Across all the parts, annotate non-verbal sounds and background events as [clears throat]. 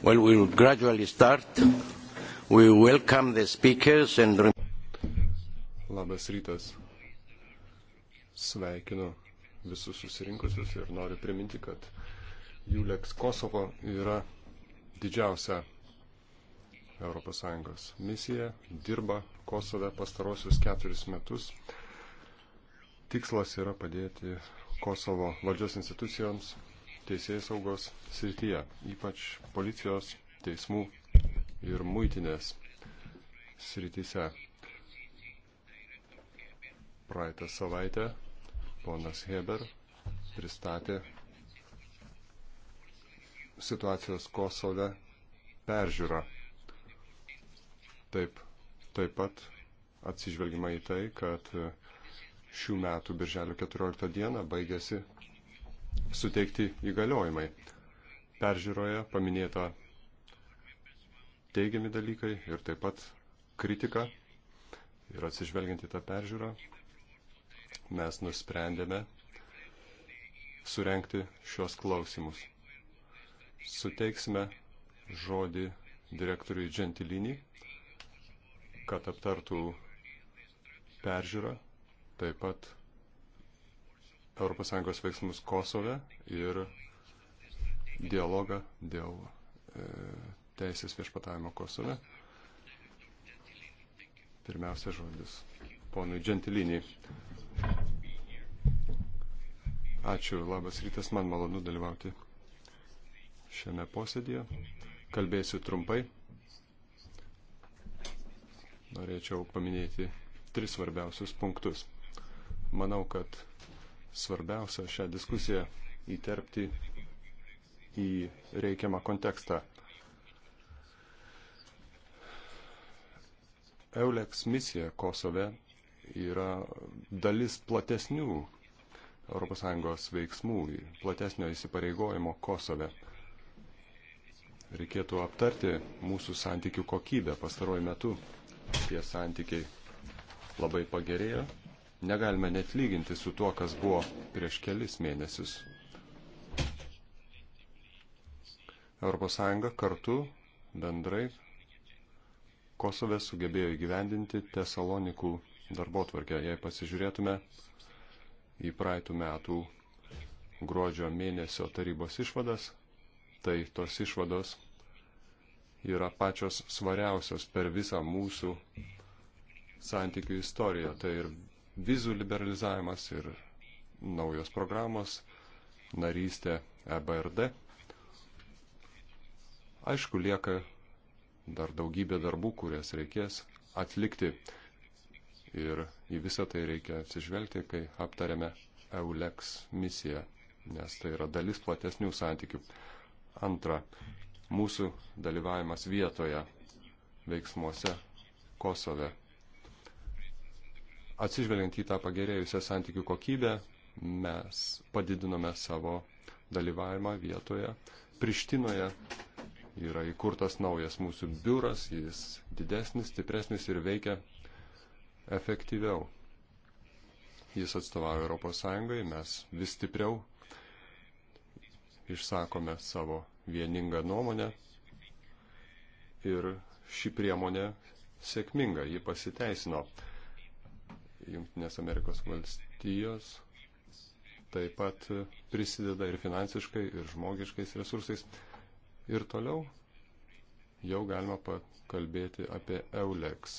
Well, we will gradually start. We welcome the speakers and... Labas rytas. Sveikinu visus susirinkusius ir noriu priminti, kad Juleks Kosovo yra didžiausia ES misija, dirba Kosove pastarosius keturis metus. Tikslas yra padėti Kosovo valdžios institucijoms teisėjai saugos srityje, ypač policijos, teismų ir muitinės srityse. Praeitą savaitę ponas Heber pristatė situacijos Kosove peržiūrą. Taip, taip pat atsižvelgima į tai, kad šių metų birželio 14 dieną baigėsi suteikti įgaliojimai. Peržiūroje paminėta teigiami dalykai ir taip pat kritika. Ir atsižvelgiant į tą peržiūrą, mes nusprendėme surenkti šios klausimus. Suteiksime žodį direktoriui Gentilinį, kad aptartų peržiūrą, taip pat ES veiksmus Kosove ir dialogą dėl e, teisės viešpatavimo Kosove. Pirmiausia žodis ponui Džentiliniai. Ačiū, labas rytas, man malonu dalyvauti šiame posėdėje. Kalbėsiu trumpai. Norėčiau paminėti tris svarbiausius punktus. Manau, kad svarbiausia šią diskusiją įterpti į reikiamą kontekstą. EULEX misija Kosove yra dalis platesnių ES veiksmų, platesnio įsipareigojimo Kosove. Reikėtų aptarti mūsų santykių kokybę. Pastaruoju metu tie santykiai labai pagerėjo. Negalime net lyginti su tuo, kas buvo prieš kelis mėnesius. ES kartu bendrai Kosove sugebėjo įgyvendinti Tesalonikų darbo tvarkę. Jei pasižiūrėtume į praeitų metų gruodžio mėnesio tarybos išvadas, tai tos išvados yra pačios svariausios per visą mūsų santykių istoriją. Tai ir vizų liberalizavimas ir naujos programos, narystė EBRD. Aišku, lieka dar daugybė darbų, kurias reikės atlikti ir į visą tai reikia atsižvelgti, kai aptarėme EULEX misiją, nes tai yra dalis platesnių santykių. Antra, mūsų dalyvavimas vietoje veiksmuose Kosove atsižvelgiant į tą pagerėjusią santykių kokybę, mes padidinome savo dalyvavimą vietoje. Prištinoje yra įkurtas naujas mūsų biuras, jis didesnis, stipresnis ir veikia efektyviau. Jis atstovauja ES, mes vis stipriau išsakome savo vieningą nuomonę ir ši priemonė sėkminga, ji pasiteisino. Junktinės Amerikos valstijos taip pat prisideda ir finansiškai, ir žmogiškais resursais. Ir toliau jau galima pakalbėti apie EULEX.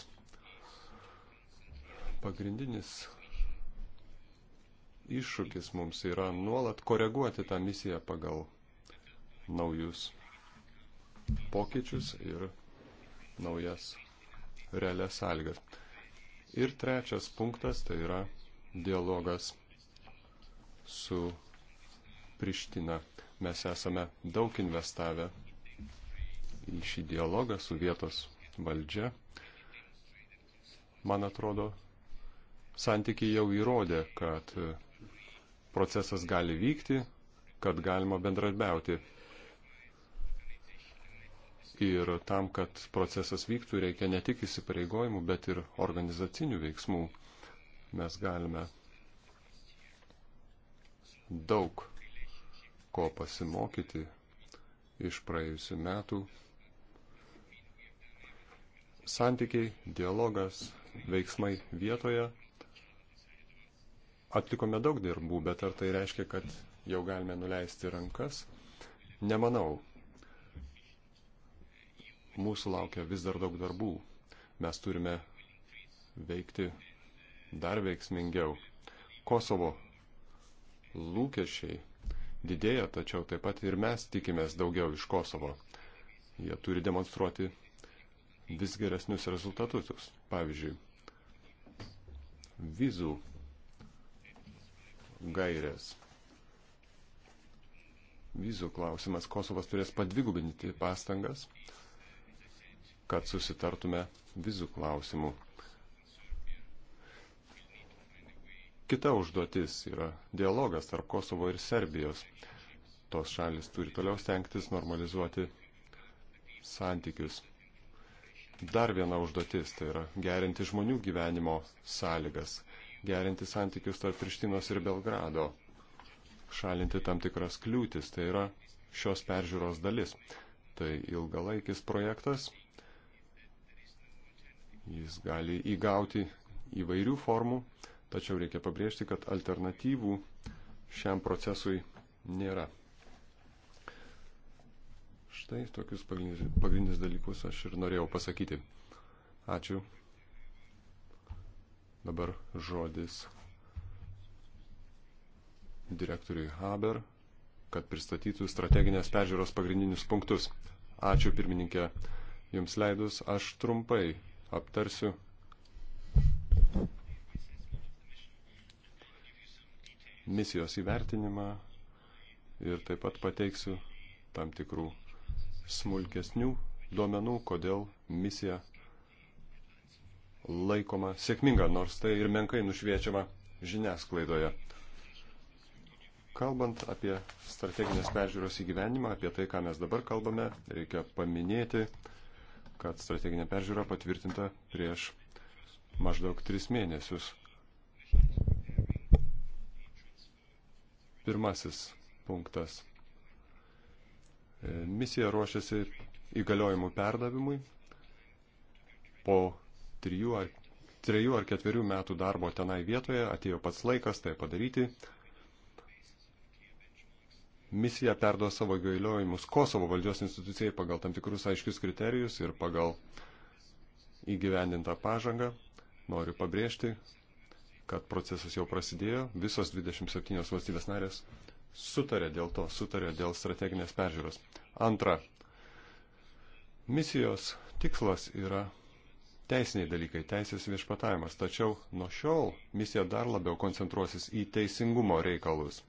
Pagrindinis iššūkis mums yra nuolat koreguoti tą misiją pagal naujus pokyčius ir naujas realias sąlygas. Ir trečias punktas tai yra dialogas su Priština. Mes esame daug investavę į šį dialogą su vietos valdžia. Man atrodo, santykiai jau įrodė, kad procesas gali vykti, kad galima bendradarbiauti. Ir tam, kad procesas vyktų, reikia ne tik įsipareigojimų, bet ir organizacinių veiksmų. Mes galime daug ko pasimokyti iš praėjusių metų. Santykiai, dialogas, veiksmai vietoje. Atlikome daug dirbų, bet ar tai reiškia, kad jau galime nuleisti rankas? Nemanau mūsų laukia vis dar daug darbų. Mes turime veikti dar veiksmingiau. Kosovo lūkesčiai didėja, tačiau taip pat ir mes tikimės daugiau iš Kosovo. Jie turi demonstruoti vis geresnius rezultatus. Pavyzdžiui, vizų gairės. Vizų klausimas Kosovas turės padvigubinti pastangas, kad susitartume vizų klausimų. Kita užduotis yra dialogas tarp Kosovo ir Serbijos. Tos šalis turi toliau stengtis normalizuoti santykius. Dar viena užduotis tai yra gerinti žmonių gyvenimo sąlygas, gerinti santykius tarp Prištinos ir Belgrado, šalinti tam tikras kliūtis, tai yra šios peržiūros dalis. Tai ilgalaikis projektas, Jis gali įgauti įvairių formų, tačiau reikia pabrėžti, kad alternatyvų šiam procesui nėra. Štai tokius pagrindinius dalykus aš ir norėjau pasakyti. Ačiū. Dabar žodis direktoriui Haber, kad pristatytų strateginės peržiūros pagrindinius punktus. Ačiū pirmininkė. Jums leidus, aš trumpai aptarsiu. misijos įvertinimą ir taip pat pateiksiu tam tikrų smulkesnių duomenų, kodėl misija laikoma sėkminga, nors tai ir menkai nušviečiama žiniasklaidoje. Kalbant apie strateginės peržiūros įgyvenimą, apie tai, ką mes dabar kalbame, reikia paminėti, kad strateginė peržiūra patvirtinta prieš maždaug tris mėnesius. Pirmasis punktas. Misija ruošiasi įgaliojimų perdavimui po trijų ar, trijų ar ketverių metų darbo tenai vietoje atėjo pats laikas tai padaryti misija perduos savo įgaliojimus Kosovo valdžios institucijai pagal tam tikrus aiškius kriterijus ir pagal įgyvendintą pažangą. Noriu pabrėžti, kad procesas jau prasidėjo, visos 27 valstybės narės sutarė dėl to, sutarė dėl strateginės peržiūros. Antra, misijos tikslas yra teisiniai dalykai, teisės viešpatavimas, tačiau nuo šiol misija dar labiau koncentruosis į teisingumo reikalus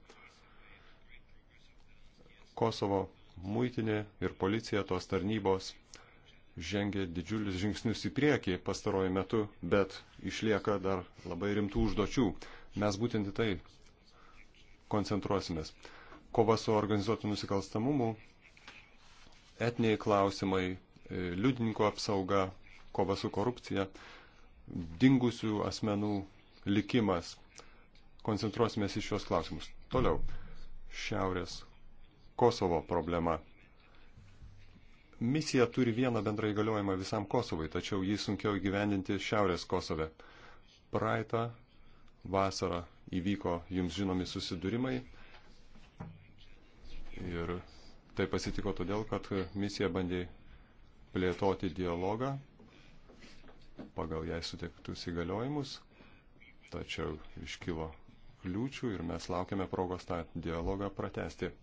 Kosovo muitinė ir policija tos tarnybos žengia didžiulius žingsnius į priekį pastaruoju metu, bet išlieka dar labai rimtų užduočių. Mes būtent į tai koncentruosimės. Kova su organizuotu nusikalstamumu, etniai klausimai, e, liudininkų apsauga, kova su korupcija, dingusių asmenų likimas. Koncentruosimės į šios klausimus. Toliau. Šiaurės Kosovo problema. Misija turi vieną bendrą įgaliojimą visam Kosovai, tačiau jį sunkiau įgyvendinti Šiaurės Kosove. Praeitą vasarą įvyko jums žinomi susidūrimai ir tai pasitiko todėl, kad misija bandė plėtoti dialogą pagal jai suteiktus įgaliojimus, tačiau iškilo kliūčių ir mes laukiame progos tą dialogą pratesti.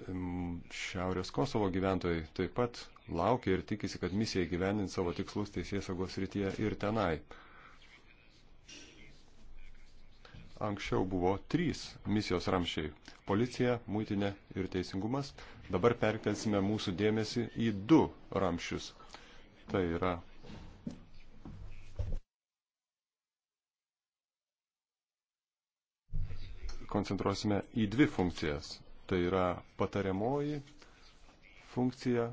Šiaurės Kosovo gyventojai taip pat laukia ir tikisi, kad misija gyvenint savo tikslus teisės saugos rytyje ir tenai. Anksčiau buvo trys misijos ramšiai - policija, muitinė ir teisingumas. Dabar perkelsime mūsų dėmesį į du ramšius. Tai yra koncentruosime į dvi funkcijas tai yra patariamoji funkcija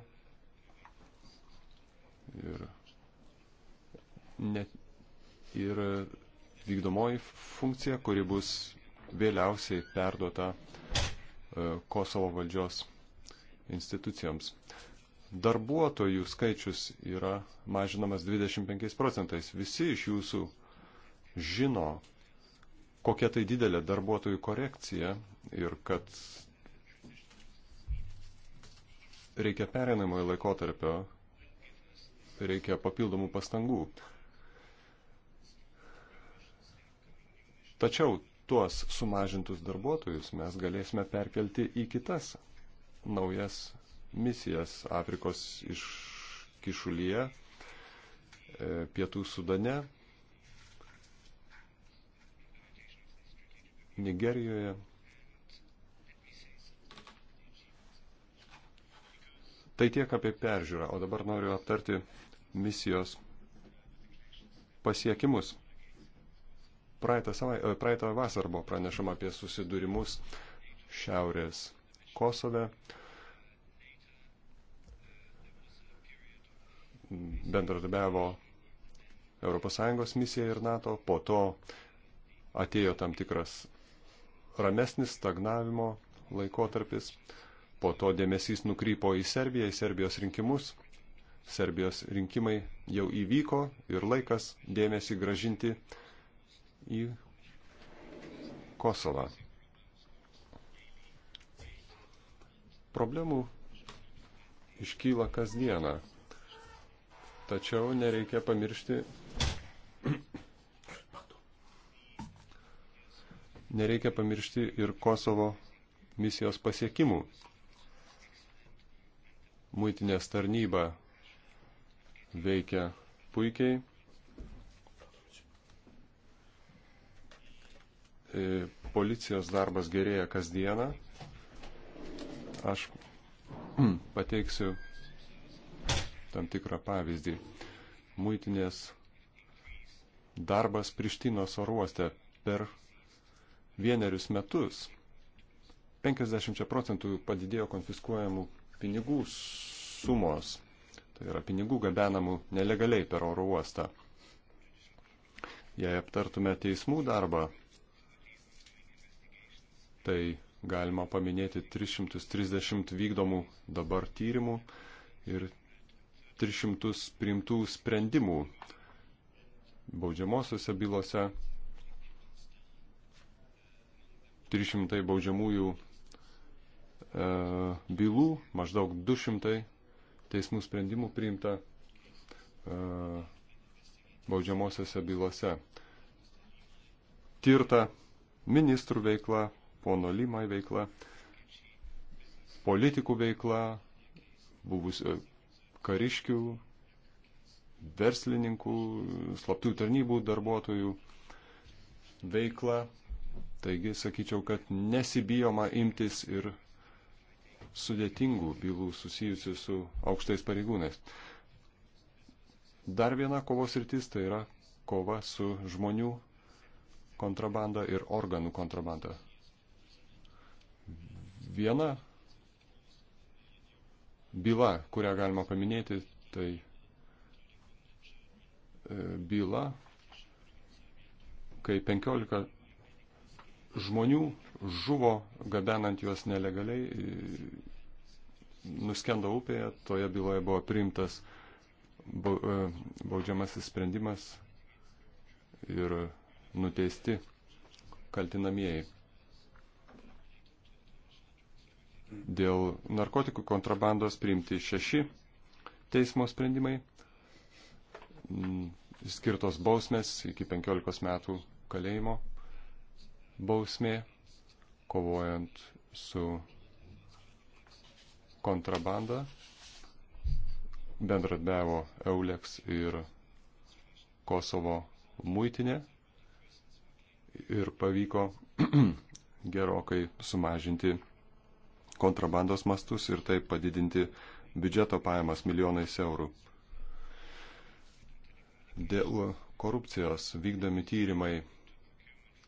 ir, net, ir vykdomoji funkcija, kuri bus vėliausiai perduota e, Kosovo valdžios institucijoms. Darbuotojų skaičius yra mažinamas 25 procentais. Visi iš jūsų žino, kokia tai didelė darbuotojų korekcija ir kad reikia perinamojo laikotarpio, reikia papildomų pastangų. Tačiau tuos sumažintus darbuotojus mes galėsime perkelti į kitas naujas misijas Afrikos iškišulyje, e, Pietų Sudane, Nigerijoje. Tai tiek apie peržiūrą, o dabar noriu aptarti misijos pasiekimus. Praeitą, savai, e, praeitą vasarą buvo pranešama apie susidūrimus Šiaurės Kosove. Bendradarbiavo ES misija ir NATO, po to atėjo tam tikras ramesnis stagnavimo laikotarpis. Po to dėmesys nukrypo į Serbiją, į Serbijos rinkimus. Serbijos rinkimai jau įvyko ir laikas dėmesį gražinti į Kosovą. Problemų iškyla kasdieną. Tačiau nereikia pamiršti. Nereikia pamiršti ir Kosovo misijos pasiekimų muitinės tarnyba veikia puikiai. E, policijos darbas gerėja kasdieną. Aš [clears throat] pateiksiu tam tikrą pavyzdį. Muitinės darbas Prištinos oruoste per vienerius metus 50 procentų padidėjo konfiskuojamų pinigų sumos, tai yra pinigų gabenamų nelegaliai per oro uostą. Jei aptartume teismų darbą, tai galima paminėti 330 vykdomų dabar tyrimų ir 300 priimtų sprendimų baudžiamosiuose bylose, 300 baudžiamųjų E, bylų, maždaug 200 teismų sprendimų priimta e, baudžiamosiose bylose. Tirta ministrų veikla, pono Limai veikla, politikų veikla, buvus e, kariškių, verslininkų, slaptų tarnybų darbuotojų veikla. Taigi sakyčiau, kad nesibijoma imtis ir sudėtingų bylų susijusių su aukštais pareigūnais. Dar viena kovos rytis tai yra kova su žmonių kontrabanda ir organų kontrabanda. Viena byla, kurią galima paminėti, tai e, byla, kai 15 žmonių žuvo gabenant juos nelegaliai, nuskendo upėje, toje byloje buvo priimtas e, baudžiamasis sprendimas ir nuteisti kaltinamieji. Dėl narkotikų kontrabandos priimti šeši teismo sprendimai, mm, skirtos bausmės iki 15 metų kalėjimo bausmė, kovojant su kontrabanda, bendradavo Euleks ir Kosovo muitinė ir pavyko [clears throat] gerokai sumažinti kontrabandos mastus ir taip padidinti biudžeto pajamas milijonais eurų. Dėl korupcijos vykdomi tyrimai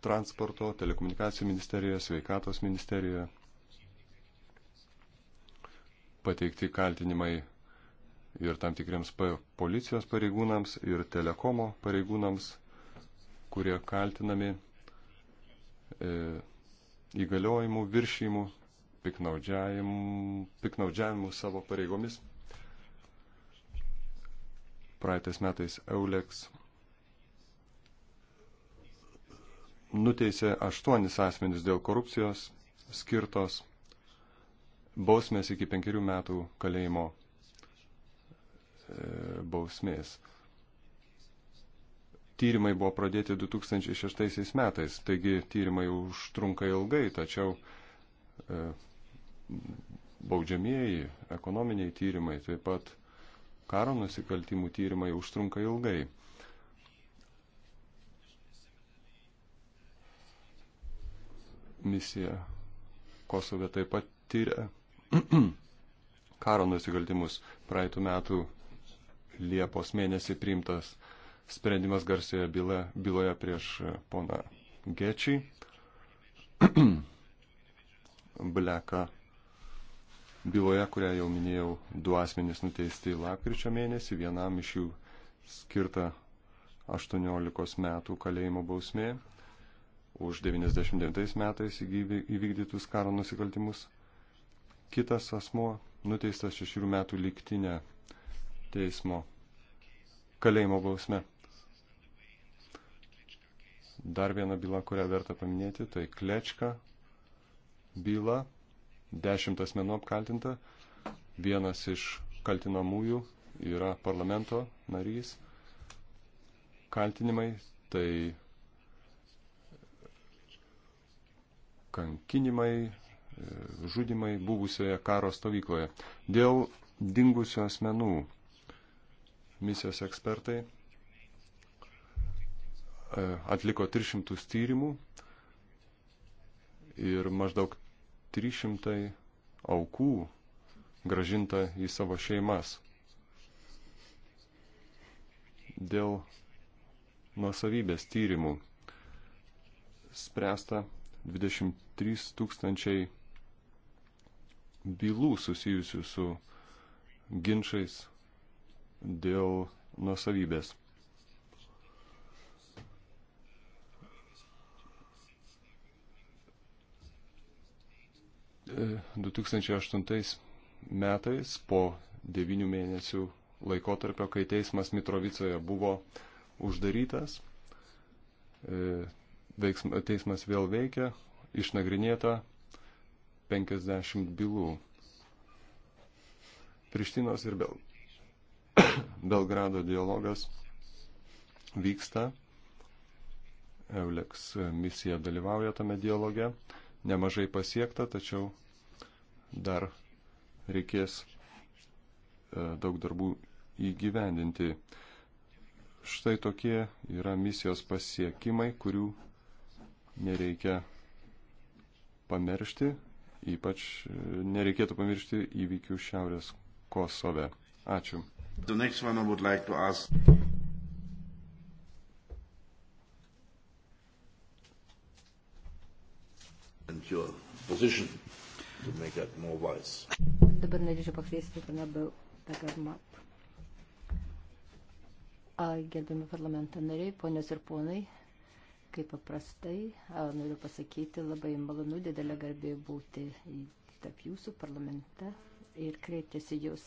transporto, telekomunikacijų ministerijoje, sveikatos ministerijoje. Pateikti kaltinimai ir tam tikriems policijos pareigūnams ir telekomo pareigūnams, kurie kaltinami e, įgaliojimų viršymų, piknaudžiavimų savo pareigomis. Praeitais metais Eulex nuteisė aštuonis asmenys dėl korupcijos skirtos bausmės iki penkerių metų kalėjimo e, bausmės. Tyrimai buvo pradėti 2006 metais, taigi tyrimai užtrunka ilgai, tačiau e, baudžiamieji, ekonominiai tyrimai, taip pat karo nusikaltimų tyrimai užtrunka ilgai. misija Kosove taip pat tyria [clears throat] karo nusikaltimus. Praeitų metų Liepos mėnesį priimtas sprendimas garsioje byla, byloje prieš poną Gečiai. [clears throat] Bleka byloje, kurią jau minėjau, du asmenys nuteisti lapkričio mėnesį, vienam iš jų skirta 18 metų kalėjimo bausmė, už 99 metais įvykdytus karo nusikaltimus. Kitas asmo nuteistas šešių metų liktinę teismo kalėjimo bausme. Dar viena byla, kurią verta paminėti, tai Klečka byla, dešimt asmenų apkaltinta, vienas iš kaltinamųjų yra parlamento narys. Kaltinimai tai kankinimai, e, žudimai buvusioje karo stovykloje. Dėl dingusių asmenų misijos ekspertai e, atliko 300 tyrimų ir maždaug 300 aukų gražinta į savo šeimas. Dėl nuosavybės tyrimų spręsta 20 3000 bylų susijusių su ginčiais dėl nusavybės. E, 2008 metais po devinių mėnesių laikotarpio, kai teismas Mitrovicoje buvo uždarytas, e, veiksma, teismas vėl veikia, išnagrinėta 50 bylų. Prištinos ir Bel... [coughs] Belgrado dialogas vyksta. Euleks misija dalyvauja tame dialoge. Nemažai pasiekta, tačiau dar reikės e, daug darbų įgyvendinti. Štai tokie yra misijos pasiekimai, kurių nereikia pamiršti, ypač e, nereikėtų pamiršti įvykių Šiaurės Kosove. Ačiū. Like ask... Dabar norėčiau pakviesti pana Begarmat. Gerbiami parlamento nariai, ponios ir ponai, Kaip paprastai, noriu pasakyti, labai malonu, didelė garbė būti tarp jūsų parlamente ir kreiptis į jūs.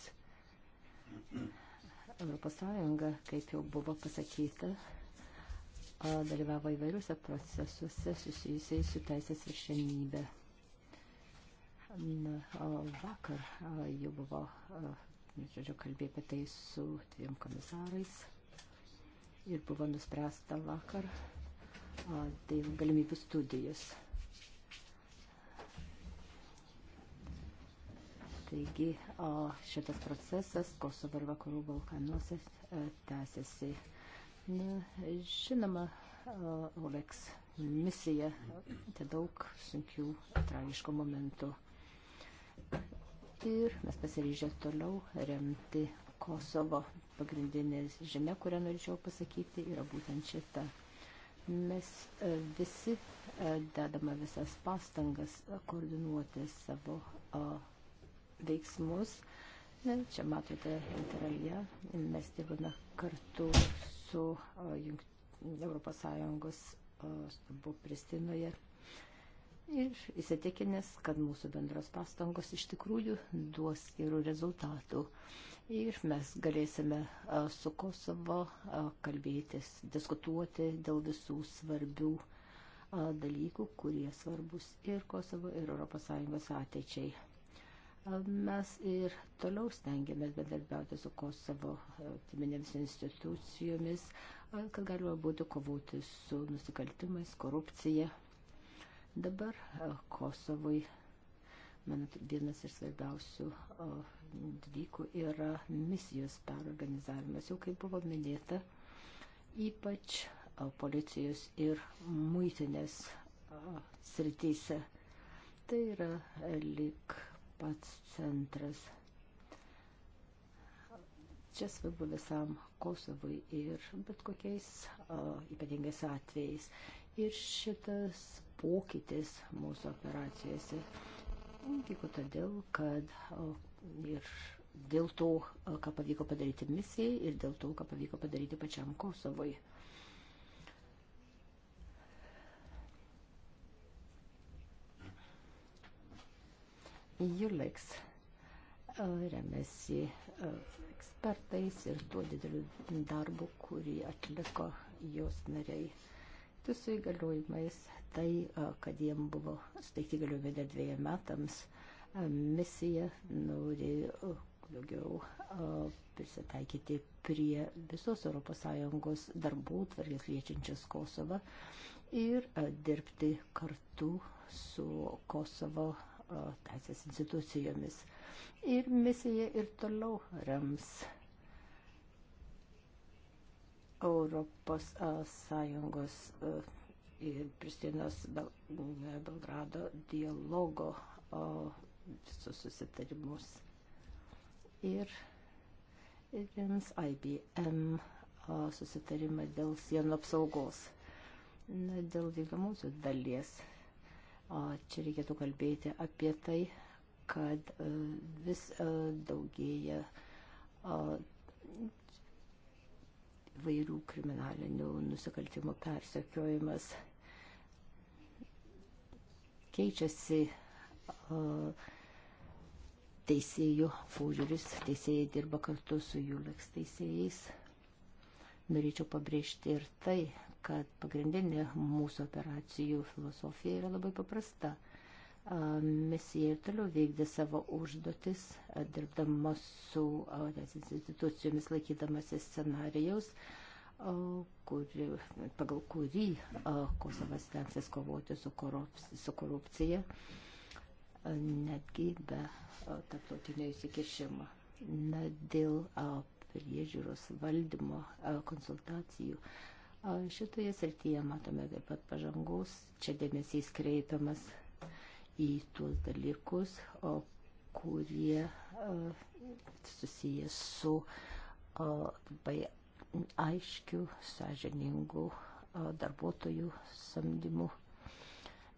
Europos Sąjunga, kaip jau buvo pasakyta, dalyvavo įvairiuose procesuose susijusiais su teisės viršenybė. Na, vakar jau buvo, žodžiu, kalbė apie tai su dviem komisarais ir buvo nuspręsta vakar tai galimybių studijas. Taigi šitas procesas Kosovo ir Vakarų Balkanuose e, tęsiasi. Na, žinoma, Oleks misija tai daug sunkių tragiškų momentų. Ir mes pasiryžę toliau remti Kosovo. Pagrindinė žinia, kurią norėčiau pasakyti, yra būtent šita. Mes e, visi e, dedame visas pastangas e, koordinuoti savo veiksmus. Čia matote interalje, mes dirbame kartu su Europos Sąjungos stabu Pristinoje ir įsitikinęs, kad mūsų bendros pastangos iš tikrųjų duos gerų rezultatų. Uh, ir mes galėsime su Kosovo kalbėtis, diskutuoti dėl visų svarbių dalykų, kurie svarbus ir Kosovo, ir ES ateičiai. Mes ir toliau stengiamės bendarbiauti su Kosovo timinėms institucijomis, kad galima būtų kovoti su nusikaltimais, korupcija. Dabar Kosovui, man vienas iš svarbiausių dalykų yra misijos perorganizavimas, jau kaip buvo minėta, ypač policijos ir muitinės srityse. Tai yra lik pats centras. Čia svarbu visam Kosovui ir bet kokiais a, ypatingais atvejais. Ir šitas pokytis mūsų operacijose vyko todėl, kad ir dėl to, ką pavyko padaryti misijai ir dėl to, ką pavyko padaryti pačiam Kosovui. Juleks remiasi ekspertais ir tuo dideliu darbu, kurį atliko jos nariai. Tu su įgaliojimais tai, kad jiem buvo suteikti įgaliojimai dar dviejų metams – misija nori daugiau prisitaikyti prie visos ES darbų, tvarkės liečiančias Kosovą ir dirbti kartu su Kosovo teisės institucijomis. Ir misija ir toliau rems Europos Sąjungos ir Pristinos Belgrado dialogo visus susitarimus. Ir rems IBM susitarimą dėl sienų apsaugos. Na, dėl vykdomosios dalies. Čia reikėtų kalbėti apie tai, kad vis daugėja vairių kriminalinių nusikaltimų persekiojimas. Keičiasi teisėjų požiūris. Teisėjai dirba kartu su Juleks teisėjais. Norėčiau pabrėžti ir tai, kad pagrindinė mūsų operacijų filosofija yra labai paprasta. Misija ir toliau vykdė savo užduotis, dirbdama su institucijomis laikydamasi scenarijaus, kuri, pagal kurį Kosovas stengsis kovoti su korupcija. Su korupcija netgi be tarptautinio įsikišimo. Na, dėl priežiūros valdymo konsultacijų. Šitoje srityje matome taip pat pažangos, čia dėmesys kreipiamas į tuos dalykus, kurie susijęs su labai aiškiu, sąžiningu darbuotojų samdymu.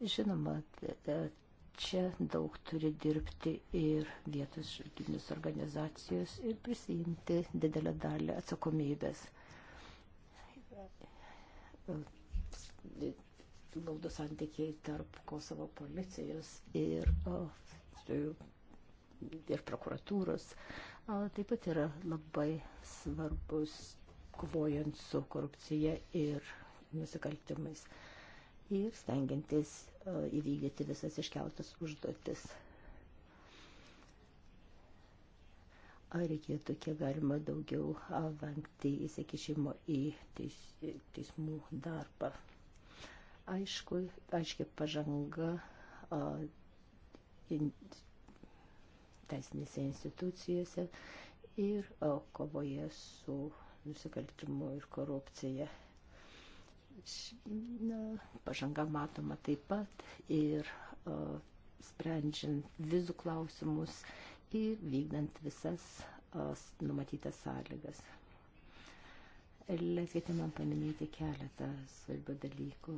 Žinoma, čia daug turi dirbti ir vietos žaidimės organizacijos ir prisijimti didelę dalį atsakomybės. Glaudų santykiai tarp Kosovo policijos ir, ir prokuratūros taip pat yra labai svarbus kovojant su korupcija ir nusikaltimais ir stengiantis E, įvykdyti visas iškeltas užduotis. Ar reikėtų kiek galima daugiau vengti įsikišimo į teis, teismų darbą. Aišku, aiškiai pažanga a, in, teisinėse institucijose ir a, kovoje su nusikaltimu ir korupcija na, pažanga matoma taip pat ir uh, sprendžiant vizų klausimus ir vykdant visas uh, numatytas sąlygas. Leiskite man paminėti keletą svarbių dalykų.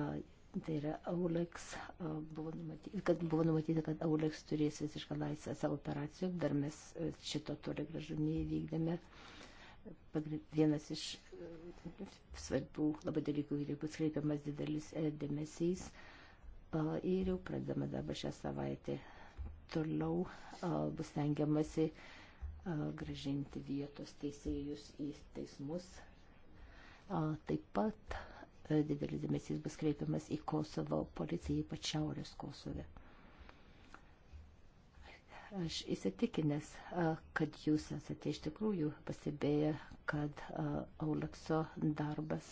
Uh, tai yra Aulex, buvo numatyta, kad buvo numatyta, kad Aulex turės visišką laisvę savo operacijom, dar mes šito toli gražu neįvykdėme. Uh, vienas iš e, svarbių labai dalykų, kurie bus kreipiamas didelis e, dėmesys. E, ir jau pradedama dabar šią savaitę. Toliau bus tengiamasi gražinti vietos teisėjus į teismus. Taip pat didelis dėmesys bus kreipiamas į Kosovo policiją, ypač Šiaurės Kosove. Aš įsitikinęs, kad jūs esate iš tikrųjų pasibėję, kad Aulakso darbas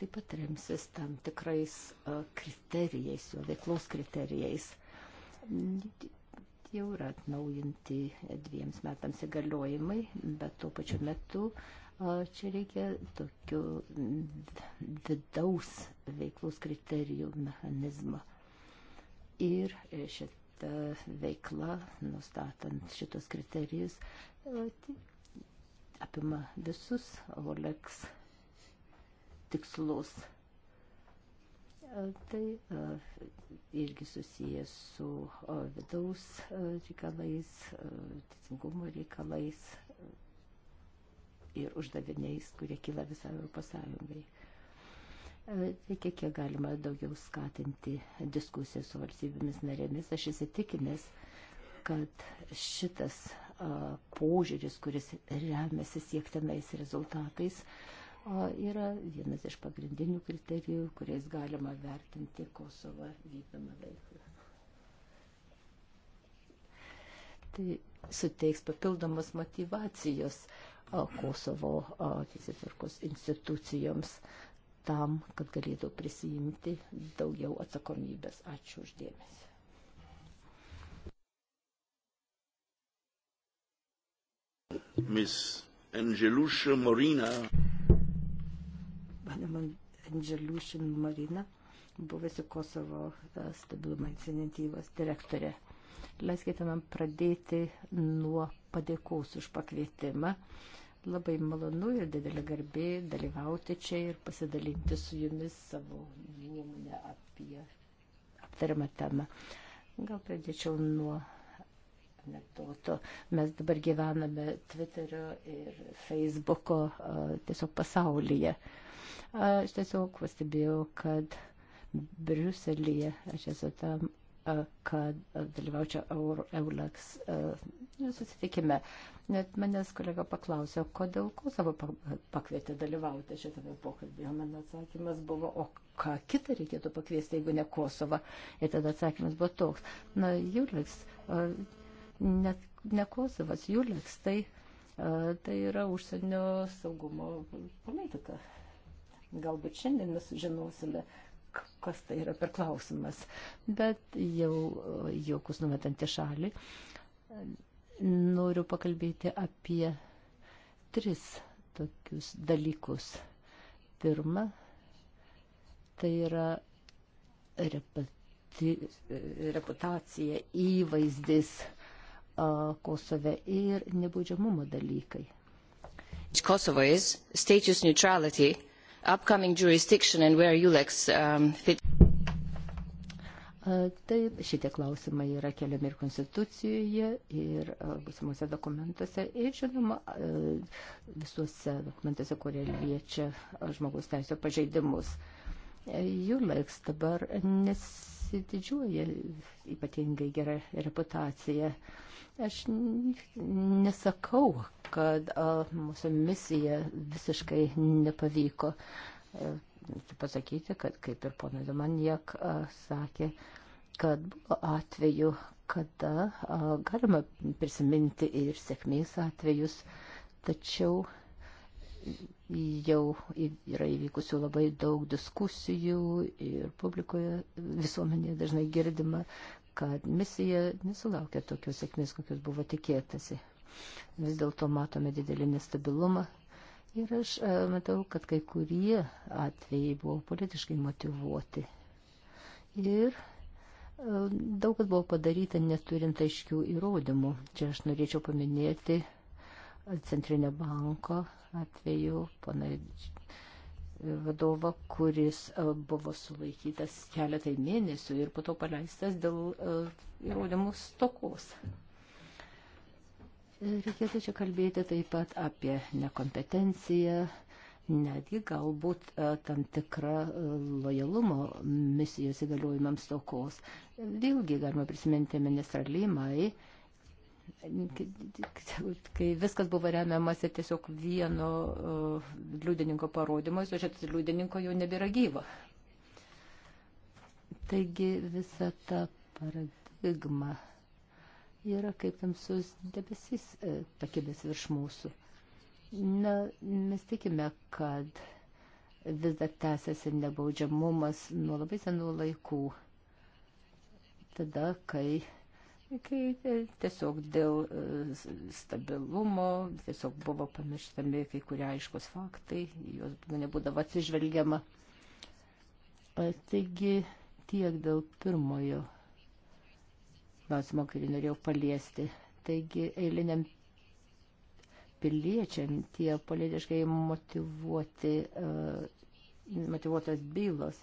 taip pat remsis tam tikrais kriterijais, jo veiklos kriterijais. Jau yra atnaujinti dviems metams įgaliojimai, bet tuo pačiu metu čia reikia tokių vidaus veiklos kriterijų mechanizmo. Ir e, šis ta veikla, nustatant šitos kriterijus, apima visus OLEX tikslus. Tai irgi susijęs su vidaus reikalais, teisingumo reikalais ir uždaviniais, kurie kyla visai Europos Sąjungai reikia tai kiek galima daugiau skatinti diskusiją su valstybėmis narėmis. Aš įsitikinęs, kad šitas a, požiūris, kuris remiasi siektinais rezultatais, a, yra vienas iš pagrindinių kriterijų, kuriais galima vertinti Kosovą vykdomą veiklą. Tai suteiks papildomos motivacijos a, Kosovo teisėtvarkos institucijoms. A, tam, kad galėtų prisijimti daugiau atsakomybės. Ačiū uždėmesi. Miss Angeliusha Marina. Madame Angeliusha Marina, buvusi Kosovo e, stabilumo iniciatyvos direktorė. Leiskite man pradėti nuo padėkos už pakvietimą. Uh, Labai malonu ir didelė garbė dalyvauti čia ir pasidalinti su jumis savo nuomonę apie aptariamą temą. Gal pradėčiau nuo anegdoto. Mes dabar gyvename Twitterio ir Facebooko tiesiog pasaulyje. Aš tiesiog pastebėjau, kad Briuselėje, aš esu tam kad dalyvaučiau Euro, Eulaks e, susitikime. Net manęs kolega paklausė, kodėl Kosovo pakvietė dalyvauti šitame pokalbėje. Mano atsakymas buvo, o ką kitą reikėtų pakviesti, jeigu ne Kosovą. Ir tada atsakymas buvo toks. Na, Juliks, e, ne, ne Kosovas, Juliks, tai, e, tai yra užsienio saugumo politika. Galbūt šiandien mes žinosime, kas tai yra per klausimas. Bet jau jaukus numetantį šalį, noriu pakalbėti apie tris tokius dalykus. Pirma, tai yra repati, reputacija, įvaizdis Kosove ir nebaudžiamumo dalykai. Kosovo is status neutrality upcoming jurisdiction and where ULEX um, fits. Taip, šitie klausimai yra keliami ir konstitucijoje, ir būsimuose dokumentuose, ir žinoma visuose dokumentuose, kurie liečia žmogaus teisų pažeidimus. Juleks dabar nesididžiuoja ypatingai gerą reputaciją. Aš nesakau, kad a, mūsų misija visiškai nepavyko. E, turiu pasakyti, kad kaip ir ponas Domaniek sakė, kad buvo atveju, kada a, galima prisiminti ir sėkmės atvejus, tačiau jau yra įvykusių labai daug diskusijų ir publikoje visuomenėje dažnai girdima, kad misija nesulaukia tokios sėkmės, kokios buvo tikėtasi. Vis dėlto matome didelį nestabilumą. Ir aš e, matau, kad kai kurie atvejai buvo politiškai motivuoti. Ir e, daug kas buvo padaryta neturint aiškių įrodymų. Čia aš norėčiau paminėti Centrinio banko atveju, pana vadovą, kuris e, buvo sulaikytas keletai mėnesių ir po to paleistas dėl įrodymų stokos. Reikėtų čia kalbėti taip pat apie nekompetenciją, netgi galbūt e, tam tikrą e, lojalumo misijos įgaliojimams tokos. Vėlgi galima prisiminti ministrą Lymai, kai viskas buvo remiamasi tiesiog vieno e, liudininko parodymais, o šitas liudininko jau nebėra gyvo. Taigi visa ta paradigma yra kaip tamsus debesis pakibęs e, virš mūsų. Na, mes tikime, kad vis dar tęsiasi nebaudžiamumas nuo labai senų laikų. Tada, kai, kai e, tiesiog dėl e, stabilumo tiesiog buvo pamirštami kai kurie aiškus faktai, juos nebūdavo atsižvelgiama. Taigi tiek dėl pirmojo klausimo, kurį norėjau paliesti. Taigi eiliniam piliečiam tie politiškai motivuoti, uh, motivuotos bylos.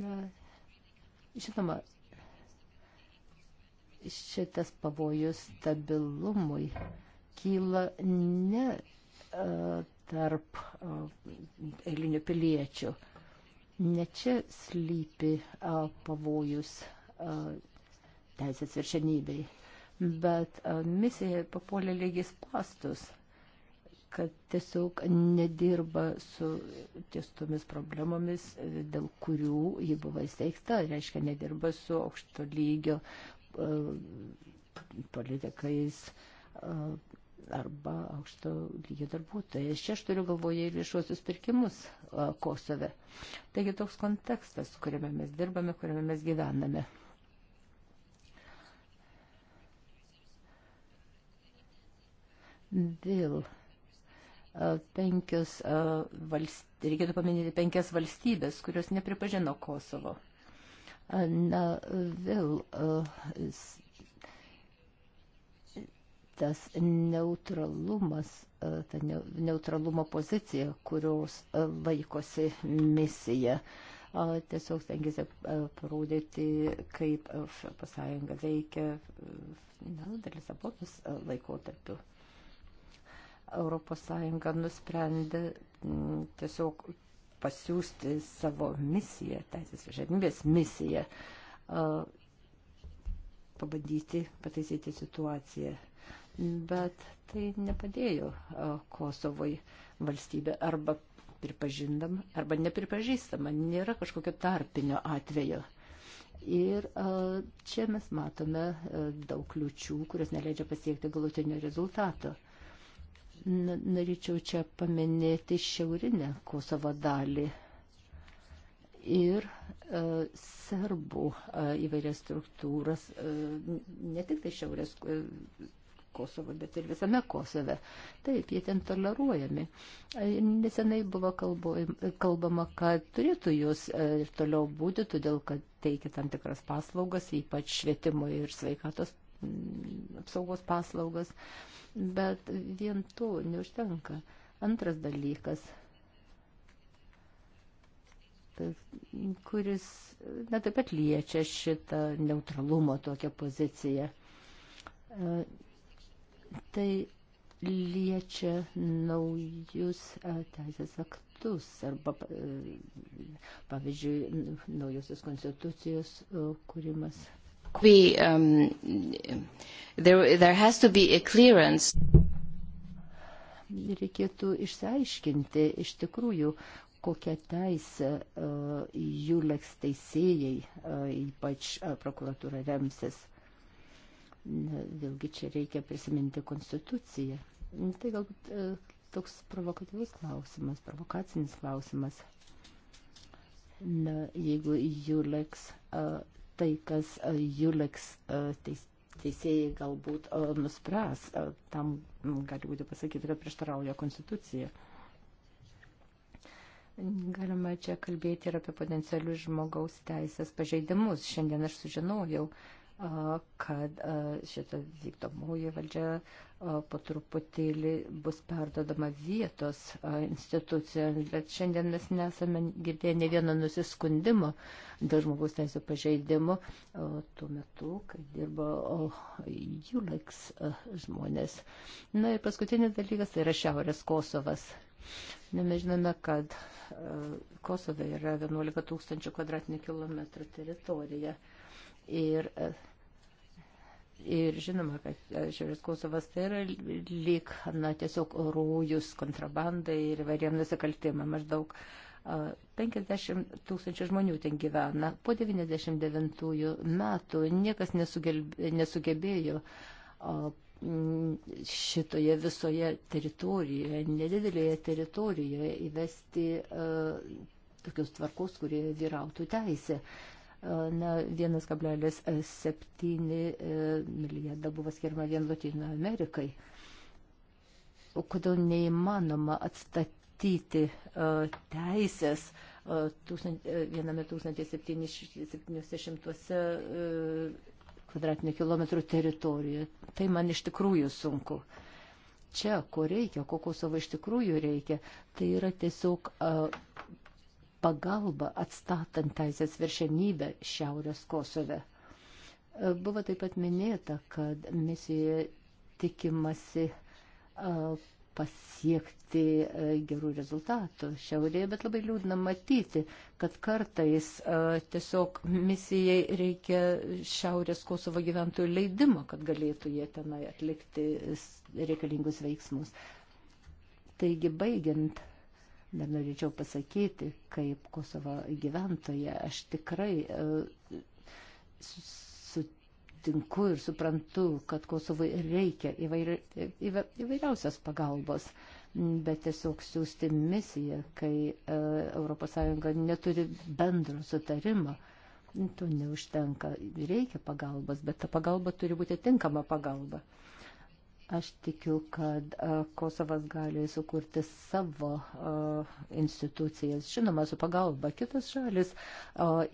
Na, žinoma, šitas pavojus stabilumui kyla ne uh, tarp uh, eilinių piliečių. Ne čia slypi uh, pavojus. Uh, teisės viršenybei. Bet e, misija papuolė lygis pastus, kad tiesiog nedirba su ties tomis problemomis, e, dėl kurių ji buvo įsteigta, reiškia nedirba su aukšto lygio e, politikais arba aukšto lygio darbuotojais. Čia aš turiu galvoje ir viešuosius pirkimus Kosove. Taigi toks kontekstas, kuriame mes dirbame, kuriame mes gyvename. Vėl penkios, valst... reikėtų paminėti penkias valstybės, kurios nepripažino Kosovo. Na, vėl tas neutralumas, ta neutralumo pozicija, kurios laikosi misija tiesiog stengiasi parodyti, kaip ES veikia na, dalis abortus laikotarpiu. ES nusprendė mm, tiesiog pasiūsti savo misiją, teisės viršenybės misiją, pabandyti pataisyti situaciją. Bet tai nepadėjo Kosovoj valstybė arba pripažindama, arba nepripažįstama, nėra kažkokio tarpinio atvejo. Ir čia mes matome daug kliučių, kurios neleidžia pasiekti galutinio rezultato norėčiau čia paminėti šiaurinę Kosovo dalį ir e, serbų e, įvairias struktūras, e, ne tik tai šiaurės e, Kosovo, bet ir visame Kosove. Taip, jie ten toleruojami. E, nesenai buvo kalbo, kalbama, kad turėtų jūs e, ir toliau būti, todėl kad teikia tam tikras paslaugas, ypač švietimo ir sveikatos Mm, apsaugos paslaugas, bet vien to neužtenka. Antras dalykas, kuris na, taip pat liečia šitą neutralumo tokią poziciją, e, tai liečia naujus e, teisės aktus arba, e, pavyzdžiui, naujosios konstitucijos kūrimas. Mm we, um, there, there has to be a clearance. Reikėtų išsiaiškinti iš tikrųjų, kokią teisę uh, e, jų leks teisėjai, uh, ypač uh, prokuratūra remsis. Na, vėlgi čia reikia prisiminti konstituciją. Nu, tai galbūt uh, toks provokatyvus klausimas, provokacinis klausimas. Na, jeigu jų leks uh, tai, kas e, Juleks e, teis, teisėjai galbūt e, nuspręs. Tam gali būti pasakyti, kad prieštarauja konstitucija. Galima čia kalbėti ir apie potencialius žmogaus teisės pažeidimus. Šiandien aš sužinojau, uh, kad šita vykdomoji valdžia po truputėlį bus perdodama vietos institucijoms, bet šiandien mes nesame girdėję ne vieno nusiskundimo dėl žmogaus teisų pažeidimų tuo metu, kai dirbo Juleks žmonės. Na ir paskutinis dalykas tai yra Šiaurės Kosovas. Ne, mes žinome, kad Kosove yra 11 tūkstančių kvadratinių kilometrų teritorija. Uh, Ir, ir žinoma, kad e, Šiaurės Kosovas tai yra lyg, na, tiesiog rūjus kontrabandai ir įvairiem nusikaltimam. Maždaug 50 e, tūkstančių žmonių ten gyvena. Po 99 metų niekas nesugebėjo šitoje visoje teritorijoje, nedidelėje teritorijoje įvesti e, tokius tvarkos, kurie vyrautų teisė. Uh, 1,7 e, milijardą buvo skirma vien Latino Amerikai. O kodėl neįmanoma atstatyti e, teisės 1700 e, kvadratinių kilometrų teritorijoje. Tai man iš tikrųjų sunku. Čia, ko reikia, kokosovo iš tikrųjų reikia, tai yra tiesiog pagalba atstatant teisės viršenybę Šiaurės Kosove. E, buvo taip pat minėta, kad misijoje tikimasi e, pasiekti e, gerų rezultatų šiaurėje, bet labai liūdna matyti, kad kartais tiesiog misijai reikia šiaurės Kosovo gyventojų leidimo, kad galėtų jie tenai atlikti reikalingus veiksmus. Taigi, baigiant Dar norėčiau pasakyti, kaip Kosovo gyventoje, aš tikrai e, sutinku ir suprantu, kad Kosovui reikia įvairi, įva, įvairiausios pagalbos, bet tiesiog siūsti misiją, kai e, ES neturi bendro sutarimo, to neužtenka. Reikia pagalbos, bet ta pagalba turi būti tinkama pagalba. Aš tikiu, kad e, Kosovas gali sukurti savo e, institucijas, žinoma, su pagalba kitas šalis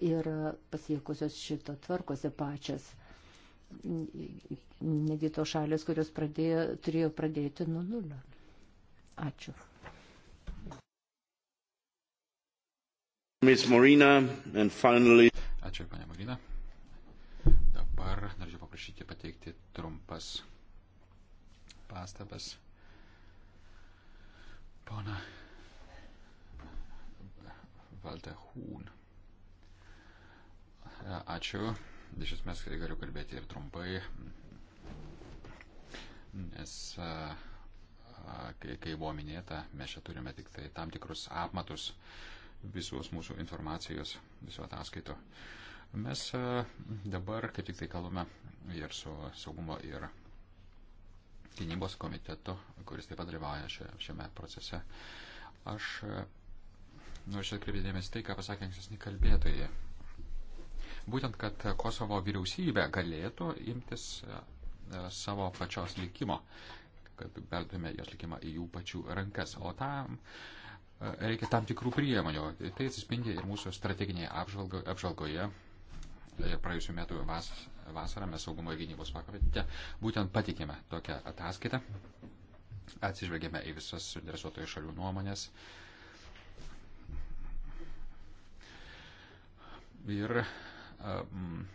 yra pasiekusios šito tvarkosi pačias. Negi to šalis, kurios pradėjo, turėjo pradėti nuo nulio. Ačiū. Ms. Marina, and finally... Ačiū, ponia Marina. Dabar norėčiau paprašyti pateikti trumpas pastabas. Pana Valda Hūn. Ačiū. Iš esmės galiu kalbėti ir trumpai, nes kai, kai buvo minėta, mes čia turime tik tai tam tikrus apmatus visos mūsų informacijos, viso ataskaito. Mes dabar kaip tik tai kalbame ir su saugumo ir gynybos komitetu, kuris taip pat dalyvauja šiame procese. Aš e, norėčiau atkreipti dėmesį tai, ką pasakė ankstesni kalbėtojai. Būtent, kad Kosovo vyriausybė galėtų imtis e, e, savo pačios likimo, kad perdume jos likimą į jų pačių rankas. O tam reikia tam tikrų priemonių. Tai atsispindi ir mūsų strateginėje apžvalgoje, apžvalgoje E, praėjusiu metu vas, vasarą mes saugumo ir gynybos pakomitete būtent patikėme tokią ataskaitą, atsižvelgėme į visas suinteresuotojų šalių nuomonės. Ir um,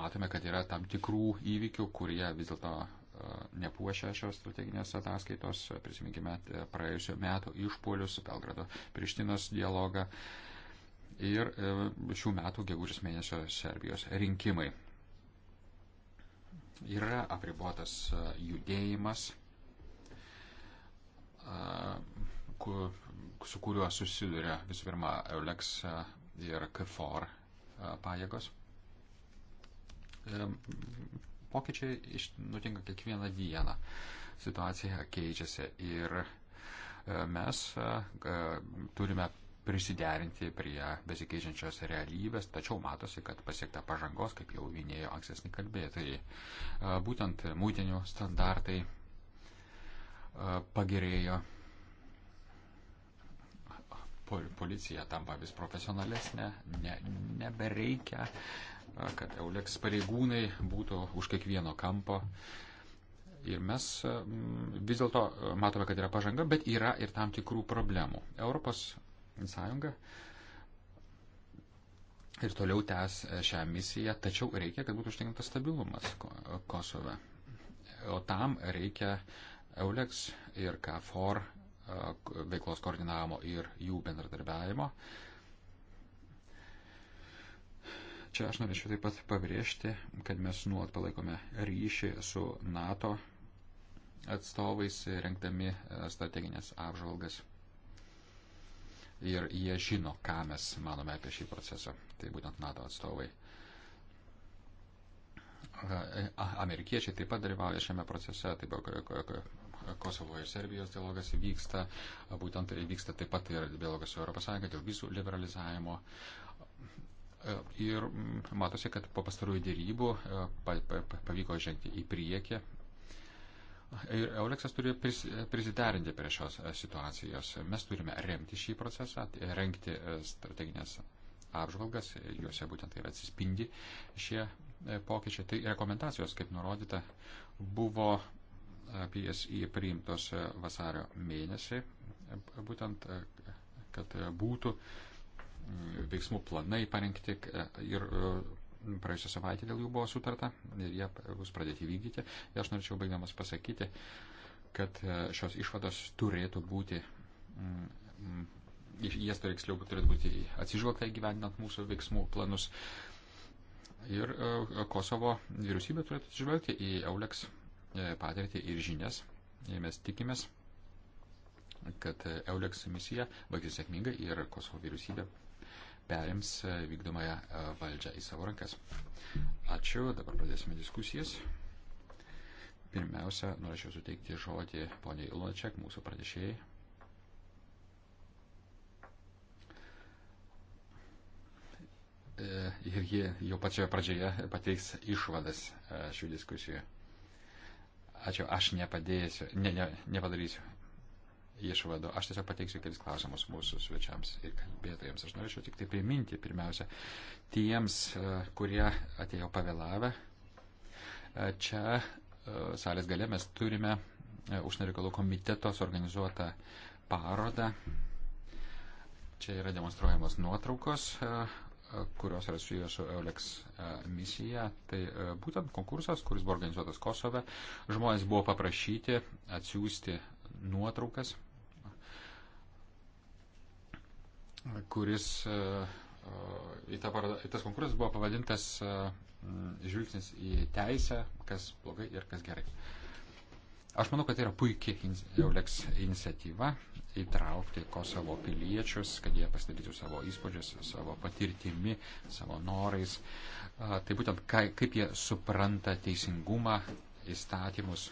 matome, kad yra tam tikrų įvykių, kurie vis dėlto nepuošia šios strateginės ataskaitos. Prisiminkime praėjusiu metu išpolius, Belgrado Prištinos dialogą. Uh, ir e, šių metų gegužės mėnesio Serbijos rinkimai. Yra apribotas e, judėjimas, e, su kuriuo susiduria visų pirma Eulex ir KFOR pajėgos. Pokyčiai nutinka kiekvieną dieną. Situacija keičiasi ir mes turime prisiderinti prie besikeičiančios realybės, tačiau matosi, kad pasiekta pažangos, kaip jau minėjo ankstesni kalbėtojai. Būtent mūtinių standartai pagerėjo, policija tampa vis profesionalesnė, ne, nebereikia, kad Euleks pareigūnai būtų už kiekvieno kampo. Ir mes vis dėlto matome, kad yra pažanga, bet yra ir tam tikrų problemų. Europos sąjunga ir toliau tęs šią misiją, tačiau reikia, kad būtų užtikrintas stabilumas Kosove. O tam reikia EULEX ir KFOR veiklos koordinavimo ir jų bendradarbiavimo. Čia aš norėčiau taip pat pabrėžti, kad mes nuolat palaikome ryšį su NATO atstovais, renkdami strateginės apžvalgas ir jie žino, ką mes manome apie šį procesą. Tai būtent NATO atstovai. E, amerikiečiai taip pat dalyvauja šiame procese, taip pat Kosovo ir Serbijos dialogas vyksta, būtent vyksta taip pat ir dialogas su ES dėl visų liberalizavimo. E, ir matosi, kad po pastarųjų dėrybų e, pavyko žengti į priekį Ir Euleksas turi prisiderinti prie šios e, situacijos. Mes turime remti šį procesą, renkti e, strateginės apžvalgas, juose būtent ir atsispindi šie e, pokyčiai. Tai rekomendacijos, kaip nurodyta, buvo PSI priimtos vasario mėnesį, būtent, kad būtų veiksmų planai parengti ir praėjusią savaitę dėl jų buvo sutarta ir jie bus pradėti vykdyti. Ir aš norėčiau baigdamas pasakyti, kad e, šios išvados turėtų būti, mm, mm, jas turėksliau turėtų būti atsižvelgta įgyvendinant mūsų veiksmų planus. Ir e, Kosovo vyriausybė turėtų atsižvelgti į EULEX e, patirtį ir žinias. Ir mes tikimės, kad EULEX misija baigsis sėkmingai ir Kosovo vyriausybė perims e, vykdomąją e, valdžią į savo rankas. Ačiū, dabar pradėsime diskusijas. Pirmiausia, norėčiau suteikti žodį poniai Iloček, mūsų pranešėjai. E, ir jie jau pačioje pradžioje pateiks išvadas šių diskusijų. Ačiū, aš nepadėsiu, ne, ne, nepadarysiu išvadų. Aš tiesiog pateiksiu kelis klausimus mūsų svečiams ir kalbėtojams. Aš norėčiau tik tai priminti, pirmiausia, tiems, e, kurie atėjo pavėlavę. E, čia e, salės gale mes turime užsienio reikalų komiteto suorganizuotą parodą. Čia yra demonstruojamos nuotraukos kurios yra susijęs su Eulex misija. Tai būtent konkursas, kuris buvo organizuotas Kosove, žmonės buvo paprašyti atsiųsti nuotraukas kuris e, į, tą, į tas konkursas buvo pavadintas e, žvilgsnis į teisę, kas blogai ir kas gerai. Aš manau, kad tai yra puikia Euleks iniciatyva įtraukti Kosovo piliečius, kad jie pasidalytų savo įspūdžius, savo patirtimi, savo norais. Tai būtent kaip jie supranta teisingumą, įstatymus.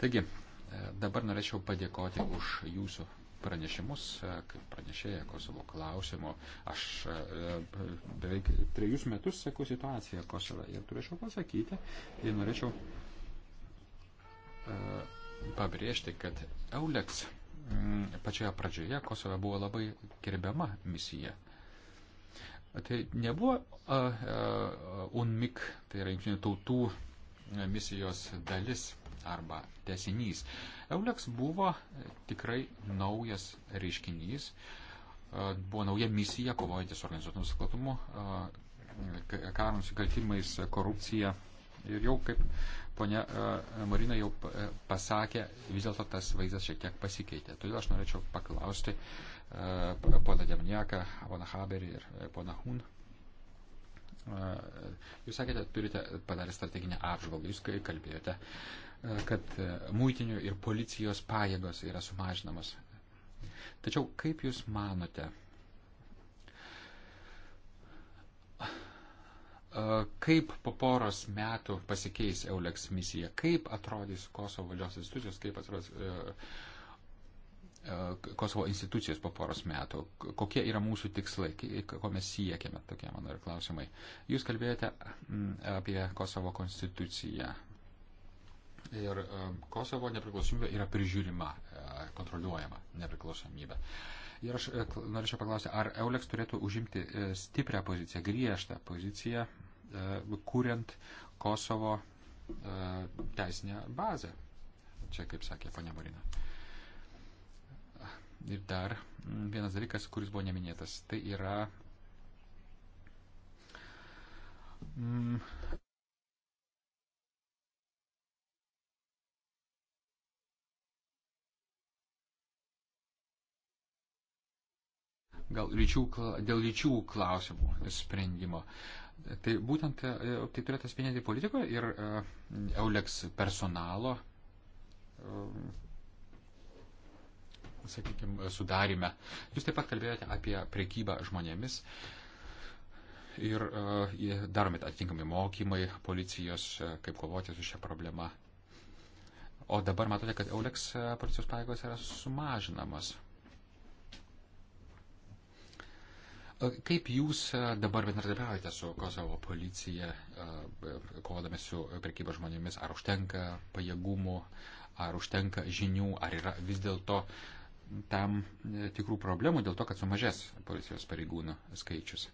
Taigi, e, dabar norėčiau padėkoti už jūsų pranešimus, e, kaip pranešėja Kosovo klausimu. Aš e, beveik trejus metus seku situaciją Kosove ir turėčiau pasakyti ir norėčiau e, pabrėžti, kad Euleks mm, pačioje pradžioje Kosove buvo labai gerbiama misija. Tai nebuvo UNMIK, tai yra jungtinių tautų misijos dalis arba tesinys. Euleks buvo tikrai naujas reiškinys, e, buvo nauja misija kovojantys su organizuotų nusikaltumu, e, karo nusikaltimais, korupcija. Ir jau kaip ponia e, Marina jau pasakė, vis dėlto tas vaizdas šiek tiek pasikeitė. Todėl aš norėčiau paklausti poną Demniaką, poną Haberį ir poną Hun Jūs sakėte, turite padarę strateginę apžvalgą, jūs kalbėjote, kad e, muitinių ir policijos pajėgos yra sumažinamos. Tačiau kaip jūs manote, kaip po poros metų pasikeis Eulex misija, kaip atrodys Kosovo valdžios institucijos, kaip atrodys e, Kosovo institucijos po poros metų. Kokie yra mūsų tikslai, ko mes siekiame, tokie mano ir klausimai. Jūs kalbėjote apie Kosovo konstituciją. Ir e, Kosovo nepriklausomybė yra prižiūrima, e, kontroliuojama nepriklausomybė. Ir aš e, norėčiau paklausti, ar Euleks turėtų užimti stiprią poziciją, griežtą poziciją, kuriant Kosovo teisinę bazę. Čia, kaip sakė ponia Marina. Ir dar vienas dalykas, kuris buvo neminėtas, tai yra. Mm, gal lyčių, dėl lyčių klausimų sprendimo. Tai būtent e, tai turėtų atspindėti politikoje ir e, Eulex personalo e, sakykime, sudarime. Jūs taip pat kalbėjote apie prekybą žmonėmis. Ir e, daromi atitinkami mokymai policijos, e, kaip kovoti su šia problema. O dabar matote, kad Euleks e, policijos pajėgos yra sumažinamas. Kaip jūs dabar bendradarbiaujate su Kosovo policija, kovodami su prekyba žmonėmis, ar užtenka pajėgumų, ar užtenka žinių, ar yra vis dėlto tam e, tikrų problemų dėl to, kad sumažės policijos pareigūnų skaičius.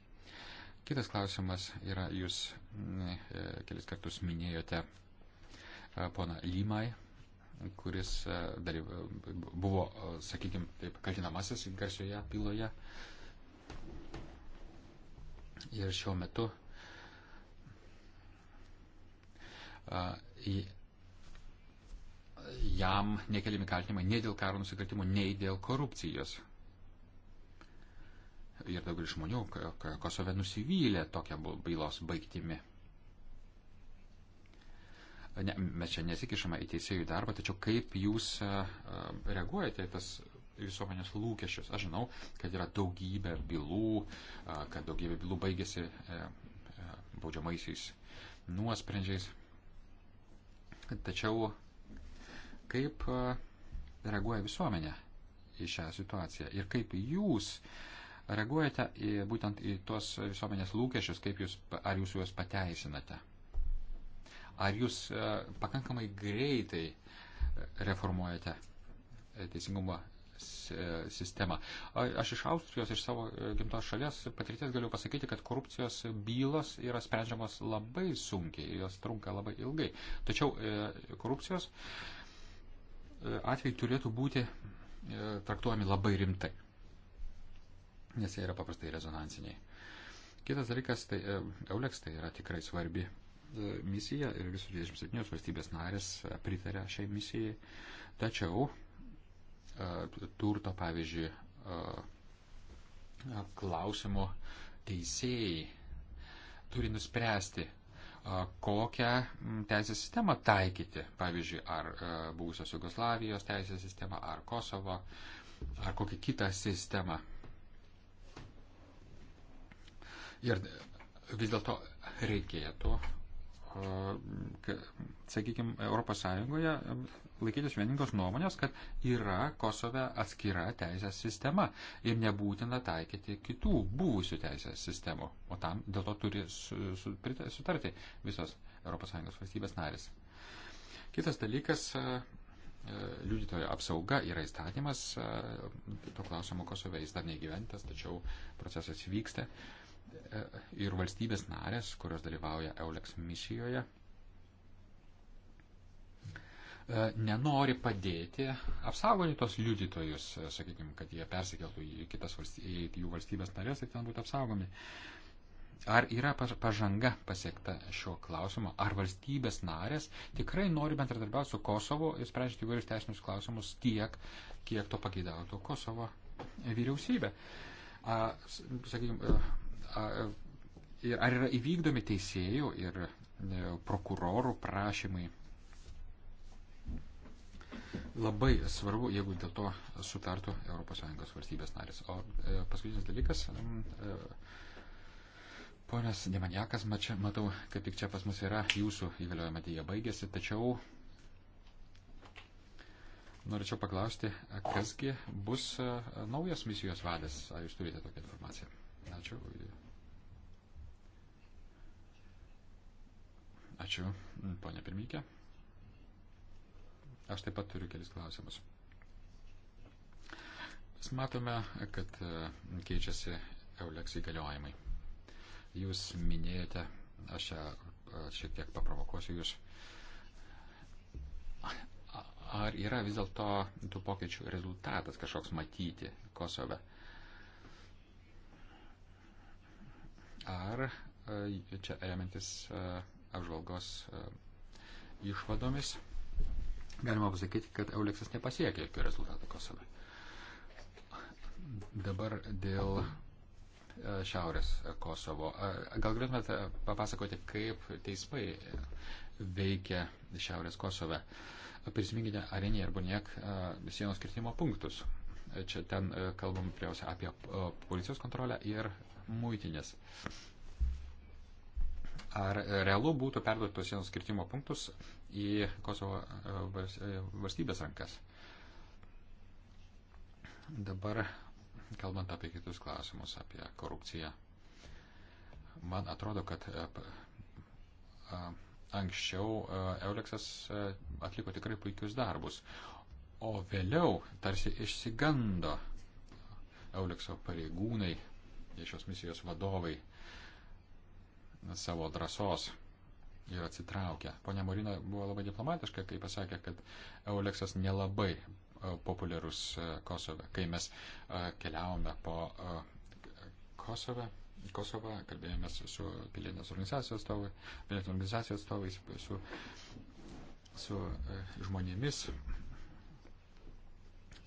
Kitas klausimas yra, jūs e, kelis kartus minėjote e, poną Lymai, kuris dalyv, buvo, sakykime, taip, kaltinamasis garsioje byloje. Ir šiuo metu a, į, jam nekeliami kaltinimai nei dėl karo nusikaltimų, nei dėl korupcijos. Ir daugelis žmonių Kosove nusivylė tokią bylos baigtimi. Ne, mes čia nesikišame į teisėjų darbą, tačiau kaip jūs reaguojate į tas visuomenės lūkesčius? Aš žinau, kad yra daugybė bylų, kad daugybė bylų baigėsi e, e, baudžiamaisiais nuosprendžiais. Tačiau kaip e, reaguoja visuomenė į šią situaciją ir kaip jūs reaguojate į, būtent į tuos visuomenės lūkesčius, kaip jūs, ar jūs juos pateisinate. Ar jūs e, pakankamai greitai e, reformuojate teisingumo sistemą. Aš iš Austrijos, iš savo gimtos šalies patirties galiu pasakyti, kad korupcijos bylos yra sprendžiamos labai sunkiai, jos trunka labai ilgai. Tačiau korupcijos uh, atvejai turėtų būti e, traktuojami labai rimtai, nes jie yra paprastai rezonansiniai. Kitas dalykas, tai e, Euleks tai yra tikrai svarbi e, misija ir visų 27 valstybės narės pritarė šiai misijai, tačiau turto, pavyzdžiui, klausimo teisėjai turi nuspręsti, kokią teisės sistemą taikyti, pavyzdžiui, ar e, buvusios Jugoslavijos teisės sistemą, ar Kosovo, ar kokią kitą sistemą. Ir vis dėlto reikėtų sakykime, ES laikytis vieningos nuomonės, kad yra Kosove atskira teisės sistema ir nebūtina taikyti kitų buvusių teisės sistemų, o tam dėl to turi sutarti visos ES valstybės narės. Kitas dalykas e, e, liudytojo apsauga yra įstatymas, e, to klausimo Kosove jis dar neįgyventas, tačiau procesas vyksta ir valstybės narės, kurios dalyvauja EULEX misijoje, e, nenori padėti apsaugoti tos liudytojus, e, sakykime, kad jie persikeltų į kitas valstybės, į jų valstybės narės ir ten būtų apsaugomi. Ar yra pažanga pasiekta šio klausimo? Ar valstybės narės tikrai nori bendradarbiauti su Kosovo ir spręsti įvairius teisinius klausimus tiek, kiek to pageidautų Kosovo vyriausybė? A, sakykime, E, ar yra įvykdomi teisėjų ir e, prokurorų prašymai. Labai svarbu, jeigu dėl to sutartų ES valstybės narės. O e, paskutinis dalykas, ponas Demaniakas, matau, kaip tik čia pas mus yra, jūsų įgaliojama dėja baigėsi, tačiau norėčiau paklausti, kasgi bus naujas misijos vadas, ar jūs turite tokią informaciją? Ačiū. Ačiū, ponė pirmininkė. Aš taip pat turiu kelis klausimus. Mes matome, kad e, keičiasi Euleks įgaliojimai. Jūs minėjote, aš čia e, šiek tiek paprovokuosiu jūs. Ar yra vis dėlto tų pokyčių rezultatas kažkoks matyti Kosove? Ar e, čia remiantis apžvalgos e, išvadomis galima pasakyti, kad Euleksas nepasiekė jokių rezultatų Kosove. Dabar dėl e, Šiaurės Kosovo. Gal galėtumėte papasakoti, kaip teismai e, veikia Šiaurės Kosove? Prisiminkite Arenį ir Buniek sienos kirtimo punktus. Čia ten kalbam prie apie policijos kontrolę ir muitinės. Uh, ar realu būtų perduoti tos sienos skirtimo punktus į Kosovo e, e, valstybės rankas. Dabar, kalbant apie kitus klausimus, apie korupciją, man atrodo, kad e, anksčiau Euleksas atliko tikrai puikius darbus, o vėliau tarsi išsigando Eulekso pareigūnai, šios misijos vadovai savo drąsos ir atsitraukia. Pone Morino buvo labai diplomatiška, kai pasakė, kad Euleksas nelabai e, populiarus e, Kosove. Kai mes e, keliavome po Kosove, Kosovą, kalbėjomės su pilietinės organizacijos atstovai, pilietinės organizacijos atstovais, su, su žmonėmis.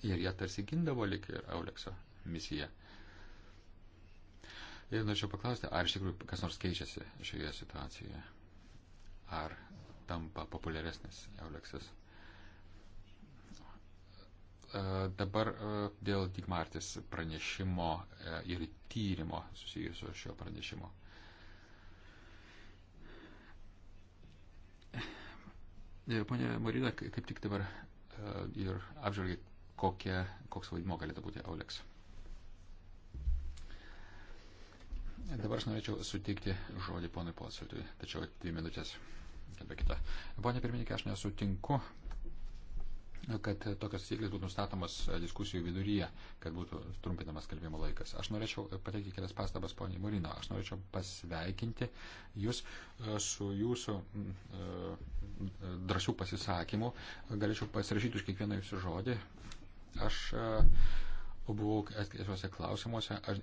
Ir jie tarsi gindavo lik Eulekso misiją. Ir norėčiau paklausti, ar iš tikrųjų kas nors keičiasi šioje situacijoje? Ar tampa populiaresnis Euleksas? E, dabar e, dėl Digmartis pranešimo e, ir tyrimo susijusio šio pranešimo. Pone Marina, kaip tik dabar ir apžvelgiai, koks vaidmo galėtų būti Auleks. Dabar aš norėčiau sutikti žodį ponui Polsviltui, tačiau dvi minutės. Kalbėkite. Pone pirmininkė, aš nesutinku, kad tokios taisyklės būtų nustatomas diskusijų viduryje, kad būtų trumpinamas kalbėjimo laikas. Aš norėčiau pateikti kelias pastabas, poniai Murino. Aš norėčiau pasveikinti jūs e, su jūsų e, drąsių pasisakymų. Galėčiau pasirašyti už kiekvieną jūsų žodį. Aš e, buvau atskirose klausimuose. Aš,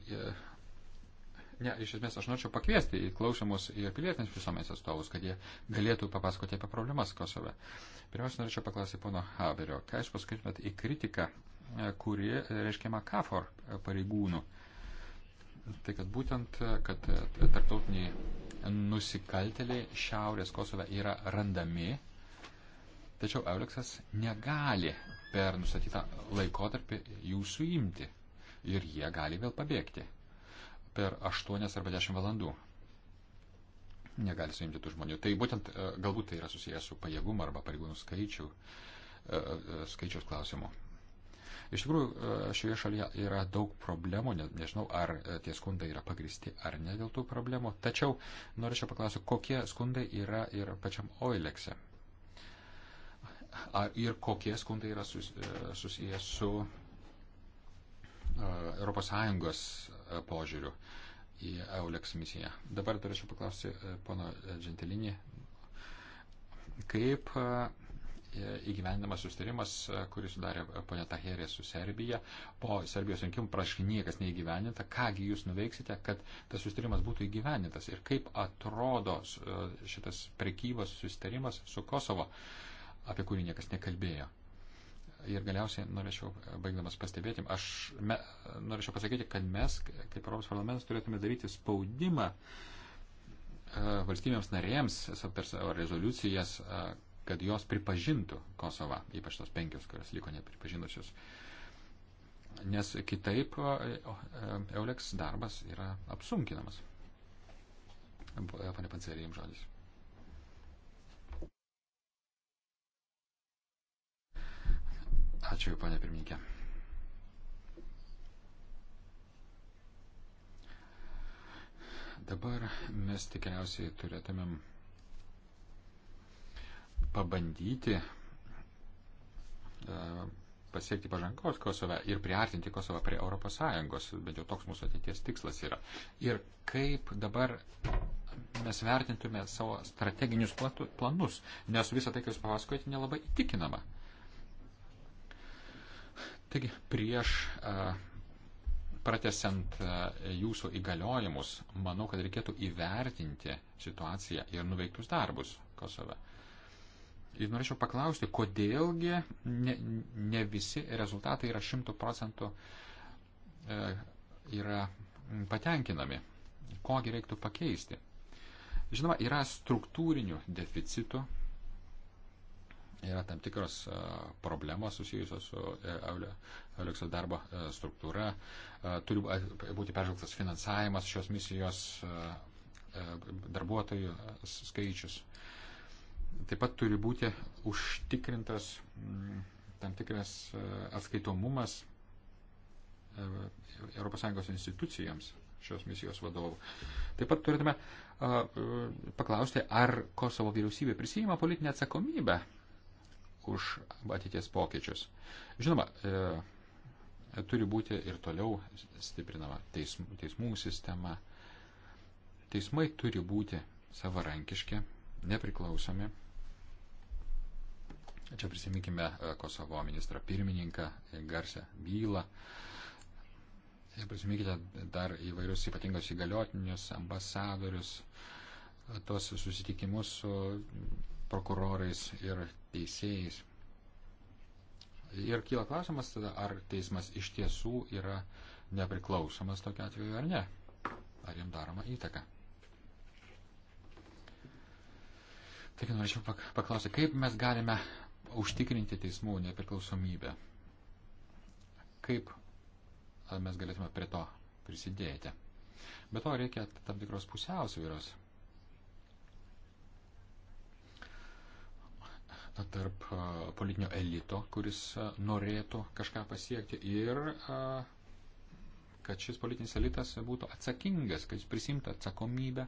Ne, iš esmės aš norėčiau pakviesti į klausimus ir pilietinės visuomenės atstovus, kad jie galėtų papasakoti apie problemas Kosove. Pirmiausia, norėčiau paklausyti pono Haberio, ką jūs paskirtumėt į kritiką, e, kuri reiškiama KAFOR pareigūnų. Tai kad būtent, e, kad e, tarptautiniai nusikalteliai Šiaurės Kosove yra randami, tačiau Euleksas negali per nustatytą laikotarpį jų suimti ir jie gali vėl pabėgti per 8 arba 10 valandų negali suimti tų žmonių. Tai būtent e, galbūt tai yra susijęs su pajėgumu arba pareigūnų skaičių, e, e, skaičiaus klausimu. Iš tikrųjų, šioje šalyje yra daug problemų, ne, nežinau, ar tie skundai yra pagristi ar ne dėl tų problemų, tačiau norėčiau paklausyti, kokie skundai yra ir pačiam Oilekse. Ar ir kokie skundai yra sus, susijęs su ES e, požiūrių į EULEX misiją. Dabar turėčiau paklausti e, pono Džentelinį, kaip e, įgyvendamas sustarimas, kurį sudarė ponia Taherė su Serbija, po Serbijos rinkimų praškai niekas neįgyveninta, kągi jūs nuveiksite, kad tas sustarimas būtų įgyvenintas ir kaip atrodo šitas prekybos sustarimas su Kosovo, apie kurį niekas nekalbėjo. Ir galiausiai norėčiau, baigdamas pastebėti, aš me, norėčiau pasakyti, kad mes, kaip Europos parlamentas, turėtume daryti spaudimą e, valstybėms narėms per savo rezoliucijas, e, kad jos pripažintų Kosovą, ypač tos penkios, kurios liko nepripažinusios. Nes kitaip e, Euleks darbas yra apsunkinamas. Pane Pancerė, jums žodis. Ačiū, panė pirmininkė. Dabar mes tikriausiai turėtumėm pabandyti e, pasiekti pažangos Kosove ir priartinti Kosovą prie Europos Sąjungos, bent jau toks mūsų ateities tikslas yra. Ir kaip dabar mes vertintume savo strateginius planus, nes visą tai, ką jūs papasakojate, nelabai įtikinama. Taigi, prieš pratesant jūsų įgaliojimus, manau, kad reikėtų įvertinti situaciją ir nuveiktus darbus Kosove. Ir norėčiau paklausti, kodėlgi ne, ne visi rezultatai yra šimtų procentų e, yra patenkinami, kogi reiktų pakeisti. Žinoma, yra struktūrinių deficitų yra tam tikros problemos susijusios su e, Alekso darbo e, struktūra, turi būti peržvelgtas finansavimas šios misijos e, darbuotojų skaičius. Taip pat turi būti užtikrintas tam tikras atskaitomumas ES institucijams šios misijos vadovų. Taip pat turėtume paklausti, ar Kosovo vyriausybė prisijima politinę atsakomybę už ateities pokyčius. Žinoma, e, turi būti ir toliau stiprinama teism, teismų sistema. Teismai turi būti savarankiški, nepriklausomi. Čia prisiminkime e, Kosovo ministrą pirmininką, e, garsę bylą. Prisiminkite dar įvairius ypatingos įgaliotinius, ambasadorius, e, tos susitikimus su prokurorais ir teisėjais. Ir kyla klausimas tada, ar teismas iš tiesų yra nepriklausomas tokia atveju ar ne. Ar jam daroma įtaka. Taigi norėčiau paklausyti, kaip mes galime užtikrinti teismų nepriklausomybę. Kaip mes galėtume prie to prisidėti. Be to reikia tam tikros pusiausvyros tarp politinio elito, kuris norėtų kažką pasiekti ir kad šis politinis elitas būtų atsakingas, kad jis prisimtų atsakomybę.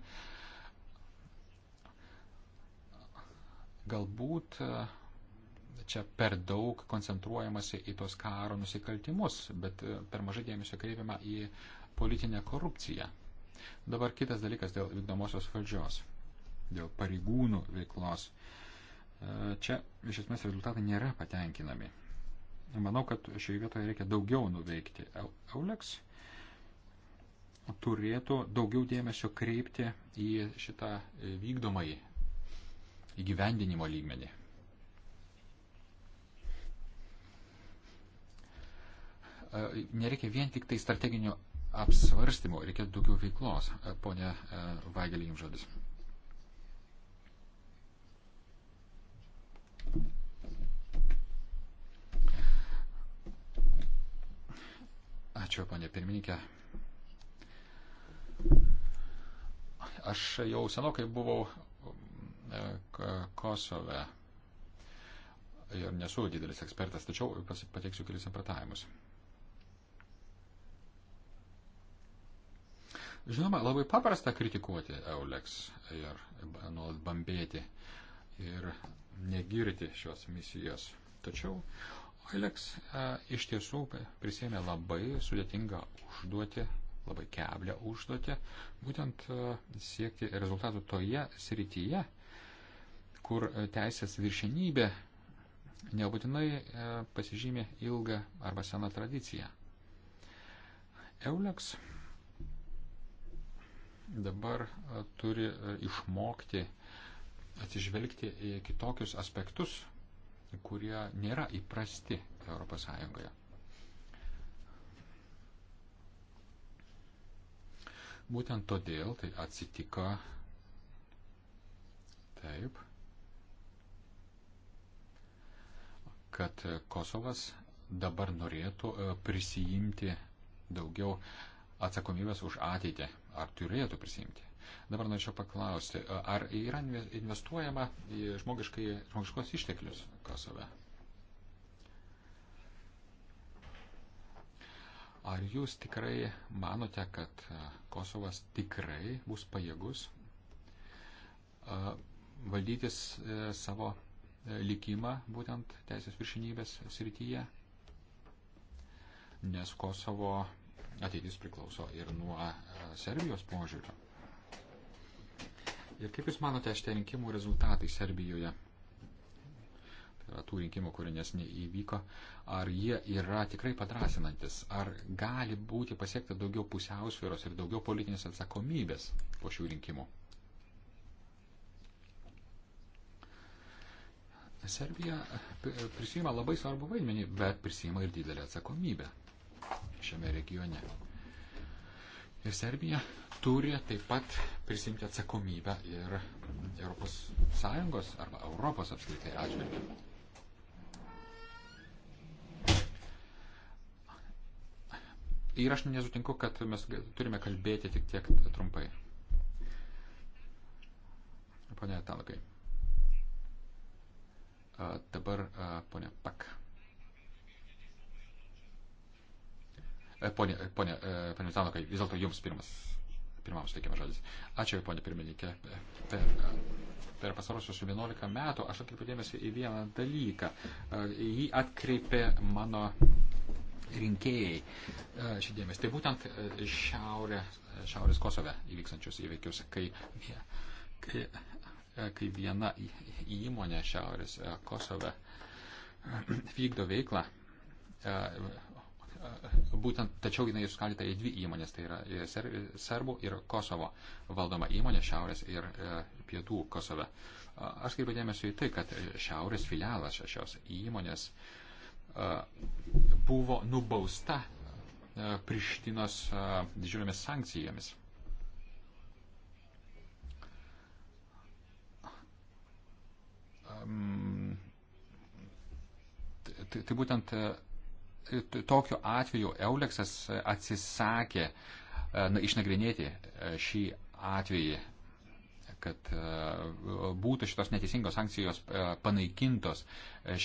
Galbūt čia per daug koncentruojamasi į tos karo nusikaltimus, bet per mažai dėmesio kreipiama į politinę korupciją. Dabar kitas dalykas dėl vykdomosios valdžios, dėl pareigūnų veiklos. Uh, čia iš esmės rezultatai nėra patenkinami. Manau, kad šioje vietoje reikia daugiau nuveikti. Eulex turėtų daugiau dėmesio kreipti į šitą e, vykdomąjį įgyvendinimo lygmenį. E, nereikia vien tik tai strateginio apsvarstymo, reikia daugiau veiklos. E, Pone Vagelį, jums žodis. Ačiū, ponė pirmininkė. Aš jau senokai buvau e, Kosove ir nesu didelis ekspertas, tačiau pateiksiu kelis sampratavimus. Žinoma, labai paprasta kritikuoti Eulex ir nuolat bambėti ir negirti šios misijos. Tačiau Oileks iš tiesų prisėmė labai sudėtingą užduotį, labai keblę užduotį, būtent siekti rezultatų toje srityje, kur teisės viršenybė nebūtinai pasižymė ilgą arba seną tradiciją. Euleks dabar turi išmokti atsižvelgti į kitokius aspektus kurie nėra įprasti ES. Būtent todėl tai atsitiko taip, kad Kosovas dabar norėtų e, prisijimti daugiau atsakomybės už ateitį, ar turėtų prisijimti. Dabar norėčiau paklausti, ar yra investuojama į žmogiškos išteklius Kosove? Ar jūs tikrai manote, kad e, Kosovas tikrai bus pajėgus e, valdytis e, savo likimą būtent teisės viršinybės srityje? Nes Kosovo ateitis priklauso ir nuo Serbijos požiūrio. Ir kaip Jūs manote šitie rinkimų rezultatai Serbijoje? Tai yra tų rinkimų, kurie nesnei įvyko. Ar jie yra tikrai padrasinantis? Ar gali būti pasiekta daugiau pusiausvėros ir daugiau politinės atsakomybės po šių rinkimų? Serbija prisima labai svarbu vaidmenį, bet prisima ir didelę atsakomybę šiame regione. Ir Serbija turi taip pat prisimti atsakomybę ir ES arba Europos apskritai atžvilgiu. Ir aš nesutinku, kad mes turime kalbėti tik tiek trumpai. Pone Talakai. Dabar pone Pak. Pone, pone, pone Tanokai, vis dėlto jums pirmas, pirmam suteikiamas žodis. Ačiū, ponė pirmininkė. Per, per pasarosius 11 metų aš atkreipiu dėmesį į vieną dalyką. E, jį atkreipė mano rinkėjai e, šį dėmesį. Tai būtent e, šiaurė, šiaurės Kosove įvyksančius įvykius, kai, kai, kai viena įmonė šiaurės Kosove vykdo veiklą būtent, tačiau jinai išskaldyta į dvi įmonės, tai yra ser, Serbų ir Kosovo valdoma įmonė Šiaurės ir e, Pietų Kosove. Aš kaip dėmesio į tai, kad Šiaurės filialas šios įmonės e, buvo nubausta e, Prištinos e, didžiulėmis sankcijomis. Um, tai, tai būtent e, tokiu atveju Euleksas e, atsisakė e, na, išnagrinėti e, šį atvejį, kad būtų šitos neteisingos sankcijos panaikintos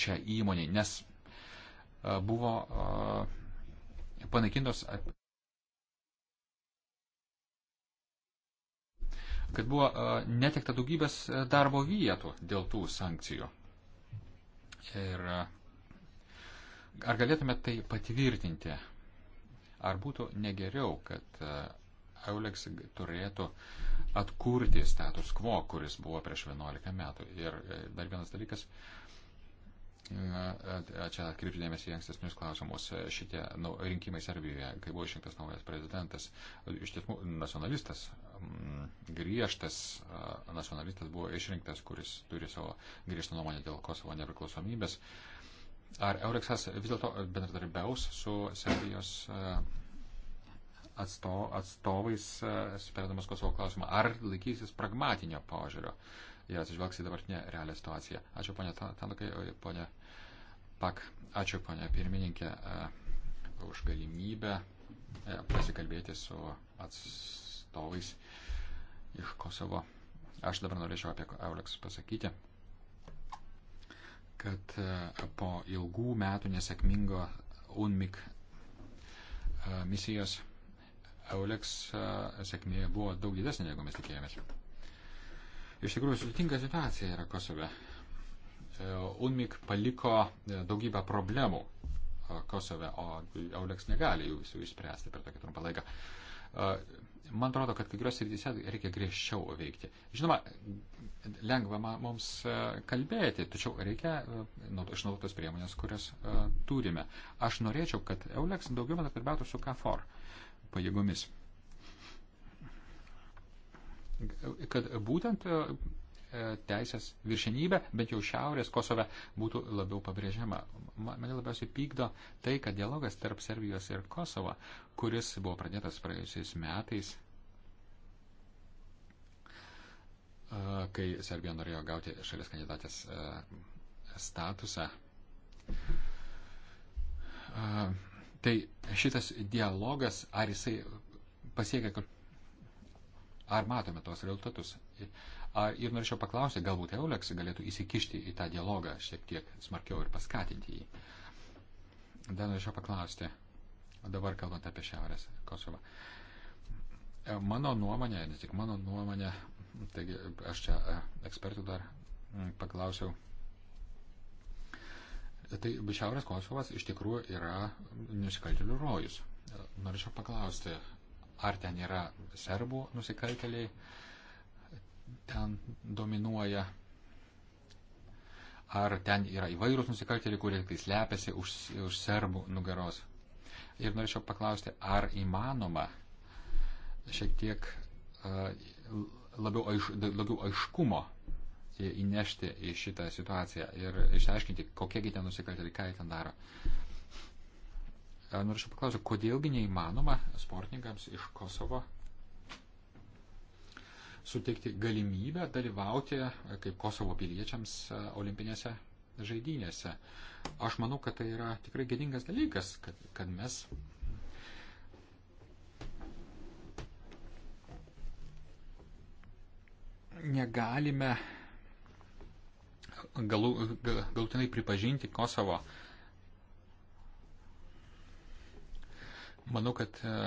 šią įmonį, nes buvo panaikintos kad buvo netekta daugybės darbo vietų dėl tų sankcijų. Ir uh, Ar galėtume tai patvirtinti? Ar būtų negeriau, kad e, Eulex turėtų atkurti status quo, kuris buvo prieš 11 metų? Ir e, dar vienas dalykas, e, Čia atkreipdėmės į ankstesnius klausimus. Šitie nu, rinkimai Serbijoje, kai buvo išrinktas naujas prezidentas, iš tiesų nacionalistas, mm, griežtas nacionalistas buvo išrinktas, kuris turi savo griežtą nuomonę dėl Kosovo nepriklausomybės. Uh, Ar Euriksas vis dėlto bendradarbiaus su Serbijos e, atsto, atstovais, e, sprędamas Kosovo klausimą, ar laikysis pragmatinio požiūrio ir atsižvelgs į dabartinę realią situaciją? Ačiū, ponė Tanukai, ponė Pak, ačiū, ponė pirmininkė, e, už galimybę pasikalbėti su atstovais iš Kosovo. Aš dabar norėčiau apie Euriks pasakyti kad e, po ilgų metų nesėkmingo UNMIK e, misijos Euleks e, sėkmė buvo daug didesnė, negu mes tikėjomės. Iš tikrųjų, sudėtinga situacija yra Kosove. UNMIK paliko daugybę problemų Kosove, o Euleks negali jų visų išspręsti per tokį trumpą laiką. Man atrodo, kad kai kurios rytise reikia griežčiau veikti. Žinoma, lengva mums e, kalbėti, tačiau reikia e, išnaudoti tos priemonės, kurias e, turime. Aš norėčiau, kad Euleks daugiau bendradarbiautų su KFOR pajėgomis. Kad būtent teisės viršenybė, bet jau šiaurės Kosove būtų labiau pabrėžiama mane labiausiai pykdo tai, kad dialogas tarp Serbijos ir Kosovo, kuris buvo pradėtas praėjusiais metais, kai Serbija norėjo gauti šalies kandidatės statusą. Tai šitas dialogas, ar jisai pasiekia, ar matome tuos rezultatus? Ir norėčiau paklausti, galbūt Euleks galėtų įsikišti į tą dialogą šiek tiek smarkiau ir paskatinti jį. Dar norėčiau paklausti, dabar kalbant apie Šiaurės Kosovą. E, mano nuomonė, ne tik mano nuomonė, taigi aš čia e, ekspertų dar paklausiau. Tai Šiaurės Kosovas iš tikrųjų yra nusikaltėlių rojus. E, norėčiau paklausti, ar ten yra serbų nusikaltėliai, ten dominuoja, ar ten yra įvairūs nusikaltėliai, kurie tik tai slepiasi už, už serbų nugaros. Ir norėčiau paklausti, ar įmanoma šiek tiek uh, labiau, aiš, labiau aiškumo įnešti į šitą situaciją ir išsiaiškinti, kokiegi ten nusikaltėliai, ką jie ten daro. Norėčiau paklausyti, kodėlgi neįmanoma sportininkams iš Kosovo suteikti galimybę dalyvauti kaip Kosovo piliečiams e, olimpinėse žaidynėse. Aš manau, kad tai yra tikrai gėdingas dalykas, kad, kad mes negalime galu, galutinai pripažinti Kosovo. Manau, kad e,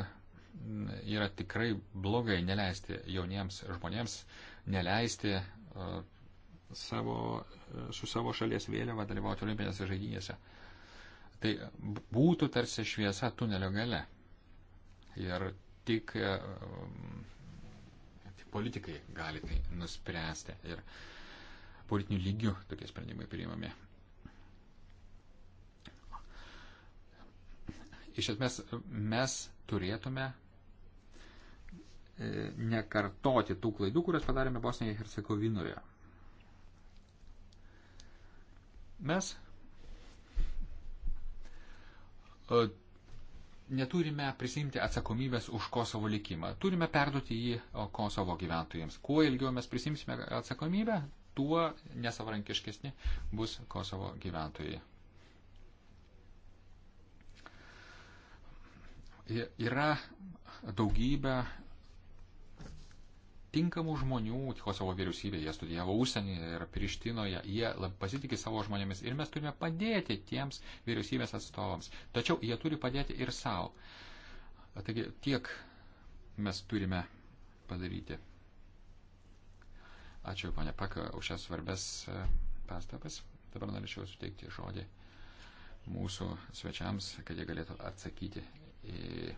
yra tikrai blogai neleisti jauniems žmonėms, neleisti e, savo, e, su savo šalies vėliava dalyvauti olimpinėse žaidynėse. Tai būtų tarsi šviesa tunelio gale. Ir tik, e, tik politikai gali tai nuspręsti. Ir politinių lygių tokie sprendimai priimami. Iš esmės mes turėtume e, nekartoti tų klaidų, kurias padarėme Bosnijoje ir Hercegovinoje. Mes e, neturime prisimti atsakomybės už Kosovo likimą. Turime perduoti jį Kosovo gyventojams. Kuo ilgiau mes prisimsime atsakomybę, tuo nesavarankiškesni bus Kosovo gyventojai. yra daugybė tinkamų žmonių Kosovo vyriausybėje, jie studijavo užsienyje ir Prištinoje, jie pasitikė savo žmonėmis ir mes turime padėti tiems vyriausybės atstovams. Tačiau jie turi padėti ir savo. Taigi tiek mes turime padaryti. Ačiū, ponia Paka, už šias svarbes e, pastabas. Dabar norėčiau suteikti žodį mūsų svečiams, kad jie galėtų atsakyti į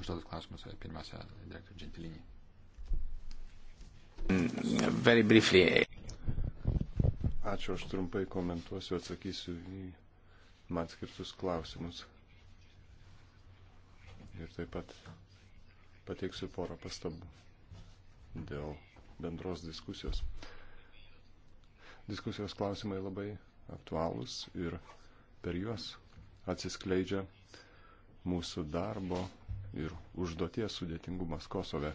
užduotus klausimus, e, pirmiausia, direktorių Džentilinį. Very briefly. Ačiū, aš trumpai komentuosiu, atsakysiu į man skirtus klausimus. Ir taip pat pateiksiu porą pastabų dėl bendros diskusijos. Diskusijos klausimai labai aktualūs ir per juos atsiskleidžia uh, mūsų darbo ir užduoties sudėtingumas Kosove.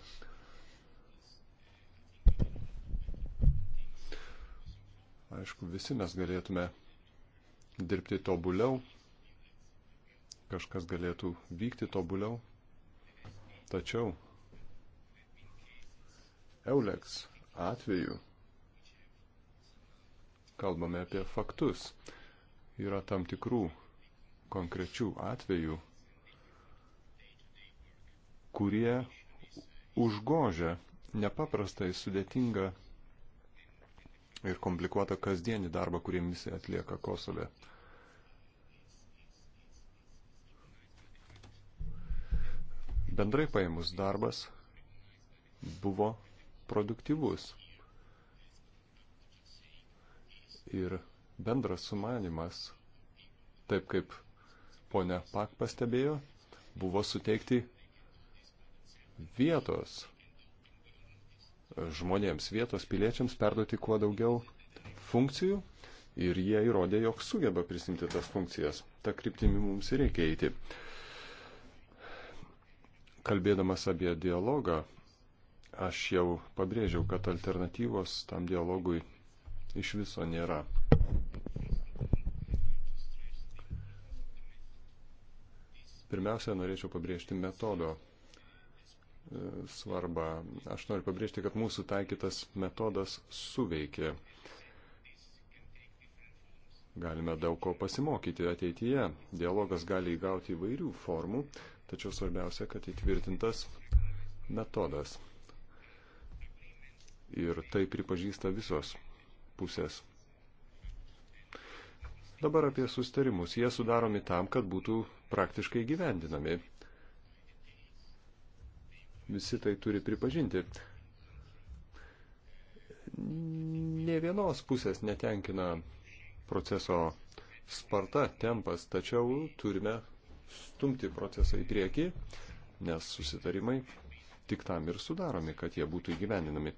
Aišku, visi mes galėtume dirbti tobuliau, kažkas galėtų vykti tobuliau, tačiau Euleks atveju kalbame apie faktus. Yra tam tikrų konkrečių atvejų, kurie užgožia nepaprastai sudėtingą ir komplikuotą kasdienį darbą, kurį misija atlieka Kosove. Bendrai paėmus darbas buvo produktyvus. Ir bendras sumanimas, taip kaip ponia Pak pastebėjo, buvo suteikti vietos žmonėms, vietos piliečiams perduoti kuo daugiau funkcijų ir jie įrodė, jog sugeba prisimti tas funkcijas. Ta kryptimi mums reikia eiti. Kalbėdamas apie dialogą, aš jau pabrėžiau, kad alternatyvos tam dialogui iš viso nėra. Pirmiausia, norėčiau pabrėžti metodo svarbą. Aš noriu pabrėžti, kad mūsų taikytas metodas suveikė. Galime daug ko pasimokyti ateityje. Dialogas gali įgauti įvairių formų, tačiau svarbiausia, kad įtvirtintas metodas. Ir tai pripažįsta visos pusės. Dabar apie sustarimus. Jie sudaromi tam, kad būtų praktiškai gyvendinami. Visi tai turi pripažinti. Ne vienos pusės netenkina proceso sparta, tempas, tačiau turime stumti procesą į priekį, nes susitarimai tik tam ir sudaromi, kad jie būtų įgyvendinami.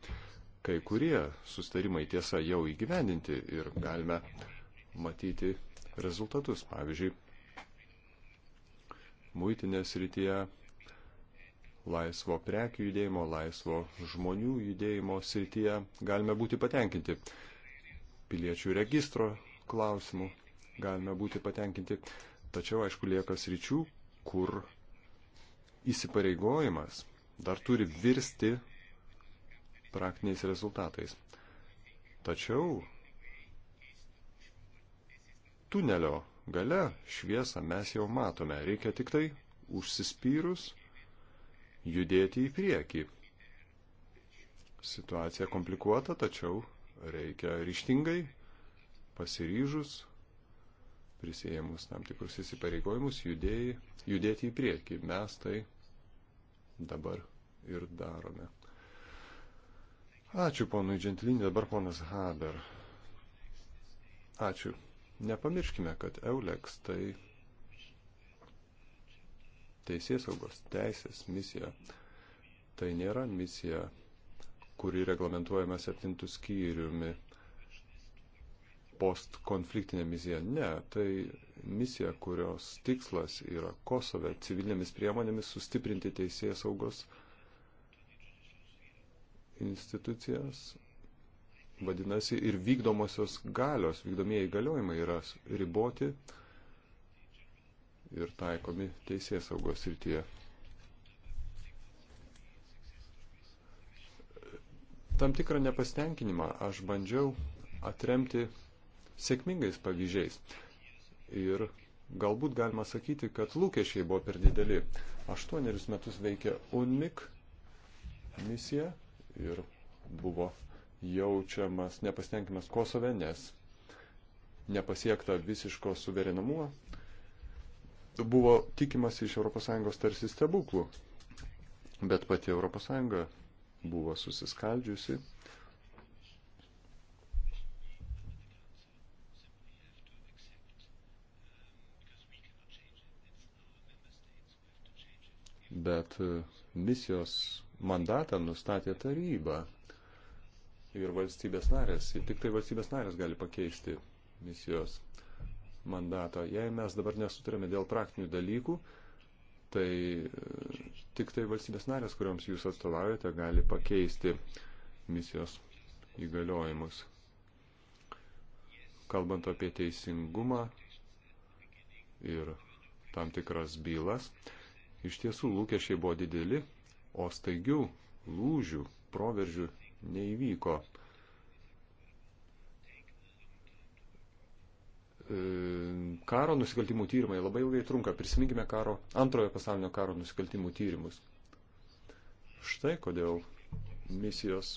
Kai kurie susitarimai tiesa jau įgyvendinti ir galime matyti rezultatus. Pavyzdžiui, muitinės rytyje laisvo prekių judėjimo, laisvo žmonių judėjimo srityje galime būti patenkinti. Piliečių registro klausimų galime būti patenkinti. Tačiau, aišku, lieka sričių, kur įsipareigojimas dar turi virsti praktiniais rezultatais. Tačiau tunelio gale šviesą mes jau matome. Reikia tik tai užsispyrus judėti į priekį. Situacija komplikuota, tačiau reikia ryštingai, pasiryžus, prisėjimus tam tikrus įsipareigojimus, judėjai, judėti į priekį. Mes tai dabar ir darome. Ačiū ponui Džentlinį, dabar ponas Haber. Ačiū. Nepamirškime, kad Euleks tai teisės saugos, teisės misija. Tai nėra misija, kuri reglamentuojama septintų skyriumi postkonfliktinė misija. Ne, tai misija, kurios tikslas yra Kosove civilinėmis priemonėmis sustiprinti teisės saugos institucijas. Vadinasi, ir vykdomosios galios, vykdomieji įgaliojimai yra riboti, ir taikomi teisės saugos rytyje. Tam tikrą nepastenkinimą aš bandžiau atremti sėkmingais pavyzdžiais. Ir galbūt galima sakyti, kad lūkesčiai buvo per dideli. Aštuonerius metus veikė UNMIK misija ir buvo jaučiamas nepastenkimas Kosove, nes nepasiekta visiško suverenumo, buvo tikimas iš ES tarsi stebuklų, bet pati ES buvo susiskaldžiusi. Bet e, misijos mandatą nustatė taryba ir valstybės narės. Ir tik tai valstybės narės gali pakeisti misijos mandato. Jei mes dabar nesutarėme dėl praktinių dalykų, tai e, tik tai valstybės narės, kuriuoms jūs atstovaujate, gali pakeisti misijos įgaliojimus. Kalbant apie teisingumą ir tam tikras bylas, iš tiesų lūkesčiai buvo dideli, o staigių lūžių, proveržių neįvyko. E, karo nusikaltimų tyrimai labai ilgai trunka. Prisiminkime karo, antrojo pasaulinio karo nusikaltimų tyrimus. Štai kodėl misijos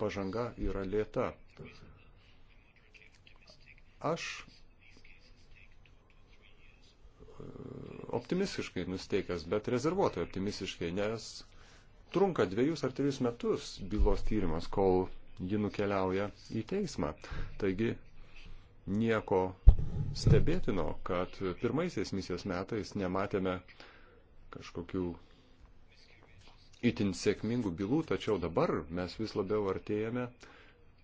pažanga yra lėta. Aš e, optimistiškai nusteikęs, bet rezervuotai optimistiškai, nes trunka dviejus ar trijus metus bylos tyrimas, kol ji nukeliauja į teismą. Taigi nieko stebėtino, kad pirmaisiais misijos metais nematėme kažkokių itin sėkmingų bylų, tačiau dabar mes vis labiau artėjame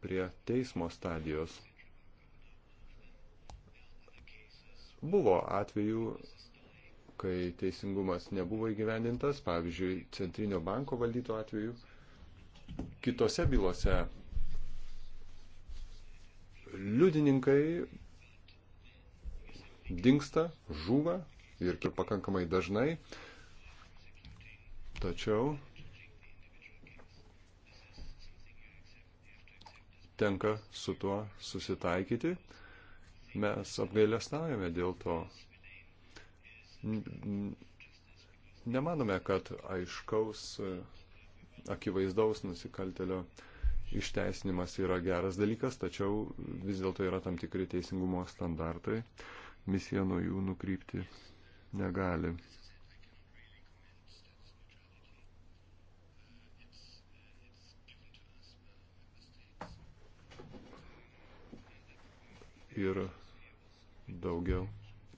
prie teismo stadijos. Buvo atvejų, kai teisingumas nebuvo įgyvendintas, pavyzdžiui, Centrinio banko valdyto atveju. Kitose bylose liudininkai dinksta, žūva ir pakankamai dažnai. Tačiau tenka su tuo susitaikyti. Mes apgailestavome dėl to. Nemanome, kad aiškaus, akivaizdaus nusikaltelio uh, išteisinimas yra geras dalykas, tačiau vis dėlto yra tam tikri teisingumo standartai. Misija nuo jų nukrypti negali. Ir daugiau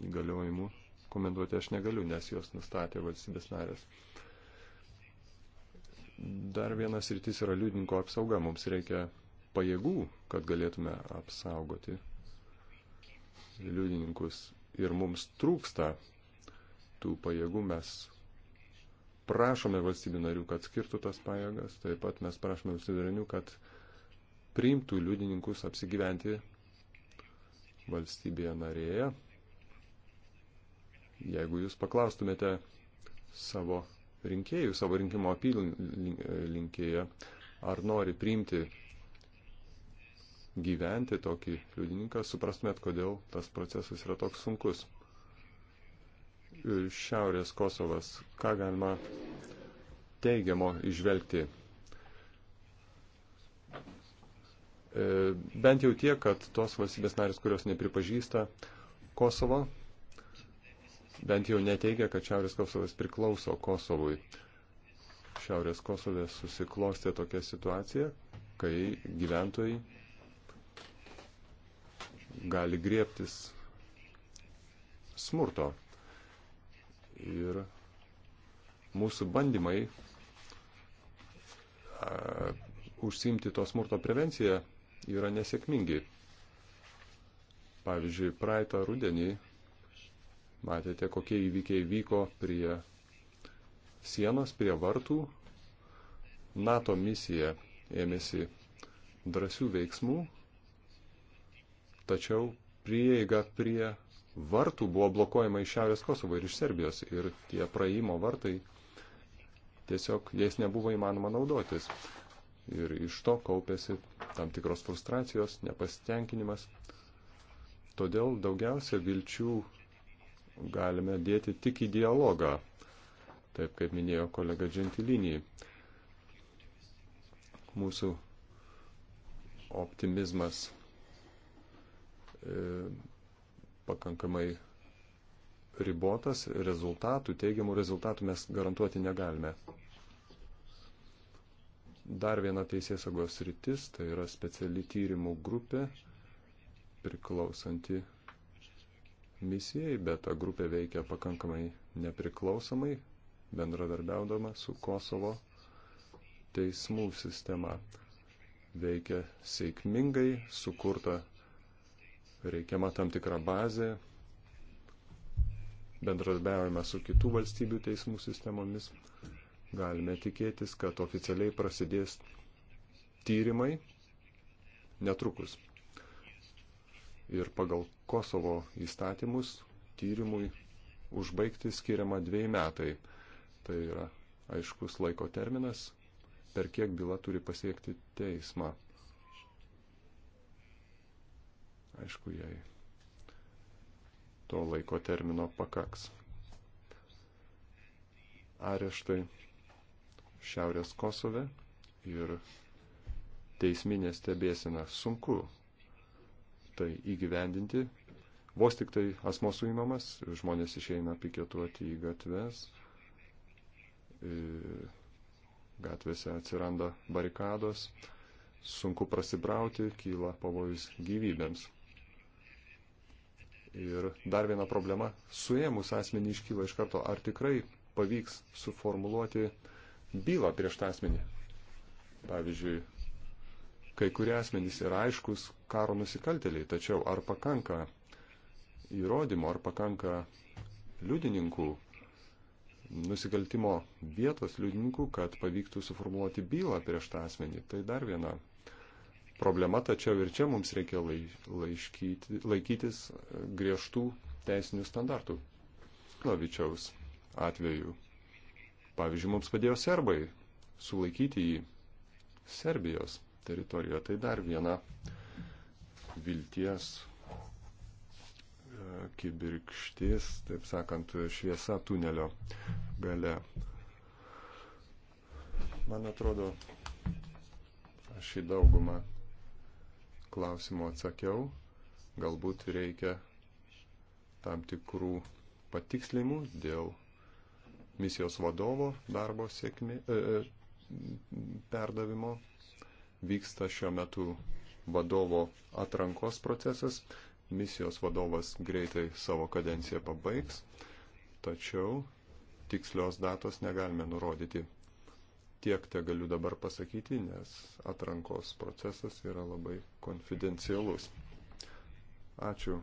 įgaliojimų komentuoti aš negaliu, nes jos nustatė valstybės narės. Dar vienas rytis yra liudininko apsauga. Mums reikia pajėgų, kad galėtume apsaugoti liudininkus. Ir mums trūksta tų pajėgų. Mes prašome valstybių narių, kad skirtų tas pajėgas. Taip pat mes prašome valstybių narių, kad priimtų liudininkus apsigyventi valstybėje narėje. Jeigu jūs paklaustumėte savo rinkėjų savo rinkimo apylinkėje, ar nori priimti gyventi tokį liudininką, suprastumėt, kodėl tas procesas yra toks sunkus. Šiaurės Kosovas, ką galima teigiamo išvelgti? E, bent jau tie, kad tos valstybės narės, kurios nepripažįsta Kosovo, bent jau neteigia, kad Šiaurės Kosovas priklauso Kosovui. Šiaurės Kosovė susiklostė tokia situacija, kai gyventojai gali griebtis smurto. Ir mūsų bandymai a, užsimti to smurto prevenciją yra nesėkmingi. Pavyzdžiui, praeitą rudenį Matėte, kokie įvykiai vyko prie sienos, prie vartų. NATO misija ėmėsi drąsių veiksmų, tačiau prieiga prie vartų buvo blokuojama iš Šiaurės Kosovo ir iš Serbijos ir tie praėjimo vartai tiesiog jais nebuvo įmanoma naudotis. Ir iš to kaupėsi tam tikros frustracijos, nepasitenkinimas. Todėl daugiausia vilčių galime dėti tik į dialogą, taip kaip minėjo kolega Gentilinį. Mūsų optimizmas e, pakankamai ribotas, rezultatų, teigiamų rezultatų mes garantuoti negalime. Dar viena teisėsaugos rytis, tai yra speciali tyrimų grupė priklausanti misijai, bet ta grupė veikia pakankamai nepriklausomai, bendradarbiaudama su Kosovo teismų sistema. Veikia sėkmingai, sukurta reikiama tam tikra bazė, bendradarbiaujame su kitų valstybių teismų sistemomis. Galime tikėtis, kad oficialiai prasidės tyrimai netrukus ir pagal Kosovo įstatymus tyrimui užbaigti skiriama dviejai metai. Tai yra aiškus laiko terminas, per kiek byla turi pasiekti teismą. Aišku, jei to laiko termino pakaks. Areštai Šiaurės Kosove ir teisminė stebėsina sunku tai įgyvendinti. Vos tik tai asmo suimamas, žmonės išeina piketuoti į gatves, e, gatvėse atsiranda barikados, sunku prasibrauti, kyla pavojus gyvybėms. Ir dar viena problema - suėmus asmenį iškyla iš karto, ar tikrai pavyks suformuluoti bylą prieš tą asmenį. Pavyzdžiui, kai kurie asmenys yra aiškus karo nusikaltėliai, tačiau ar pakanka įrodymų, ar pakanka liudininkų, nusikaltimo vietos liudininkų, kad pavyktų suformuoti bylą prieš tą asmenį. Tai dar viena problema, tačiau ir čia mums reikia laiškyti, laikytis griežtų teisinių standartų. Lovičiaus atveju. Pavyzdžiui, mums padėjo serbai sulaikyti jį Serbijos teritorijoje. Tai dar viena vilties e, kibirkštis, taip sakant, šviesa tunelio gale. Man atrodo, aš į daugumą klausimų atsakiau. Galbūt reikia tam tikrų patikslimų dėl misijos vadovo darbo sėkmė, e, e, perdavimo vyksta šiuo metu vadovo atrankos procesas. Misijos vadovas greitai savo kadenciją pabaigs, tačiau tikslios datos negalime nurodyti. Tiek te galiu dabar pasakyti, nes atrankos procesas yra labai konfidencialus. Ačiū,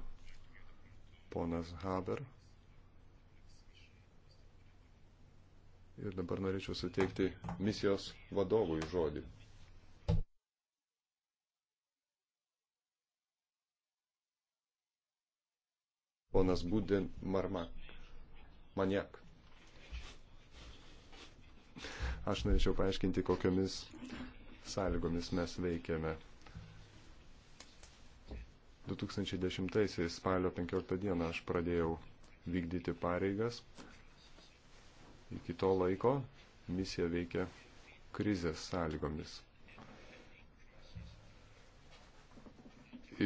ponas Haber. Ir dabar norėčiau suteikti misijos vadovui žodį. ponas Budin Marmak. Maniak. Aš norėčiau paaiškinti, kokiamis sąlygomis mes veikėme. 2010 spalio 15 dieną aš pradėjau vykdyti pareigas. Iki to laiko misija veikė krizės sąlygomis.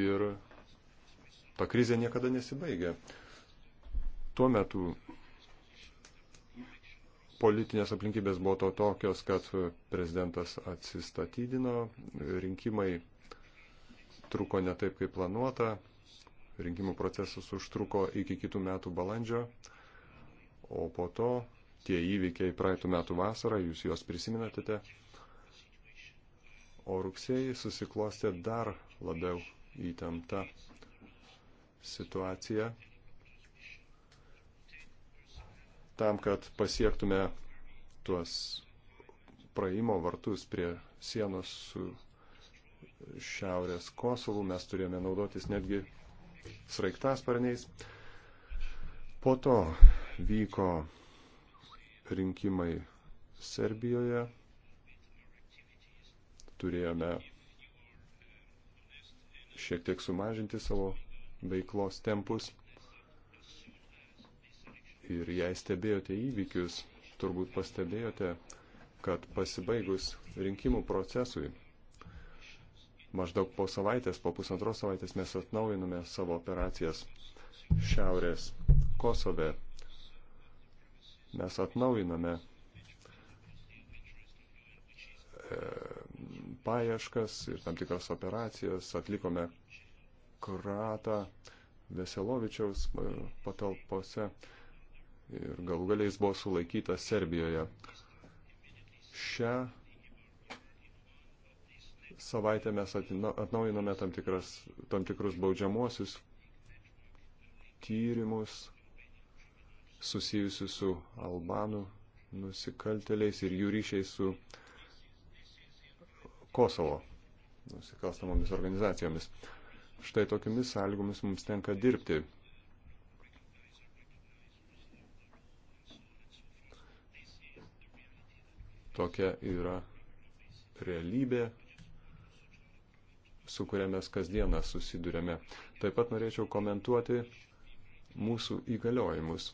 Ir ta krizė niekada nesibaigia. Tuo metu politinės aplinkybės buvo to tokios, kad prezidentas atsistatydino, rinkimai truko ne taip, kaip planuota, rinkimų procesas užtruko iki kitų metų balandžio, o po to tie įvykiai praeitų metų vasarą, jūs juos prisiminate, o rugsėjai susiklostė dar labiau įtempta situaciją tam, kad pasiektume tuos praeimo vartus prie sienos su šiaurės Kosovu, mes turėjome naudotis netgi sraigtasparniais. Po to vyko rinkimai Serbijoje, turėjome šiek tiek sumažinti savo veiklos tempus ir jei stebėjote įvykius, turbūt pastebėjote, kad pasibaigus rinkimų procesui, maždaug po savaitės, po pusantros savaitės mes atnaujinome savo operacijas Šiaurės Kosove. Mes atnaujiname e, paieškas ir tam tikras operacijas, atlikome kratą Veselovičiaus e, patalpose ir galų galiais buvo sulaikytas Serbijoje. Šią savaitę mes atnaujinome tam, tikras, tam tikrus baudžiamuosius tyrimus susijusius su Albanų nusikalteliais ir jų ryšiais su Kosovo nusikalstamomis organizacijomis štai tokiamis sąlygomis mums tenka dirbti. Tokia yra realybė, su kuria mes kasdieną susidurėme. Taip pat norėčiau komentuoti mūsų įgaliojimus.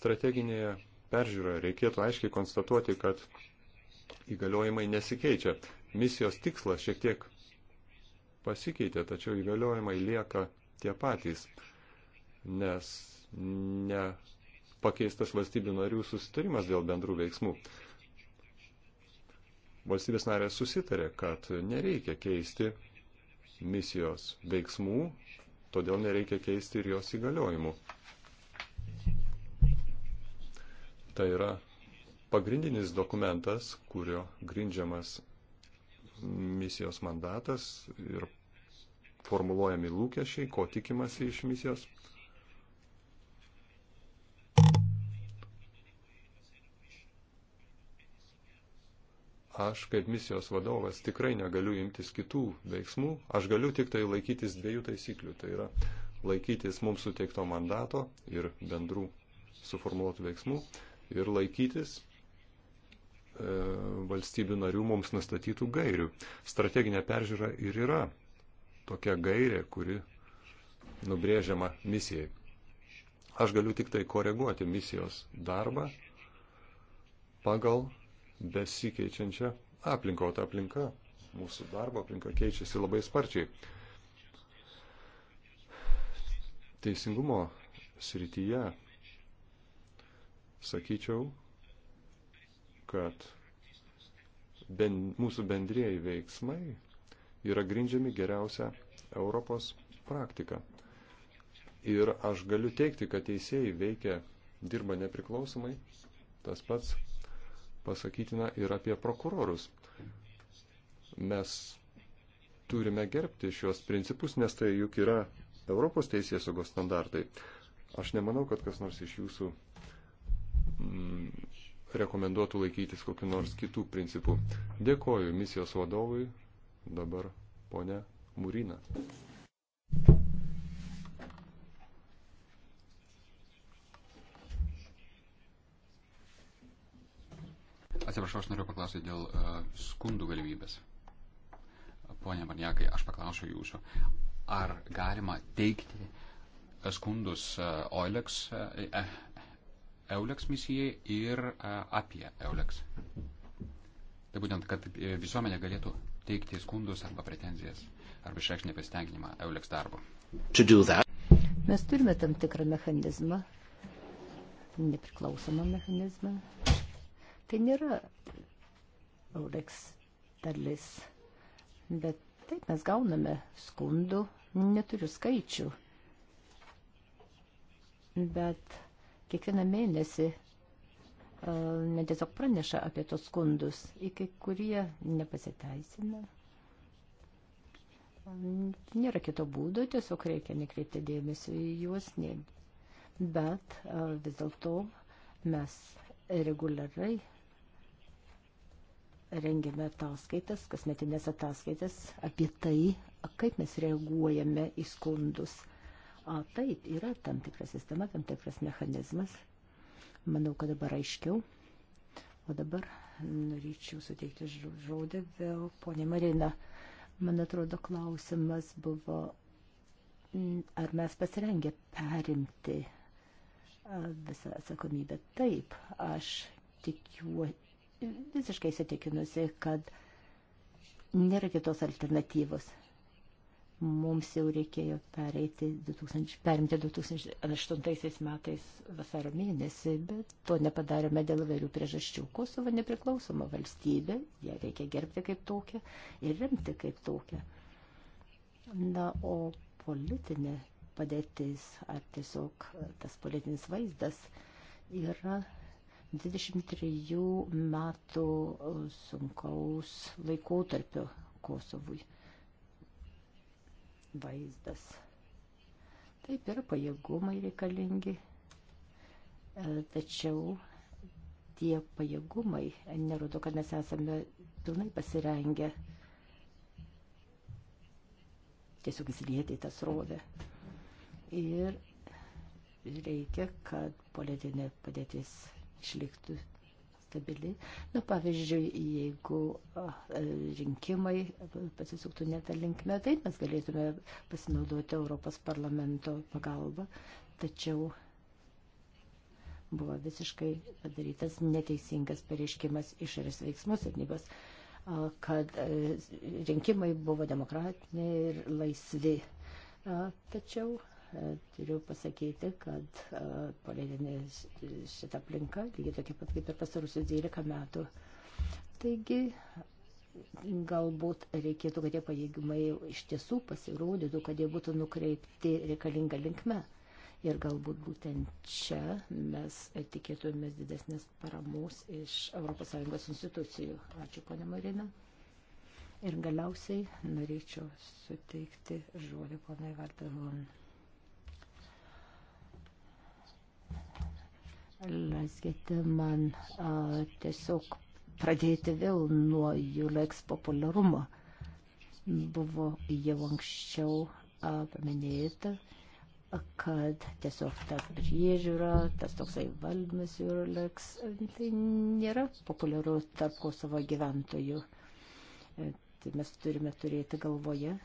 Strateginėje peržiūroje reikėtų aiškiai konstatuoti, kad įgaliojimai nesikeičia. Misijos tikslas šiek tiek pasikeitė, tačiau įgaliojimai lieka tie patys, nes ne pakeistas valstybių narių susitarimas dėl bendrų veiksmų. Valstybės narės susitarė, kad nereikia keisti misijos veiksmų, todėl nereikia keisti ir jos įgaliojimų. Tai yra pagrindinis dokumentas, kurio grindžiamas misijos mandatas ir formuluojami lūkesčiai, ko tikimasi iš misijos. Aš kaip misijos vadovas tikrai negaliu imtis kitų veiksmų, aš galiu tik tai laikytis dviejų taisyklių. Tai yra laikytis mums suteikto mandato ir bendrų suformuoluotų veiksmų ir laikytis E, valstybių narių mums nustatytų gairių. Strateginė peržiūra ir yra tokia gairė, kuri nubrėžiama misijai. Aš galiu tik tai koreguoti misijos darbą pagal besikeičiančią aplinką, o ta aplinka, mūsų darbo aplinka keičiasi labai sparčiai. Teisingumo srityje, sakyčiau, kad ben, mūsų bendrieji veiksmai yra grindžiami geriausia Europos praktika. Ir aš galiu teikti, kad teisėjai veikia, dirba nepriklausomai. Tas pats pasakytina ir apie prokurorus. Mes turime gerbti šios principus, nes tai juk yra Europos teisės saugos standartai. Aš nemanau, kad kas nors iš jūsų mm, rekomenduotų laikytis kokiu nors kitų principų. Dėkoju misijos vadovui, dabar ponia Murina. Atsiprašau, aš noriu paklausyti dėl uh, skundų galimybės. Pone Marniakai, aš paklausiu jūsų, ar galima teikti skundus uh, OLEX uh, EULEX misijai ir e, apie EULEX. Tai būtent, kad e, visuomenė galėtų teikti skundus arba pretenzijas arba išreikšti nepasitenkinimą EULEX darbu. Mes turime tam tikrą mechanizmą, nepriklausomą mechanizmą. Tai nėra EULEX dalis, bet taip mes gauname skundų, neturiu skaičių. Bet kiekvieną mėnesį e, ne tiesiog praneša apie tos skundus, į kai kurie nepasiteisina. Nėra kito būdo, tiesiog reikia nekreipti dėmesio į juos, ne. bet e, vis dėlto mes reguliarai rengiame ataskaitas, kasmetinės ataskaitas apie tai, kaip mes reaguojame į skundus A, taip, yra tam tikra sistema, tam tikras mechanizmas. Manau, kad dabar aiškiau. O dabar norėčiau suteikti žodį vėl ponė Marina. Man atrodo, klausimas buvo, ar mes pasirengę perimti visą atsakomybę. Taip, aš tikiu, visiškai įsitikinusi, kad nėra kitos alternatyvos mums jau reikėjo pereiti 2000, perimti 2008 metais vasaro mėnesį, bet to nepadarėme dėl vairių priežasčių. Kosovo nepriklausoma valstybė, ją reikia gerbti kaip tokią ir remti kaip tokią. Na, o politinė padėtis ar tiesiog tas politinis vaizdas yra 23 metų sunkaus laikotarpio Kosovui vaizdas. Taip ir pajėgumai reikalingi, e, tačiau tie pajėgumai nerodo, kad mes esame pilnai pasirengę tiesiog įsilieti į tą srovę. Ir reikia, kad politinė padėtis išliktų stabili. Na, pavyzdžiui, jeigu e, rinkimai pasisuktų ne tą linkmę, taip mes galėtume pasinaudoti Europos parlamento pagalbą, tačiau buvo visiškai padarytas neteisingas pareiškimas išorės veiksmus tarnybos kad e, rinkimai buvo demokratiniai ir laisvi. Tačiau E, turiu pasakyti, kad e, politinė šita aplinka lygiai tokia pat kaip ir pastarusius 12 metų. Taigi, galbūt reikėtų, kad tie pajėgimai iš tiesų pasirodytų, kad jie būtų nukreipti reikalinga linkme. Ir galbūt būtent čia mes tikėtumės didesnės paramos iš ES institucijų. Ačiū, ponė Marina. Ir galiausiai norėčiau suteikti žodį ponai Vardavon. Leiskite man a, tiesiog pradėti vėl nuo Juleks populiarumo. Buvo jau anksčiau a, paminėta, a, kad tiesiog ta priežiūra, tas toksai valdymas Juleks, tai nėra populiaru tarp Kosovo gyventojų. E, tai mes turime turėti galvoje,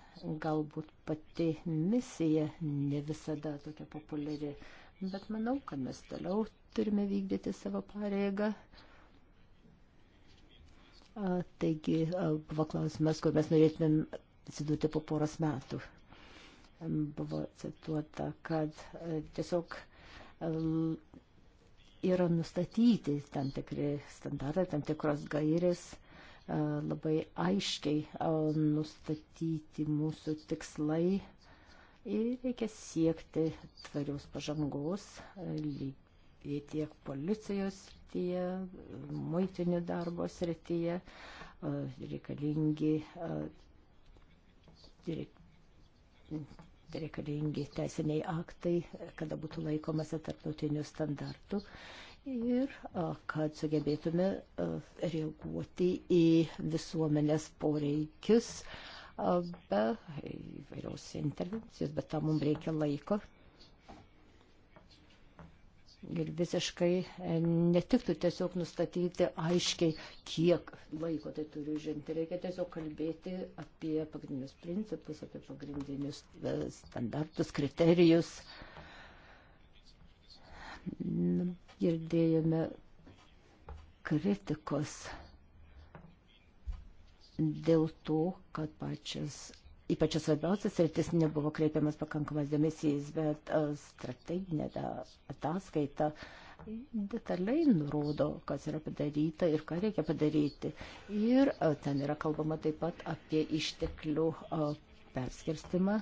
galbūt pati misija ne visada tokia populiari. Bet manau, kad mes toliau turime vykdyti savo pareigą. Taigi, buvo klausimas, kur mes norėtumėm atsidūti po poros metų. Buvo cituota, kad tiesiog yra nustatyti tam tikri standartai, tam tikros gairės, labai aiškiai nustatyti mūsų tikslai ir reikia siekti tvarios pažangos, lyg tiek policijos srityje, muitinių darbo srityje reikalingi, reikalingi teisiniai aktai, kada būtų laikomasi tarptautinių standartų ir kad sugebėtume reaguoti į visuomenės poreikius be įvairiaus intervencijos, bet tam mums reikia laiko, ir visiškai e, netiktų tiesiog nustatyti aiškiai, kiek laiko tai turi žengti. Reikia tiesiog kalbėti apie pagrindinius principus, apie pagrindinius e, standartus, kriterijus. Girdėjome kritikos dėl to, kad pačias ypač svarbiausias rytis nebuvo kreipiamas pakankamas dėmesys, bet e, strateginė ataskaita detaliai nurodo, kas yra padaryta ir ką reikia padaryti. Ir e, ten yra kalbama taip pat apie išteklių e, perskirstimą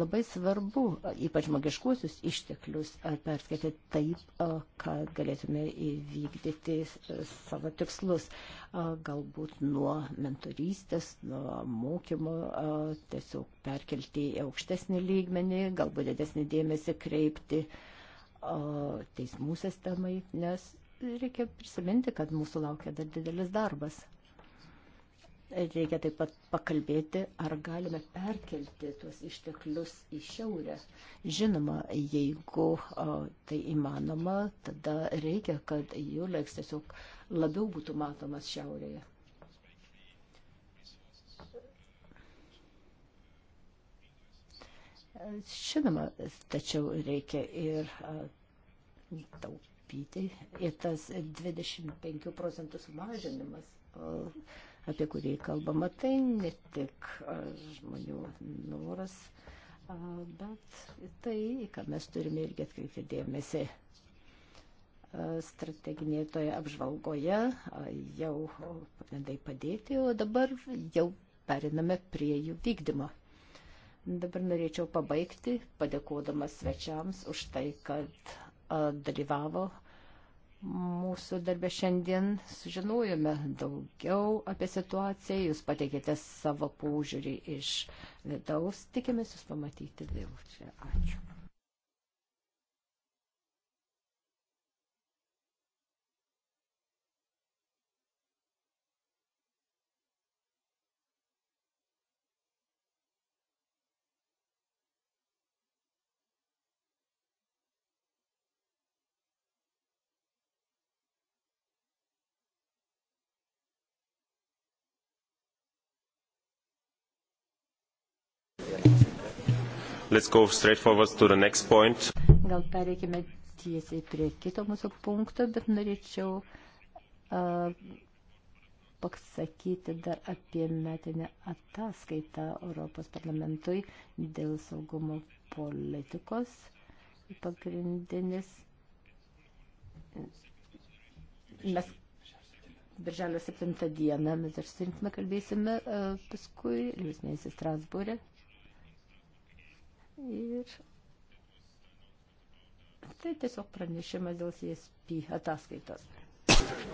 Labai svarbu, ypač magiškuosius išteklius, perskaityti taip, kad galėtume įvykdyti savo tikslus, galbūt nuo mentorystės, nuo mokymo, tiesiog perkelti į aukštesnį lygmenį, galbūt didesnį dėmesį kreipti teismų sistemai, nes reikia prisiminti, kad mūsų laukia dar didelis darbas. Reikia taip pat pakalbėti, ar galime perkelti tuos išteklius į šiaurę. Žinoma, jeigu o, tai įmanoma, tada reikia, kad Juleks tiesiog labiau būtų matomas šiaurėje. Žinoma, tačiau reikia ir taupyti. Ir tas 25 procentų sumažinimas. O, apie kurį kalbama, tai ne tik žmonių noras, bet tai, ką mes turime irgi atkreipti dėmesį strateginėje toje apžvalgoje, jau pagrindai padėti, o dabar jau periname prie jų vykdymo. Dabar norėčiau pabaigti, padėkodamas svečiams už tai, kad dalyvavo mūsų darbė šiandien sužinojome daugiau apie situaciją, jūs pateikėte savo paužiūrį iš vidaus, tikimės jūs pamatyti vėl čia. Ačiū. Let's go straight forward to the next point. Gal pereikime tiesiai prie kito mūsų punkto, bet norėčiau uh, pasakyti dar apie metinę ataskaitą Europos parlamentui dėl saugumo politikos. Pagrindinis. Mes birželio 7 dieną mes dar su kalbėsime, uh, paskui Liūsnėsi Strasbūrė. E Ir tai tiesiog pranešimas dėl CSP ataskaitos.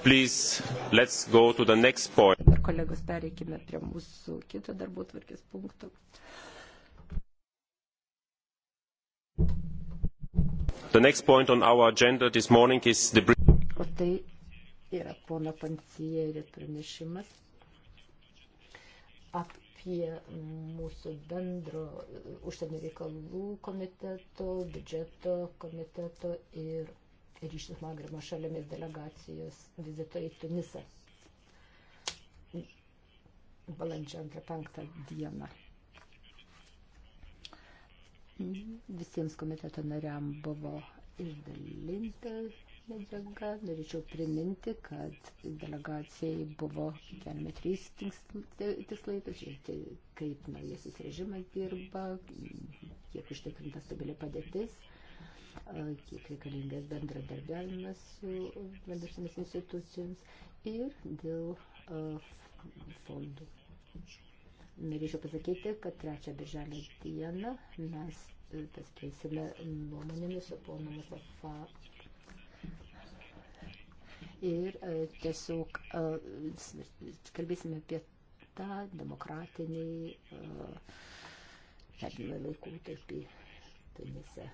Please, let's go to the next point. Dabar kolegos pereikime prie mūsų kito darbo tvarkės punktų. The next point on our agenda this morning is the... O tai yra pono Pancieri pranešimas ap, apie mūsų bendro e, užsienio reikalų komiteto, biudžeto komiteto ir ryšius Magrimo šalėmis delegacijos vizito į Tunisą balandžio 2-5 dieną. Visiems komiteto nariam buvo išdalintas medžiaga. Norėčiau priminti, kad delegacijai buvo keliami trys tikslai, pažiūrėti, kaip naujasis režimas dirba, kiek užtikrinta stabili padėtis, kiek reikalingas bendradarbiavimas su valstybės institucijoms ir dėl fondų. Norėčiau pasakyti, kad trečią birželio dieną mes pasikeisime nuomonėmis su ponu Mustafa ir e, tiesiog e, kalbėsime apie tą demokratinį perdinamą e, laikotarpį Tunise.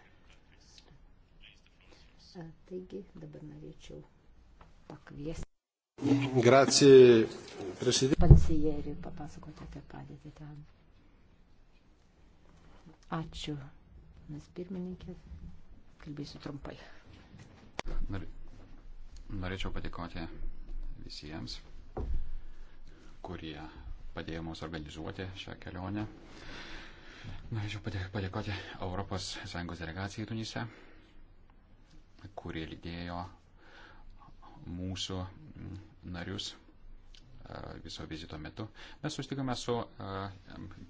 Taigi dabar norėčiau pakviesti. Grazie, Presidente. Pansieri, papasakoti apie padėtį ten. Ačiū, mes pirmininkė. Kalbėsiu trumpai. Norė, Norėčiau padėkoti visiems, kurie padėjo mums organizuoti šią kelionę. Norėčiau padėkoti Europos Sąjungos delegacijai Tunise, kurie lydėjo mūsų mm, narius e, viso vizito metu. Mes sustikome su e,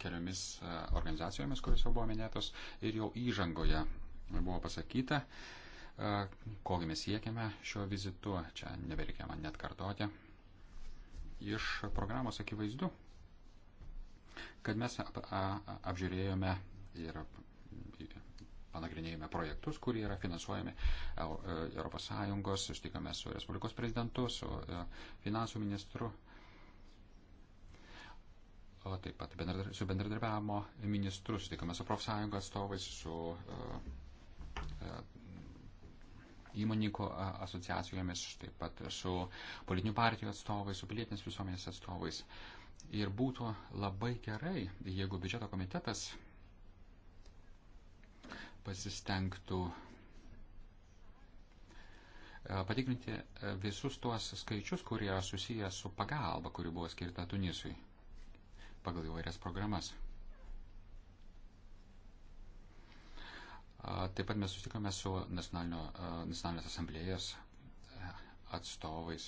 keliomis e, organizacijomis, kurios jau buvo minėtos ir jau įžangoje buvo pasakyta, kogi mes siekiame šiuo vizitu, čia nebereikia man net kartoti. Iš programos akivaizdu, kad mes apžiūrėjome ir panagrinėjome projektus, kurie yra finansuojami ES, e, ištikome su Respublikos prezidentu, su e, finansų ministru, taip pat su bendradarbiavimo ministru, sutikome su profsąjungo atstovais, su e, įmoninkų asociacijomis, taip pat su politinių partijų atstovais, su pilietinės visuomenės atstovais. Ir būtų labai gerai, jeigu biudžeto komitetas pasistengtų patikrinti visus tuos skaičius, kurie susiję su pagalba, kuri buvo skirta Tunisui pagal įvairias programas. Taip pat mes susitikome su nacionalinės asamblėjos e, atstovais.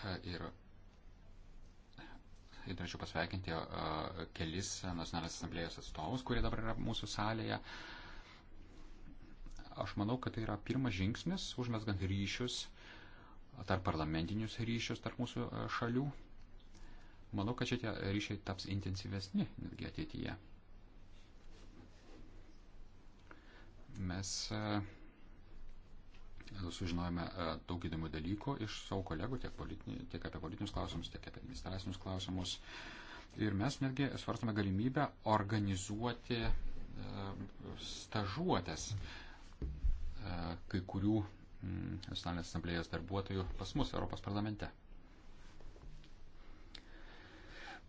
E, ir, ir norėčiau pasveikinti kelis nacionalinės asamblėjos atstovus, kurie dabar yra mūsų salėje. Aš manau, kad tai yra pirmas žingsnis, užmesgant ryšius, tarp parlamentinius ryšius tarp mūsų šalių. Manau, kad šitie ryšiai taps intensyvesni netgi ateityje. Mes e, sužinojome e, daug įdomių dalykų iš savo kolegų tiek, tiek apie politinius klausimus, tiek apie administracinius klausimus. Ir mes netgi svarstame galimybę organizuoti e, stažuotės kai kurių mm, Nacionalinės asamblėjos darbuotojų pas mus Europos parlamente.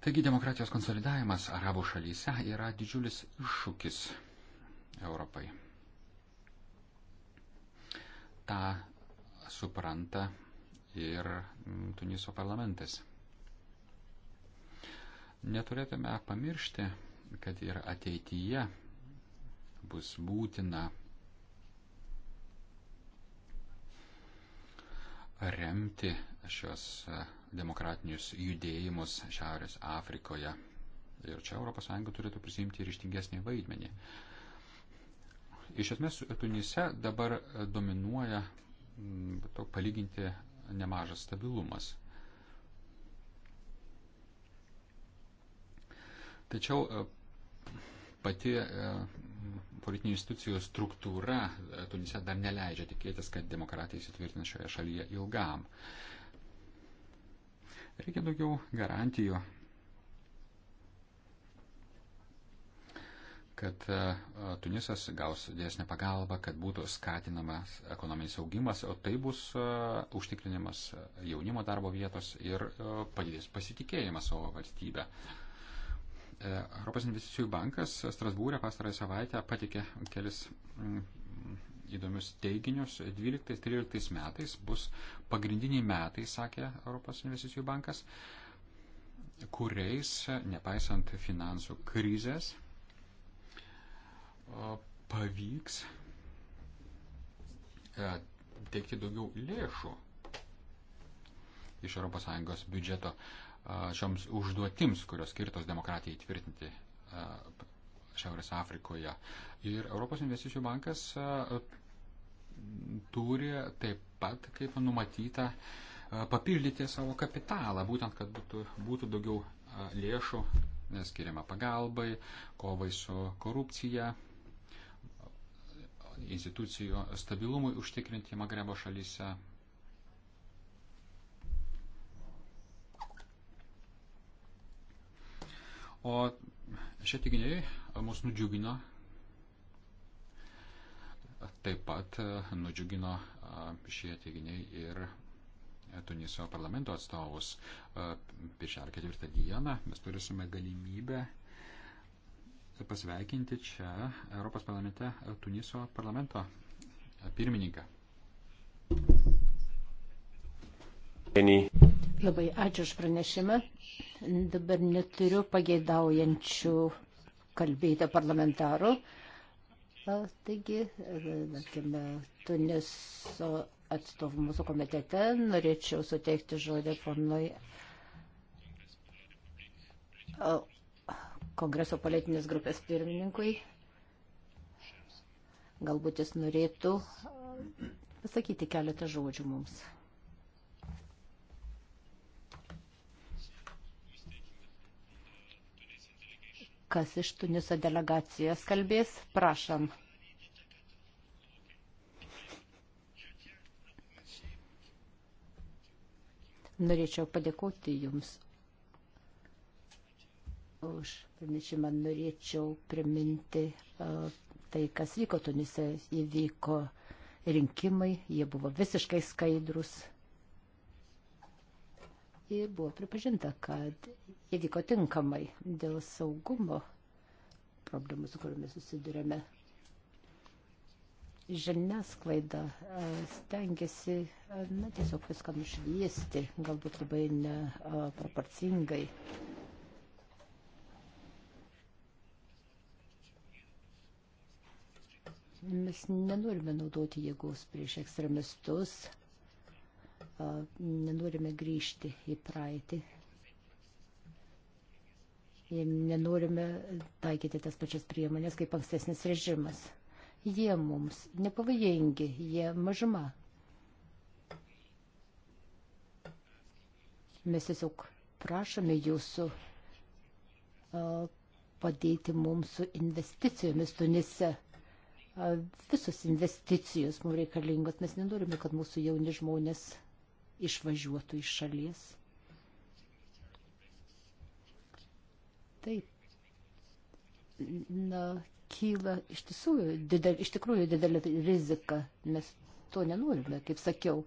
Taigi demokratijos konsolidavimas arabų šalyse yra didžiulis iššūkis Europai tą supranta ir mm, Tuniso parlamentas. Neturėtume pamiršti, kad ir ateityje bus būtina remti šios e, demokratinius judėjimus Šiaurės Afrikoje. Ir čia ES turėtų prisimti ryštingesnį vaidmenį. Uh, Iš esmės, Tunise dabar dominuoja mm, to, palyginti nemažas stabilumas. Tačiau e, pati e, politinių institucijų struktūra e, Tunise dar neleidžia tikėtis, kad demokratija įsitvirtina šioje šalyje ilgam. Reikia daugiau garantijų kad e, Tunisas gaus didesnę pagalbą, kad būtų skatinamas ekonominis augimas, o tai bus e, užtikrinimas jaunimo darbo vietos ir e, padidės pasitikėjimas savo valstybę. Europos investicijų bankas Strasbūrė pastarąją savaitę patikė kelis įdomius teiginius. 12-13 metais bus pagrindiniai metai, sakė Europos investicijų bankas, kuriais, nepaisant finansų krizės, pavyks e, teikti daugiau lėšų iš ES biudžeto šioms užduotims, kurios skirtos demokratijai įtvirtinti Šiaurės Afrikoje. Ir Europos investicijų bankas turi taip pat, kaip numatyta, papildyti savo kapitalą, būtent, kad būtų, būtų daugiau lėšų e, skiriama pagalbai, kovai su korupcija, institucijų stabilumui užtikrinti Magrebo šalyse. O šie teiginiai mus nudžiugino, taip pat nudžiugino šie teiginiai ir Tuniso parlamento atstovus. Birželio ketvirtą dieną mes turėsime galimybę pasveikinti čia Europos parlamente Tuniso parlamento pirmininką. Labai ačiū už pranešimą. Dabar neturiu pageidaujančių kalbėti parlamentarų. Taigi, tarkime, Tuniso atstovų mūsų komitete norėčiau suteikti žodį ponui kongreso politinės grupės pirmininkui. Galbūt jis norėtų uh, pasakyti keletą žodžių mums. Kas iš Tuniso delegacijos kalbės? Prašom. Norėčiau padėkoti Jums už pranešimą norėčiau priminti e, tai, kas vyko Tunise. Įvyko rinkimai, jie buvo visiškai skaidrus. Ir buvo pripažinta, kad įvyko tinkamai dėl saugumo problemų, su kuriomis susidurėme. Žiniasklaida e, stengiasi e, na, tiesiog viską nušviesti, galbūt labai neproporcingai. Uh, Mes nenorime naudoti jėgos prieš ekstremistus, nenorime grįžti į praeitį. Ir nenorime taikyti tas pačias priemonės kaip ankstesnis režimas. Jie mums nepavojingi, jie mažuma. Mes tiesiog prašome jūsų padėti mums su investicijomis Tunise visos investicijos mums reikalingos. Mes nenorime, kad mūsų jauni žmonės išvažiuotų iš šalies. Taip. Na, kyla iš, tiesų, didel, iš tikrųjų didelė rizika. Mes to nenorime, kaip sakiau.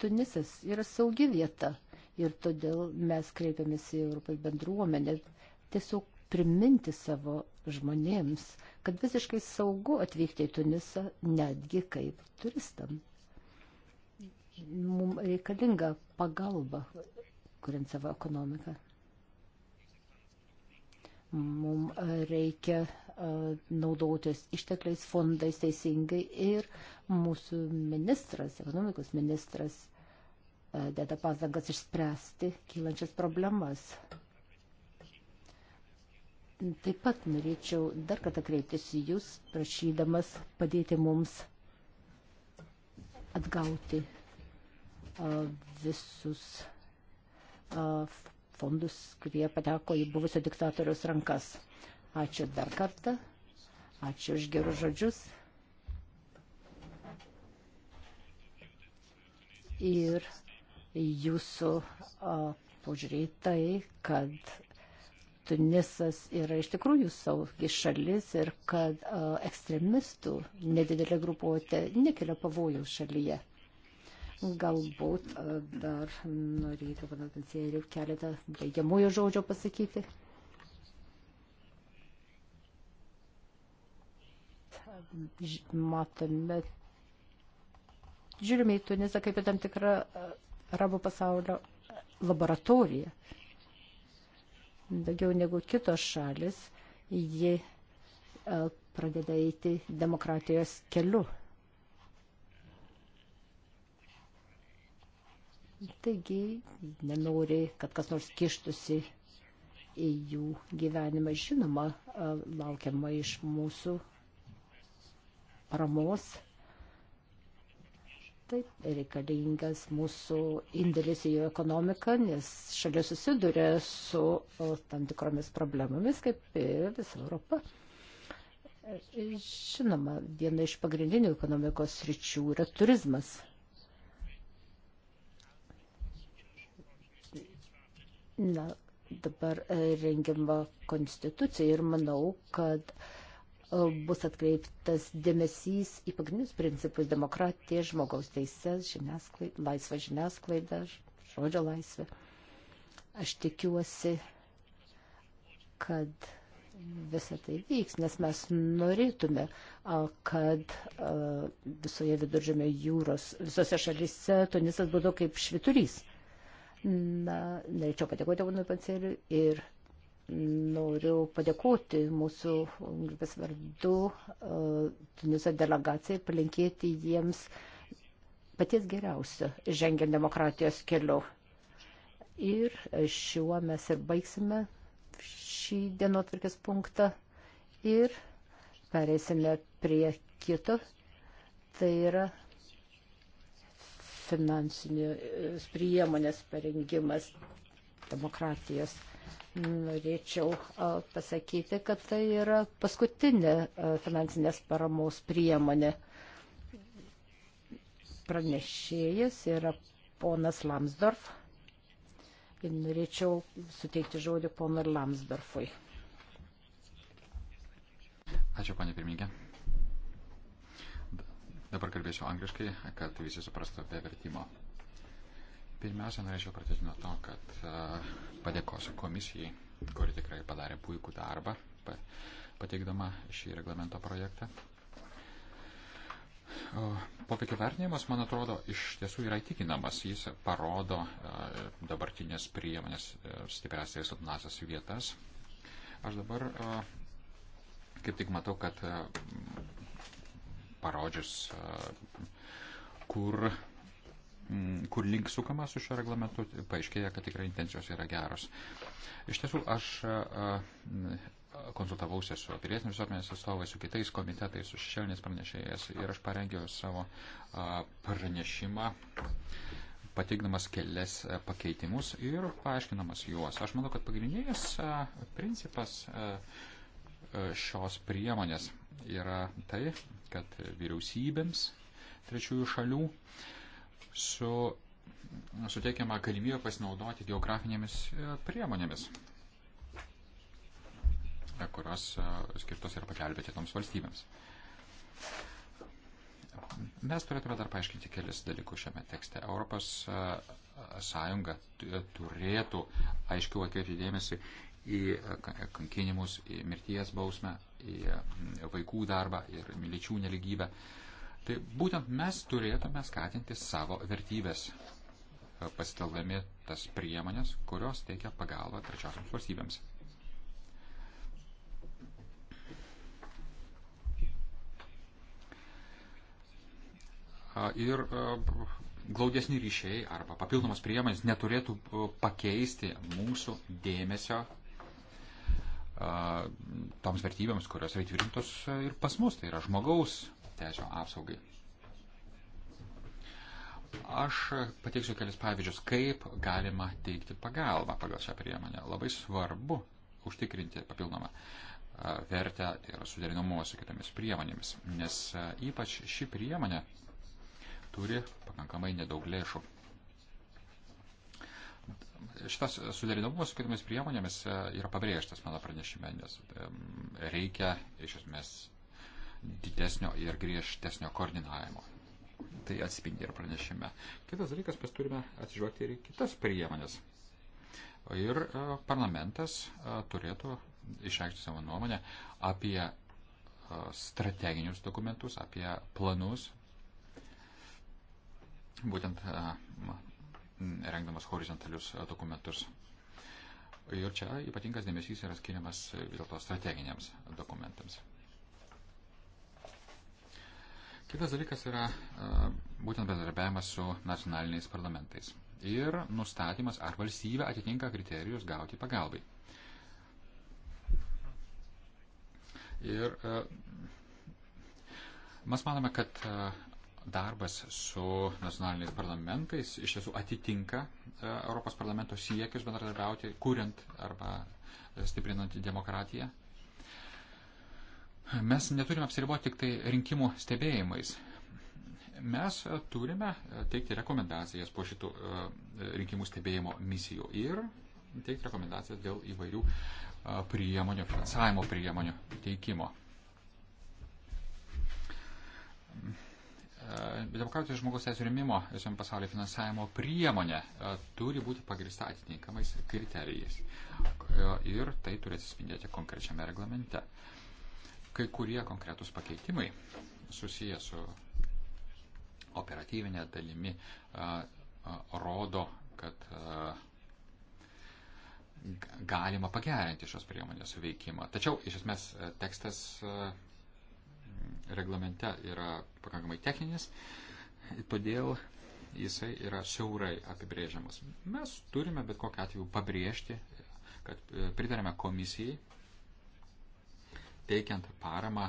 Tunisas yra saugi vieta ir todėl mes kreipiamės į Europos bendruomenę tiesiog priminti savo žmonėms, kad visiškai saugu atvykti į Tunisą netgi kaip turistam. Mums reikalinga pagalba, kuriant savo ekonomiką. Mums reikia naudotis ištekliais, fondais teisingai ir mūsų ministras, ekonomikos ministras, deda pasangas išspręsti kylančias problemas. Taip pat norėčiau dar kartą kreiptis į Jūs, prašydamas padėti mums atgauti a, visus a, fondus, kurie pateko į buvusio diktatoriaus rankas. Ačiū dar kartą. Ačiū už gerus žodžius. Ir jūsų požiūrį tai, kad Tunisas yra iš tikrųjų saugi šalis ir kad ekstremistų nedidelė grupuotė nekelia pavojų šalyje. Galbūt dar norėtų, panas kanclerių, keletą baigiamųjų žodžio pasakyti. Matome, žiūrime į Tunisą kaip į tam tikrą arabų pasaulio laboratoriją daugiau negu kitos šalis, ji e, pradeda eiti demokratijos keliu. Taigi nenori, kad kas nors kištusi į jų gyvenimą. Žinoma, e, laukiama iš mūsų paramos Taip reikalingas mūsų indėlis į jų ekonomiką, nes šalia susiduria su tam tikromis problemomis, kaip ir visa Europa. E, žinoma, viena iš pagrindinių ekonomikos sričių yra turizmas. Na, dabar e, rengiama konstitucija ir manau, kad uh, bus atkreiptas dėmesys į pagrindinius principus - demokratiją, žmogaus teises, žiniasklaid, laisvą žiniasklaidą, žodžio laisvę. Aš tikiuosi, kad visą tai vyks, nes mes norėtume, kad visoje viduržėme jūros, visose šalyse Tunisas būtų kaip šviturys. Na, norėčiau padėkoti Vanui Panceliui ir Noriu padėkoti mūsų grupės vardu e, Tuniso delegacijai, palinkėti jiems paties geriausio, žengiant demokratijos keliu. Ir šiuo mes ir baigsime šį dienotvarkės punktą ir pereisime prie kito. Tai yra finansinės e, priemonės parengimas demokratijos Norėčiau pasakyti, kad tai yra paskutinė finansinės paramos priemonė. Pranešėjas yra ponas Lamsdorf. Ir norėčiau suteikti žodį ponui Lamsdorfui. Ačiū, ponė pirmininkė. Dabar kalbėsiu angliškai, kad visi suprastų apie vertimo Pirmiausia, norėčiau pradėti nuo to, kad e, padėkosiu komisijai, kuri tikrai padarė puikų darbą, pateikdama šį reglamento projektą. Poveikio vertinimas, man atrodo, iš tiesų yra įtikinamas. Jis parodo e, dabartinės priemonės e, stipriasias ir silpnasias vietas. Aš dabar kaip tik matau, kad parodžius, kur Mm, kur link sukama su šio reglamentu, paaiškėja, kad tikrai intencijos yra geros. Iš tiesų, aš konsultavausi su pilietinės visuomenės atstovais, su kitais komitetais, su šešėlinės pranešėjas ir aš parengiau savo pranešimą pateikdamas kelias pakeitimus ir paaiškinamas juos. Aš manau, kad pagrindinis principas šios priemonės yra tai, kad vyriausybėms trečiųjų šalių uh, su suteikiama galimybė pasinaudoti geografinėmis e, priemonėmis, e, kurios e, skirtos yra pagelbėti toms valstybėms. Mes turėtume dar paaiškinti kelis dalykus šiame tekste. Europos Sąjunga turėtų aiškiau atkreipti dėmesį į kankinimus, į mirties bausmę, į vaikų darbą ir lyčių neligybę. Tai būtent mes turėtume skatinti savo vertybės, e, pasitelkdami tas priemonės, kurios teikia pagalbą trečiosiams valstybėms. Ir e, glaudesni ryšiai arba papildomos priemonės neturėtų e, pakeisti mūsų dėmesio toms vertybėms, kurios yra įtvirtintos ir pas mus, tai yra žmogaus teisų apsaugai. Aš pateiksiu kelis pavyzdžius, kaip galima teikti pagalbą pagal šią priemonę. Labai svarbu užtikrinti papildomą vertę ir suderinamumą su kitomis priemonėmis, nes ypač ši priemonė turi pakankamai nedaug lėšų. Šitas suderinamumas su kitomis priemonėmis yra pabrėžtas mano pranešime, nes reikia iš esmės didesnio ir griežtesnio koordinavimo. Tai atspindi ir pranešime. Kitas dalykas, mes turime atsižvelgti ir į kitas priemonės. Ir e, parlamentas e, turėtų išreikšti savo nuomonę apie e, strateginius dokumentus, apie planus, būtent rengdamas horizontalius dokumentus. Ir čia ypatingas dėmesys yra skiriamas vis dėlto strateginiams dokumentams. Kitas dalykas yra būtent bendradarbiavimas su nacionaliniais parlamentais ir nustatymas, ar valstybė atitinka kriterijus gauti pagalbai. Ir mes manome, kad darbas su nacionaliniais parlamentais iš tiesų atitinka Europos parlamento siekius bendradarbiauti, kuriant arba stiprinant demokratiją Mes neturime apsiriboti tik tai rinkimų stebėjimais. Mes e, turime e, teikti rekomendacijas po šitų e, rinkimų stebėjimo misijų ir teikti rekomendacijas dėl įvairių priemonių, finansavimo priemonių teikimo. Demokratijos žmogaus teisų rėmimo visame pasaulyje finansavimo priemonė turi būti pagrista atitinkamais kriterijais. Ir tai turi atsispindėti konkrečiame reglamente kai kurie konkretūs pakeitimai susiję su operatyvinė dalimi a, a, rodo, kad a, galima pagerinti šios priemonės veikimą. Tačiau, iš esmės, tekstas reglamente yra pakankamai techninis, todėl jisai yra siaurai apibrėžiamas. Mes turime bet kokiu atveju pabrėžti, kad e, pritarėme komisijai teikiant paramą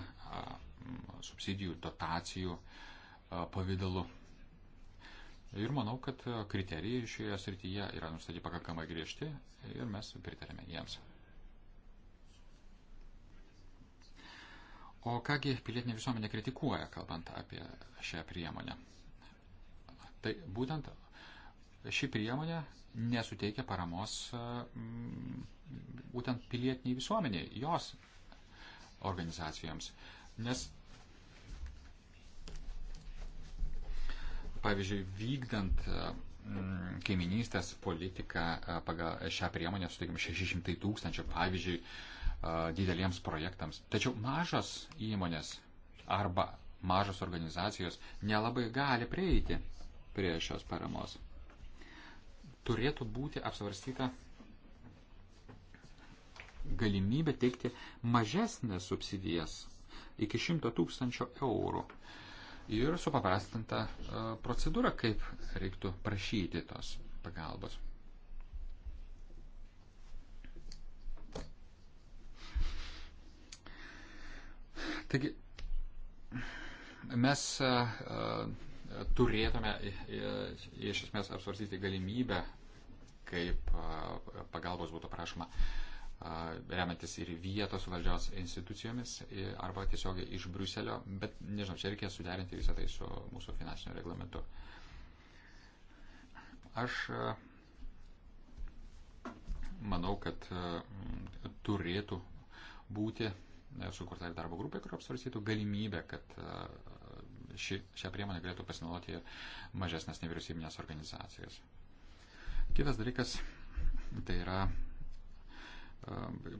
subsidijų, dotacijų pavydalu. Ir manau, kad kriterijai šioje srityje yra nustatyti pakankamai griežti ir mes pritarėme jiems. O kągi pilietinė visuomenė kritikuoja, kalbant apie šią priemonę? Tai būtent ši priemonė nesuteikia paramos būtent pilietiniai visuomeniai, jos organizacijoms. Nes, pavyzdžiui, vykdant e, kaiminystės politiką e, pagal šią priemonę suteikim 600 tūkstančių, pavyzdžiui, e, dideliems projektams. Tačiau mažos įmonės arba mažos organizacijos nelabai gali prieiti prie šios paramos. Turėtų būti apsvarstyta galimybę teikti mažesnės subsidijas iki 100 tūkstančio eurų. Ir supaprastinta e, procedūra, kaip reiktų prašyti tos pagalbos. Taigi, mes e, e, turėtume iš esmės apsvarstyti galimybę, kaip pagalbos būtų prašoma remiantis ir vietos valdžios institucijomis arba tiesiog iš Briuselio, bet nežinau, čia reikės suderinti visą tai su mūsų finansiniu reglamentu. Aš manau, kad turėtų būti e, sukurta ir darbo grupė, kur apsvarstytų galimybę, kad ši, šią priemonę galėtų pasinaudoti mažesnės nevyriausybinės organizacijos. Kitas dalykas tai yra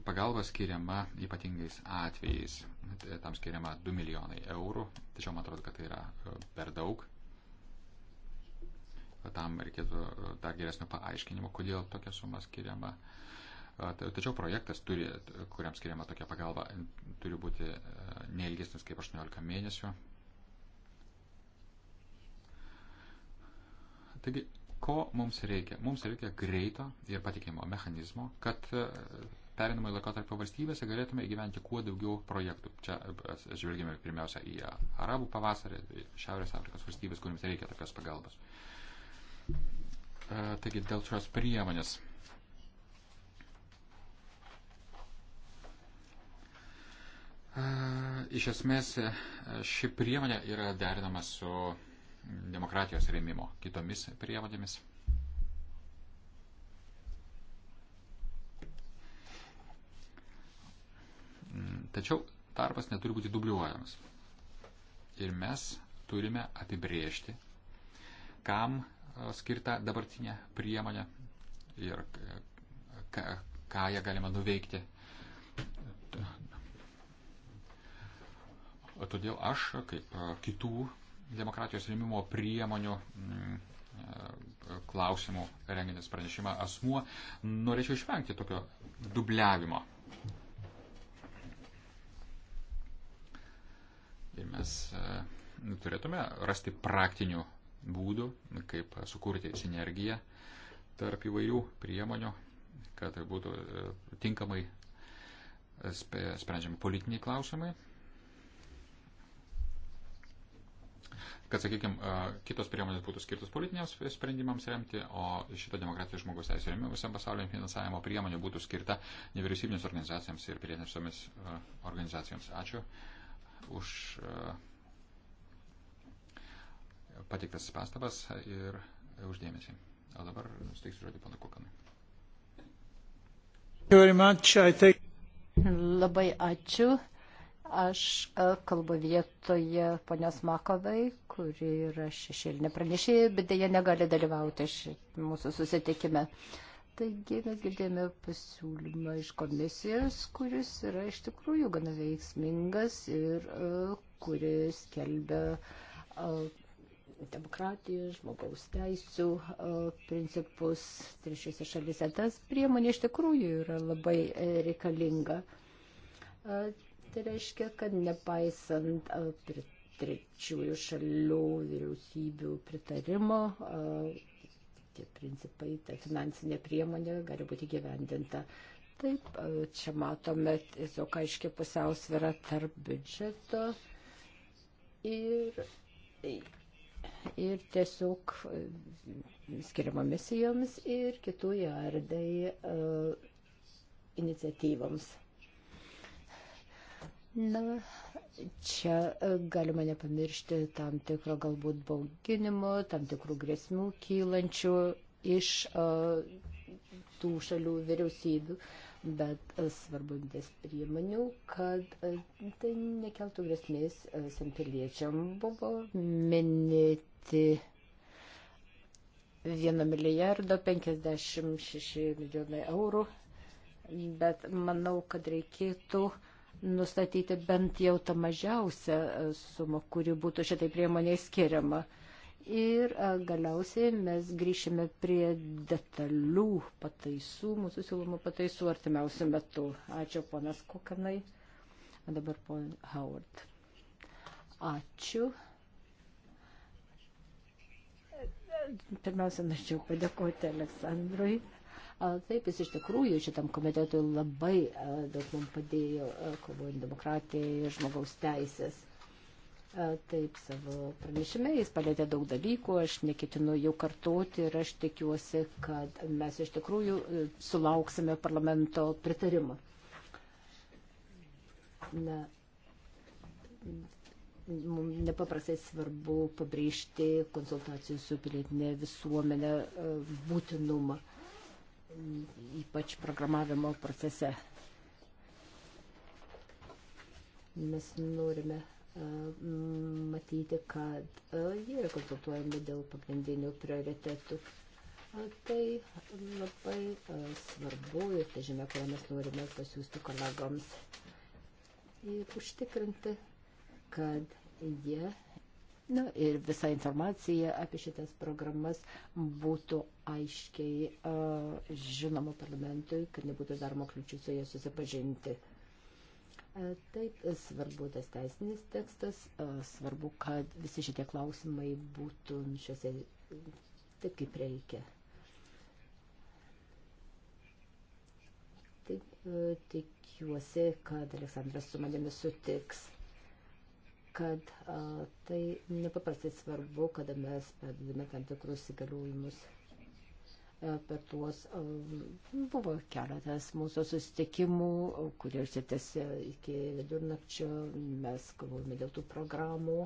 pagalba skiriama ypatingais atvejais. Tam skiriama 2 milijonai eurų, tačiau man atrodo, kad tai yra e, per daug. Tam reikėtų e, dar geresnio paaiškinimo, kodėl tokia suma skiriama. E, tačiau projektas, turi, kuriam skiriama tokia pagalba, turi būti neilgesnis kaip 18 mėnesių. Taigi, ko mums reikia? Mums reikia greito ir patikimo mechanizmo, kad perinamąjį laikotarpio valstybėse galėtume įgyventi kuo daugiau projektų. Čia žvelgime pirmiausia į Arabų pavasarį, į Šiaurės Afrikos valstybės, kuriams reikia tokios pagalbos. E, taigi dėl šios priemonės. E, iš esmės, e, ši priemonė yra derinama su demokratijos rėmimo kitomis priemonėmis. Tačiau darbas neturi būti dubliuojamas. Ir mes turime apibrėžti, kam e, skirta dabartinė priemonė ir ką ją galima nuveikti. Todėl aš, kaip e, kitų demokratijos rėmimo priemonių mm, e, klausimų rengintis pranešimą asmuo, norėčiau išvengti tokio dubliavimo Ir mes e, turėtume rasti praktinių būdų, kaip sukurti sinergiją tarp įvairių priemonių, kad būtų e, tinkamai e, sprendžiami politiniai klausimai. Kad, sakykime, kitos priemonės būtų skirtos politiniams sprendimams remti, o šita demokratijos žmogus teisė remimo visam pasaulio finansavimo priemonė būtų skirta nevyriausybinėms organizacijams ir pilietinėms organizacijoms. Ačiū už e, pateiktas pastabas ir e, uždėmesį. O dabar suteiksiu žodį pana Kukanui. Labai ačiū. Aš e, kalbu vietoje ponios Makovai, kuri yra šešėlinė pranešėja, bet dėja negali dalyvauti mūsų susitikime. Uh, Taigi mes girdėjome pasiūlymą iš komisijos, kuris yra iš tikrųjų gana veiksmingas ir uh, kuris kelbia uh, e, demokratijos, žmogaus teisų e, principus trečiose šalise. Tas priemonė iš tikrųjų yra labai reikalinga. Tai reiškia, kad nepaisant trečiųjų šalių vyriausybių pritarimo, tie principai, ta finansinė priemonė gali būti gyvendinta. Taip, e, čia matome tiesiog aiškiai pusiausvėra tarp biudžeto ir, ir tiesiog e, skiriamo misijoms ir kitų jardai uh, iniciatyvoms. Na, čia e, galima nepamiršti tam tikro galbūt bauginimo, tam tikrų grėsmių kylančių iš e, tų šalių vyriausybių, bet e, svarbu imtis priemonių, kad tai nekeltų grėsmės sempiliečiam buvo minėti 1 milijardo 56 milijonai eurų, bet manau, kad reikėtų uh, nustatyti bent jau tą mažiausią e, sumą, kuri būtų šitai priemoniai skiriama. Ir e, galiausiai mes grįšime prie detalių pataisų, mūsų siūlomų pataisų artimiausių metų. Ačiū ponas Kukanai, o dabar pon Howard. Ačiū. Pirmiausia, norėčiau padėkoti Aleksandrui Taip, jis iš tikrųjų šitam komitetui labai daug mums padėjo kovojant demokratiją ir žmogaus teisės. Taip, savo pranešime jis palėtė daug dalykų, aš neketinu jų kartuoti ir aš tikiuosi, kad mes iš tikrųjų sulauksime parlamento pritarimo. Na, mums nepaprastai svarbu pabrėžti konsultacijų su pilietinė visuomenė būtinumą ypač programavimo procese. Mes norime matyti, kad jie yra konsultuojami dėl pagrindinių prioritetų. Tai labai svarbu ir tai žinia, kurią mes norime pasiūsti kolegoms ir užtikrinti, kad jie Na ir visa informacija apie šitas programas būtų aiškiai uh, žinoma parlamentui, kad nebūtų daroma kliučių su jie susipažinti. Uh, taip, svarbu tas teisinis tekstas, uh, svarbu, kad visi šitie klausimai būtų šiuose taip, kaip reikia. Taip, uh, tikiuosi, kad Aleksandras su manimi sutiks kad a, tai nepaprastai svarbu, kada mes perdame tam tikrus įgaliojimus per tuos buvo keletas mūsų susitikimų, kurie užsitėsi iki vidurnakčio. Mes kalbėjome dėl tų programų,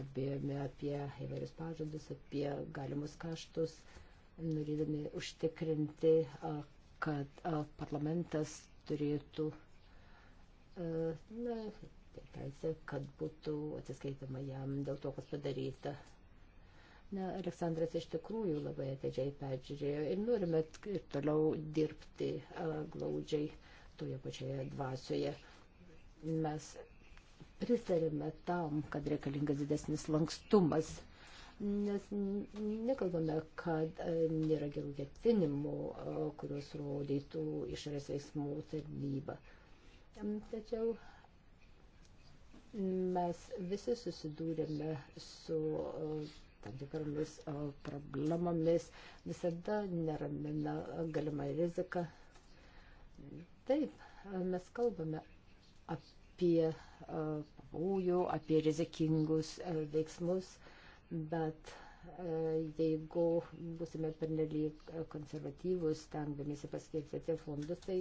kalbėjome apie įvairius pažadus, apie galimus kaštus, norėdami užtikrinti, kad parlamentas turėtų na, tai teisė, kad būtų atsiskaitama jam dėl to, kas padaryta. Na, Aleksandras iš tikrųjų labai atidžiai peržiūrėjo ir norime ir toliau dirbti glaudžiai toje pačioje dvasioje. Mes pritarėme tam, kad reikalingas didesnis lankstumas nes nekalbame, kad nėra gerų ketinimų, kuriuos rodytų išorės veiksmų tarnyba. Tačiau Mes visi susidūrėme su e, tam tikromis e, problemomis, visada neramina galima rizika. Taip, e, mes kalbame apie pavojų, apie rizikingus veiksmus, bet E, jeigu būsime pernelyg konservatyvus, stengdamiesi paskirstyti fondus, tai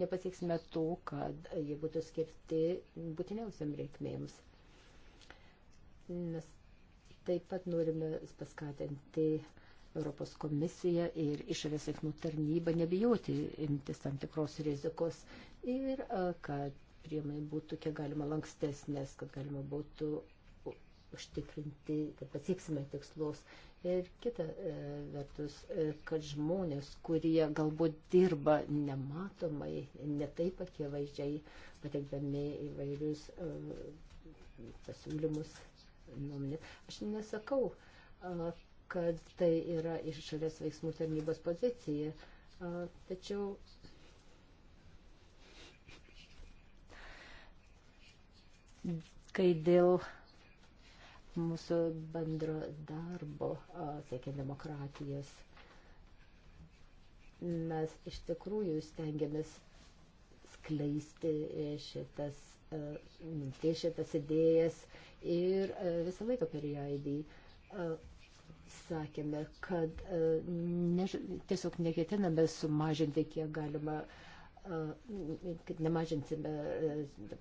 nepasieksime to, kad jie būtų skirti būtiniausiam reikmėms. Mes taip pat norime paskatinti Europos komisiją ir išorės veiksmų tarnybą nebijoti imtis tam tikros rizikos ir e, kad priemonė būtų kiek galima lankstesnės, kad galima būtų užtikrinti, kad pasieksime tikslus. Ir kita e, vertus, e, kad žmonės, kurie galbūt dirba nematomai, netaip akivaizdžiai, pateikdami įvairius e, pasiūlymus, nuomonės. Aš nesakau, kad tai yra iš šalies veiksmų tarnybos pozicija, tačiau kai dėl mūsų bendro darbo, siekiant demokratijos. Mes iš tikrųjų stengiamės skleisti šitas mintis, šitas idėjas ir visą laiką per JAID sakėme, kad ne, tiesiog neketiname sumažinti, kiek galima kad nemažinsime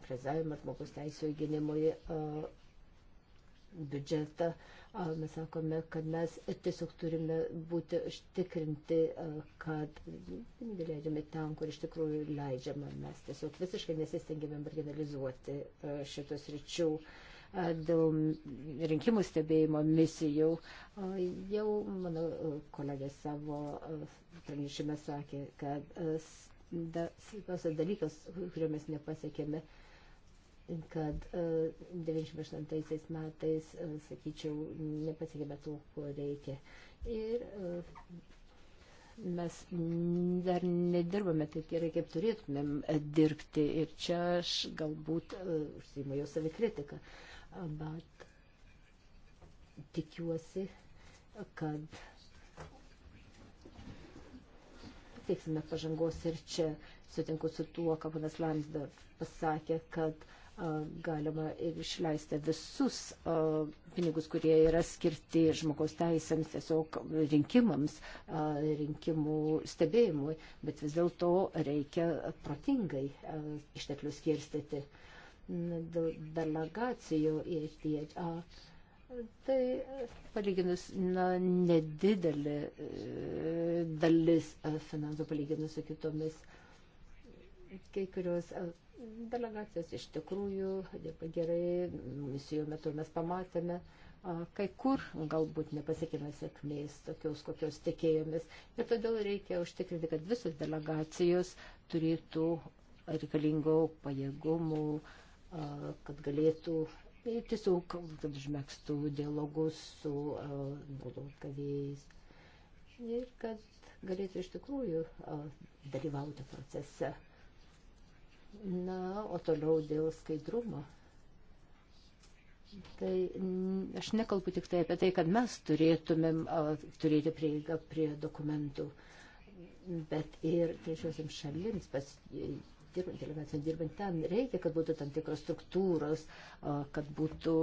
prezavimą žmogus teisų gynimui biudžetą. Mes sakome, kad mes tiesiog turime būti užtikrinti, kad leidžiame ten, kur iš tikrųjų leidžiama. Mes tiesiog visiškai nesistengėme marginalizuoti šitos ryčių dėl rinkimų stebėjimo misijų. Jau mano kolegė savo pranešime sakė, kad tas dalykas, kurio mes nepasiekėme, kad 98 e, metais, e, sakyčiau, nepasiekėme to, ko reikia. Ir e, mes dar nedirbame taip gerai, kaip turėtumėm dirbti. Ir čia aš galbūt užsiimu jau savikritiką, bet tikiuosi, kad teiksime pažangos ir čia sutinku su tuo, ką panas Lamsdorf pasakė, kad uh, galima ir išleisti visus pinigus, kurie yra skirti žmogaus teisėms, tiesiog rinkimams, rinkimų stebėjimui, bet vis dėlto reikia protingai išteklius skirstyti. Delegacijų ir DHA. Tai palyginus na, nedidelė e, dalis finansų palyginus su kitomis kai kurios Delegacijos iš tikrųjų dirba gerai, misijų metu mes pamatėme, kai kur galbūt nepasiekime sėkmės, tokios kokios tikėjomės. Ir todėl reikia užtikrinti, kad visos delegacijos turėtų reikalingų pajėgumų, kad galėtų tiesiog užmėgstų dialogus su naudos gavėjais. Ir kad galėtų iš tikrųjų dalyvauti procese Na, o toliau dėl skaidrumo. Tai aš nekalbu tik tai apie tai, kad mes turėtumėm turėti prieigą prie dokumentų, bet ir trečiosiam šalims, pas, dirbant delegacijom, dirbant ten, reikia, kad būtų tam tikros struktūros, kad, būtų,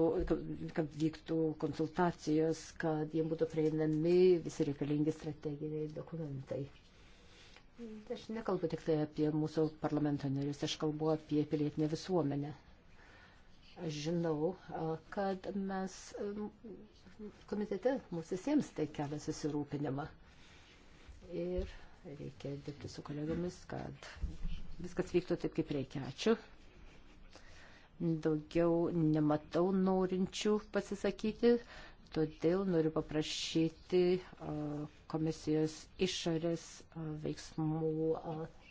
kad vyktų konsultacijos, kad jiems būtų prieinami visi reikalingi strateginiai dokumentai. Aš nekalbu tik tai apie mūsų parlamento narius, aš kalbu apie pilietinę visuomenę. Aš žinau, kad mes komitete mums visiems tai kelia susirūpinimą. Ir reikia dirbti su kolegomis, kad viskas vyktų taip, kaip reikia. Ačiū. Daugiau nematau norinčių pasisakyti. Todėl noriu paprašyti komisijos išorės veiksmų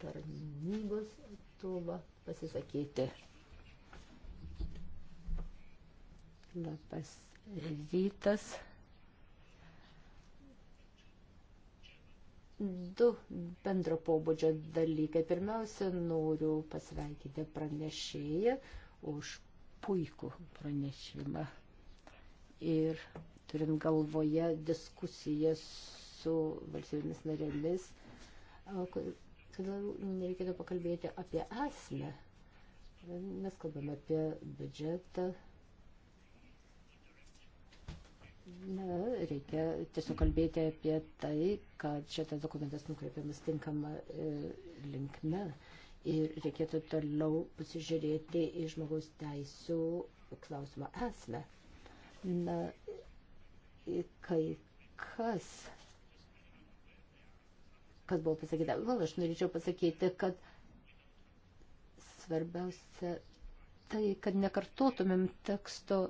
tarnybos atstovą pasisakyti. Labas rytas. Du bendro pobūdžio dalykai. Pirmiausia, noriu pasveikinti pranešėją už puikų pranešimą. Ir turint galvoje diskusijas su valstybėmis narėmis, kada nereikėtų pakalbėti apie esmę. Mes kalbame apie biudžetą. Na, reikia tiesiog kalbėti apie tai, kad šitas dokumentas nukreipiamas tinkama e, linkme ir reikėtų toliau pasižiūrėti į žmogaus teisų klausimą esmę. Na, kai kas, kas buvo pasakyta. Gal aš norėčiau pasakyti, kad svarbiausia tai, kad nekartotumėm teksto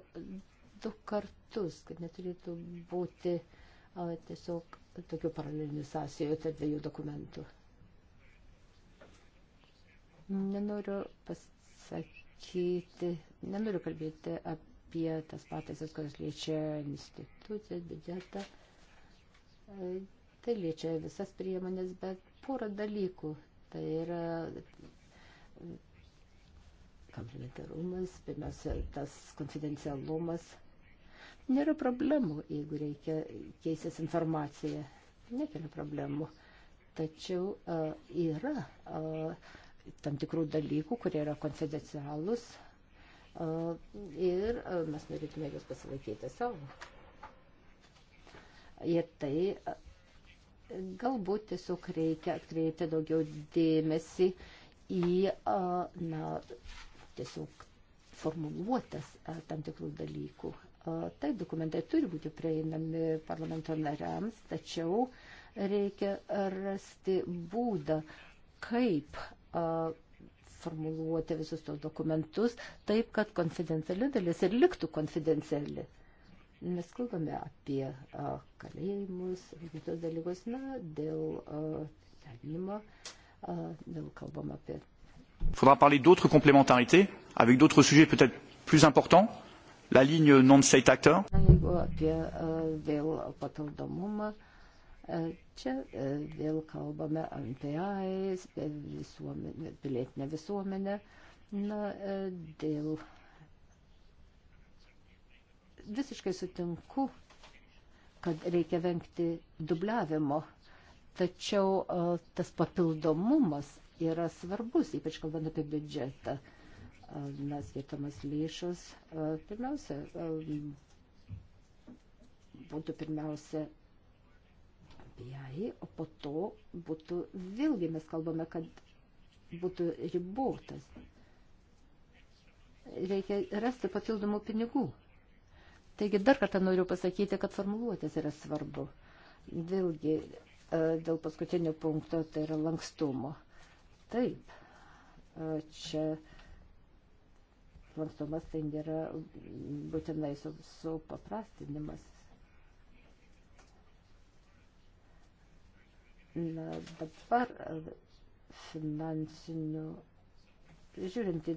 du kartus, kad neturėtų būti a, tiesiog tokių paralelinių sąsijų tarp dviejų dokumentų. Nenoriu pasakyti, nenoriu kalbėti apie apie tas pataisas, kurios liečia institucijas, biudžetą. E, tai liečia visas priemonės, bet porą dalykų. Tai yra e, komplementarumas, pirmiausia, tas konfidencialumas. Nėra problemų, jeigu reikia keistis informaciją. Nekelia problemų. Tačiau uh, yra uh, tam tikrų dalykų, kurie yra konfidencialūs, ir mes norėtume juos pasilaikyti savo. Ir tai galbūt tiesiog reikia atkreipti daugiau dėmesį į, na, tiesiog formuluotės tam tikrų dalykų. Taip, dokumentai turi būti prieinami parlamento nariams, tačiau reikia rasti būdą, kaip formuluoti visus tos dokumentus taip, kad konfidenciali dalis ir liktų konfidenciali. Mes kalbame apie a, kalėjimus ir kitos dalykus, na, dėl tevinimo, dėl kalbam apie. Faudra parler d'autres complémentarités, avec d'autres sujets peut-être plus importants, la ligne non-state actor. Na, jeigu apie a, vėl papildomumą. A, E, čia e, vėl kalbame apie AIS, e, visuomenę, pilietinę visuomenę, na, dėl visiškai sutinku, kad reikia vengti dubliavimo, tačiau tas papildomumas yra svarbus, ypač kalbant apie biudžetą. Na, skirtamas lėšas pirmiausia būtų pirmiausia jai, o po to būtų vėlgi mes kalbame, kad būtų ribotas. Reikia rasti papildomų pinigų. Taigi dar kartą noriu pasakyti, kad formuluotės yra svarbu. Vėlgi e, dėl paskutinio punkto tai yra lankstumo. Taip, e, čia lankstumas tai nėra būtinai su, su paprastinimas na, dabar e, finansinių, žiūrint į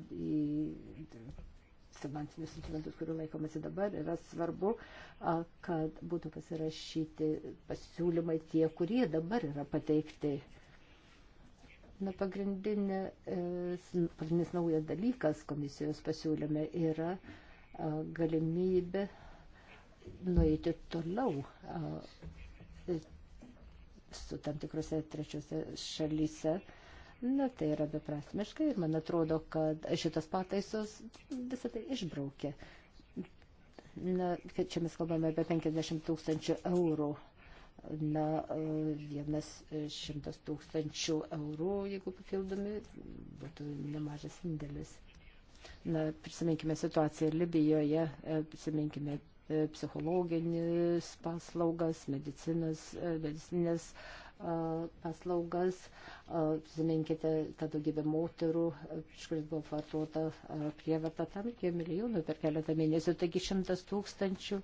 finansinius instrumentus, kurių laikomasi dabar, yra svarbu, kad būtų pasirašyti pasiūlymai tie, kurie dabar yra pateikti. Na, pagrindinė, e, pagrindinis naujas dalykas komisijos pasiūlyme yra galimybė nueiti toliau su tam tikrose trečiose šalyse. Na, tai yra beprasmiška ir man atrodo, kad šitos pataisos visą tai išbraukė. Na, čia mes kalbame apie 50 tūkstančių eurų. Na, e, vienas šimtas tūkstančių eurų, jeigu papildomi, būtų nemažas indėlis. Na, prisiminkime situaciją Libijoje, e, prisiminkime E, psichologinis paslaugas, medicinas, e, medicinės e, paslaugas. Prisiminkite tą daugybę moterų, iš kuris buvo vartota prievarta, tam reikėjo milijonų per keletą mėnesių, taigi šimtas tūkstančių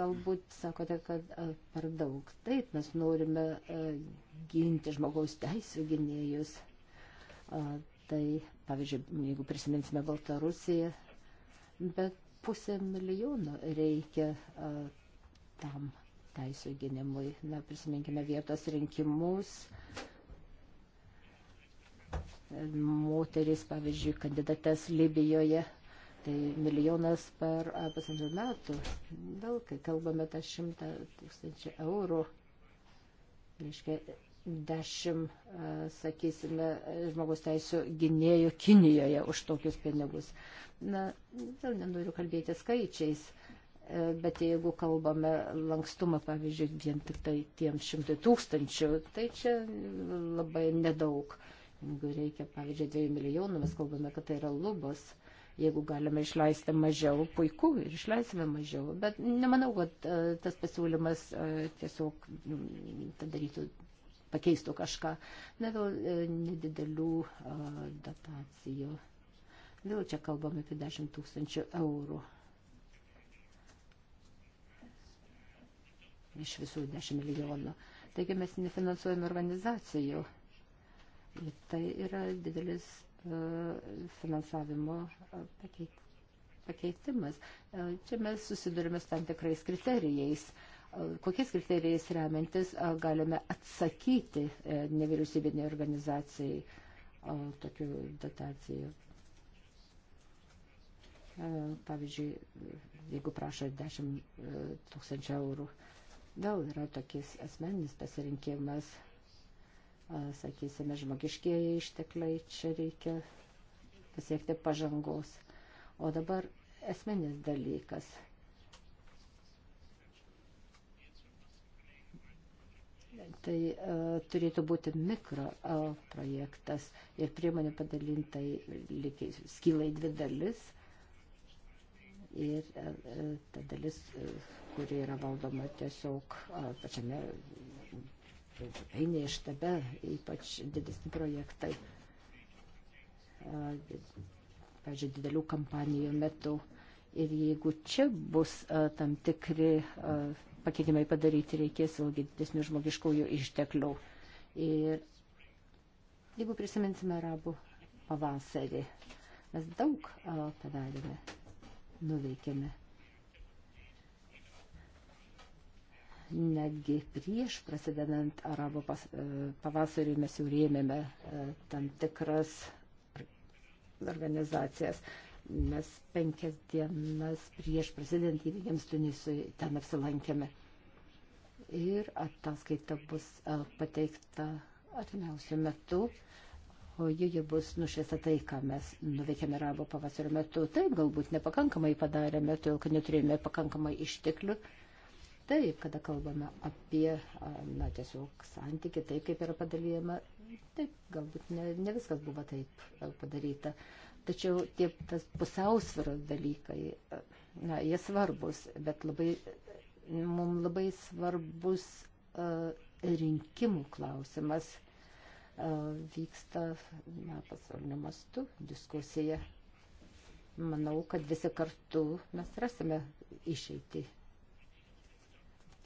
galbūt sakote, kad per daug. Taip, mes norime ginti žmogaus teisų gynėjus. Tai, pavyzdžiui, jeigu prisiminsime Baltarusiją, bet pusę milijono reikia a, tam teisų gynimui. Na, prisiminkime vietos rinkimus. Moteris, pavyzdžiui, kandidates Libijoje, tai milijonas per pusantrų metų. Vėl, kai kalbame tą šimtą tūkstančių eurų, reiškia, dešimt, e, sakysime, žmogus teisų gynėjų Kinijoje už tokius pinigus. Na, vėl nenoriu kalbėti skaičiais, e, bet jeigu kalbame lankstumą, pavyzdžiui, vien tik tai tiem šimtai tūkstančių, tai čia labai nedaug. Jeigu reikia, pavyzdžiui, dviejų milijonų, mes kalbame, kad tai yra lubos. Jeigu galime išleisti mažiau, puiku ir išleisime mažiau. Bet nemanau, kad e, tas pasiūlymas tiesiog darytų pakeistų kažką. Na vėl e, nedidelių e, dotacijų. Vėl čia kalbame apie 10 tūkstančių eurų. Iš visų 10 milijonų. Taigi mes nefinansuojame organizacijų. Ir tai yra didelis e, finansavimo pakeitimas. Čia mes susidurime su tam tikrais kriterijais. Uh, kokiais kriterijais remiantis galime atsakyti e, nevyriausybinė organizacijai tokių dotacijų. E, pavyzdžiui, jeigu prašo 10 e, tūkstančių eurų, vėl yra tokis asmeninis pasirinkimas, sakysime, žmogiškieji ištekliai, čia reikia pasiekti pažangos. O dabar esminis dalykas – tai uh, turėtų būti mikro uh, projektas ir priemonė padalinta į skylą į dvi dalis. Ir uh, ta dalis, uh, kuri yra valdoma tiesiog uh, pačiame eina iš tebe, ypač didesni projektai. Uh, Pavyzdžiui, didelių kampanijų metu. Ir jeigu čia bus uh, tam tikri uh, pakeitimai padaryti reikės vėlgi didesnių žmogiškųjų išteklių. Ir jeigu prisiminsime arabų pavasarį, mes daug padarėme, nuveikėme. Netgi prieš prasidedant arabų e, pavasarį mes jau rėmėme e, tam tikras organizacijas. Mes penkias dienas prieš prasidedant įvykiams Tunisui ten apsilankėme. Ir ataskaita bus e, pateikta artimiausių metų, o joje bus nušviesta tai, ką mes nuveikėme arabo pavasario metu. Taip, galbūt nepakankamai padarėme, todėl kad neturėjome pakankamai išteklių. Taip, kada kalbame apie, na, tiesiog santyki, taip kaip yra padalyjama, taip, galbūt ne, ne viskas buvo taip e, padaryta. Tačiau tie pusiausvėros dalykai, na, jie svarbus, bet labai, mums labai svarbus uh, rinkimų klausimas uh, vyksta na, pasaulio mastu diskusija. Manau, kad visi kartu mes rasime išeitį.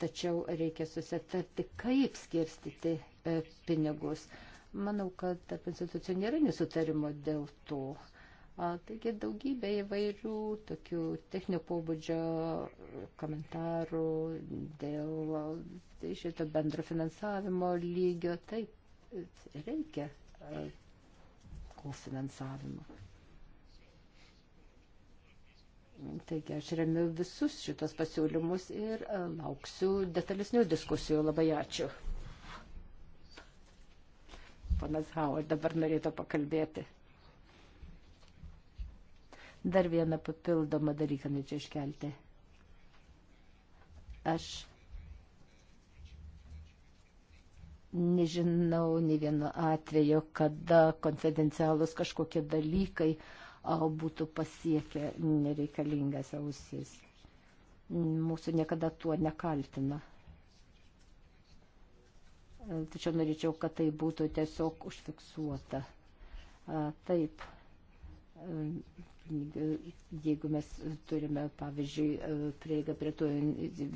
Tačiau reikia susitarti, kaip skirstyti e, pinigus. Manau, kad tarp institucijų nėra nesutarimo dėl to. Uh, Taigi daugybė įvairių tokių techninio pobūdžio komentarų dėl tai šito bendro finansavimo lygio. Taip, reikia kofinansavimo. Taigi aš remiu visus šitos pasiūlymus ir lauksiu detalesnių diskusijų. Labai ačiū. Panas Hauer dabar norėtų pakalbėti. Dar vieną papildomą dalyką norėčiau iškelti. Aš nežinau ne vieno atvejo, kada konfidencialus kažkokie dalykai būtų pasiekę nereikalingas ausis. Mūsų niekada tuo nekaltina. Tačiau norėčiau, kad tai būtų tiesiog užfiksuota. Taip, jeigu mes turime, pavyzdžiui, e, prieigą prie tų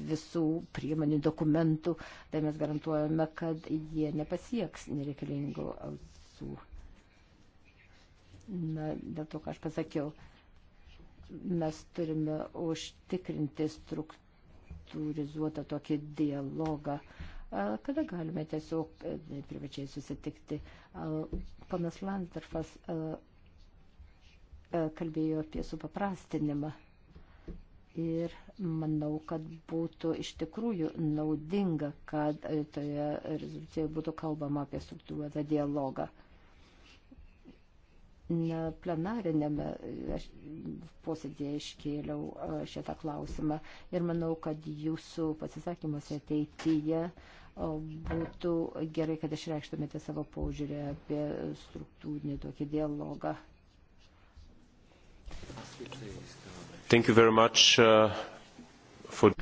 visų priemonių dokumentų, tai mes garantuojame, kad jie nepasieks nereikalingų ausų. Na, dėl to, ką aš pasakiau, mes turime užtikrinti struktūrizuotą tokį dialogą, e, kada galime tiesiog e, privačiai susitikti. Panas Landsdorfas E, kalbėjo apie supaprastinimą. Ir manau, kad būtų iš tikrųjų naudinga, kad e, toje rezoliucijoje būtų kalbama apie struktūruotą dialogą. Na, plenarinėme e, posėdėje iškėliau šitą klausimą ir manau, kad jūsų pasisakymuose ateityje būtų gerai, kad išreikštumėte savo paužiūrį apie struktūrinį tokį dialogą. Thank you very much uh, for.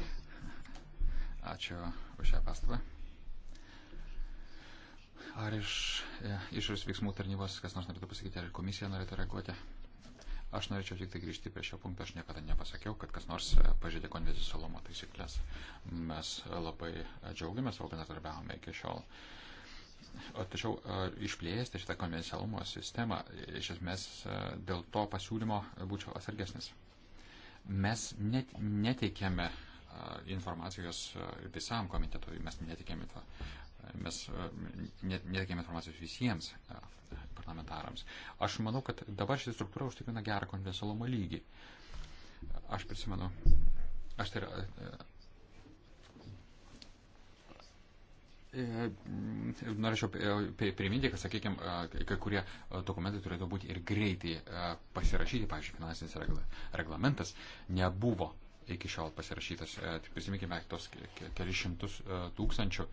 Ačiū už šią pastabą. Ar iš e, išorės veiksmų tarnybos kas nors norėtų pasakyti, ar komisija norėtų reaguoti? Aš norėčiau tik tai grįžti prie šio punkto, aš niekada nepasakiau, kad kas nors e, pažeidė konvencijos salomo taisyklės. Mes labai džiaugiamės, o bendradarbiavome iki šiol. Uh, Tačiau e, išplėsti šitą konvencialumo sistemą, iš esmės e, dėl to pasiūlymo būčiau atsargesnis. Mes net, neteikėme e, informacijos visam komitetui, mes neteikėme, mes neteikėme informacijos visiems parlamentarams. Aš manau, kad dabar ši struktūra užtikrina gerą konvencialumo lygį. Aš prisimenu, aš tai yra E, norėčiau e, priminti, kad, sakykime, kai kurie e, dokumentai turėtų būti ir greitai pasirašyti, pavyzdžiui, finansinis reglamentas nebuvo iki šiol pasirašytas. Prisiminkime tos kelišimtus tūkstančių,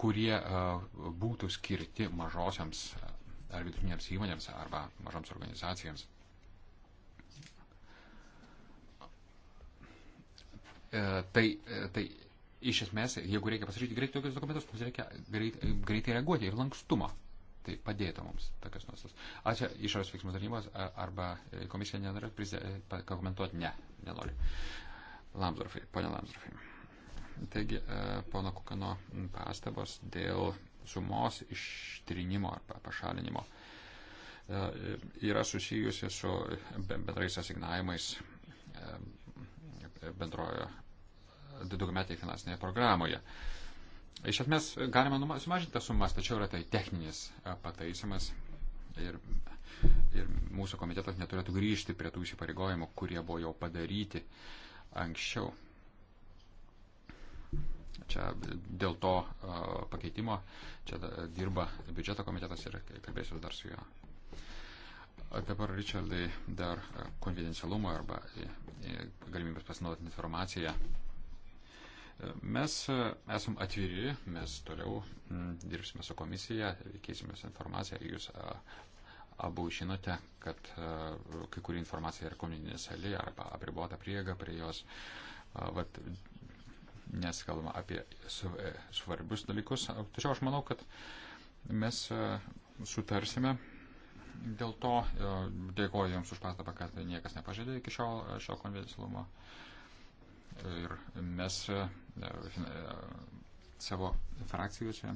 kurie būtų skirti mažosiams ar vidutinėms įmonėms arba mažoms organizacijams. Tai, tai iš esmės, jeigu reikia pasirašyti greitai tokius dokumentus, mums reikia greit, greitai reaguoti ir lankstumą. Tai padėtų mums tokios nuostos. Ar čia išorės veiksmų tarnybos arba e, komisija nenori e, komentuoti? Ne, nenori. Lamsdorfai, ponia Lamsdorfai. Taigi, e, pono Kukano pastabos dėl sumos ištrinimo arba pašalinimo yra susijusi su bendrais asignavimais bendrojo daugiametėje finansinėje programoje. Iš esmės galima sumažinti tas sumas, tačiau yra tai techninis e, pataisimas ir, ir mūsų komitetas neturėtų grįžti prie tų įsipareigojimų, kurie buvo jau padaryti anksčiau. Čia dėl to uh, pakeitimo čia dirba biudžeto komitetas ir kalbėsiu dar su juo. Dabar, Richardai, dar e, konfidencialumo arba galimybės pasinaudoti informaciją Mes e, esam atviri, mes toliau dirbsime su komisija, keisimės informaciją. Jūs abu žinote, kad e, kai kuri informacija yra komuninė salė arba apribota prieiga prie jos. Vat, nes kalbama apie e, svarbius dalykus. Tačiau aš manau, kad mes sutarsime dėl to. Dėkoju Jums už pastabą, kad niekas nepažeidė iki šiol šio konvencialumo. Uh, Ir mes e, savo frakcijose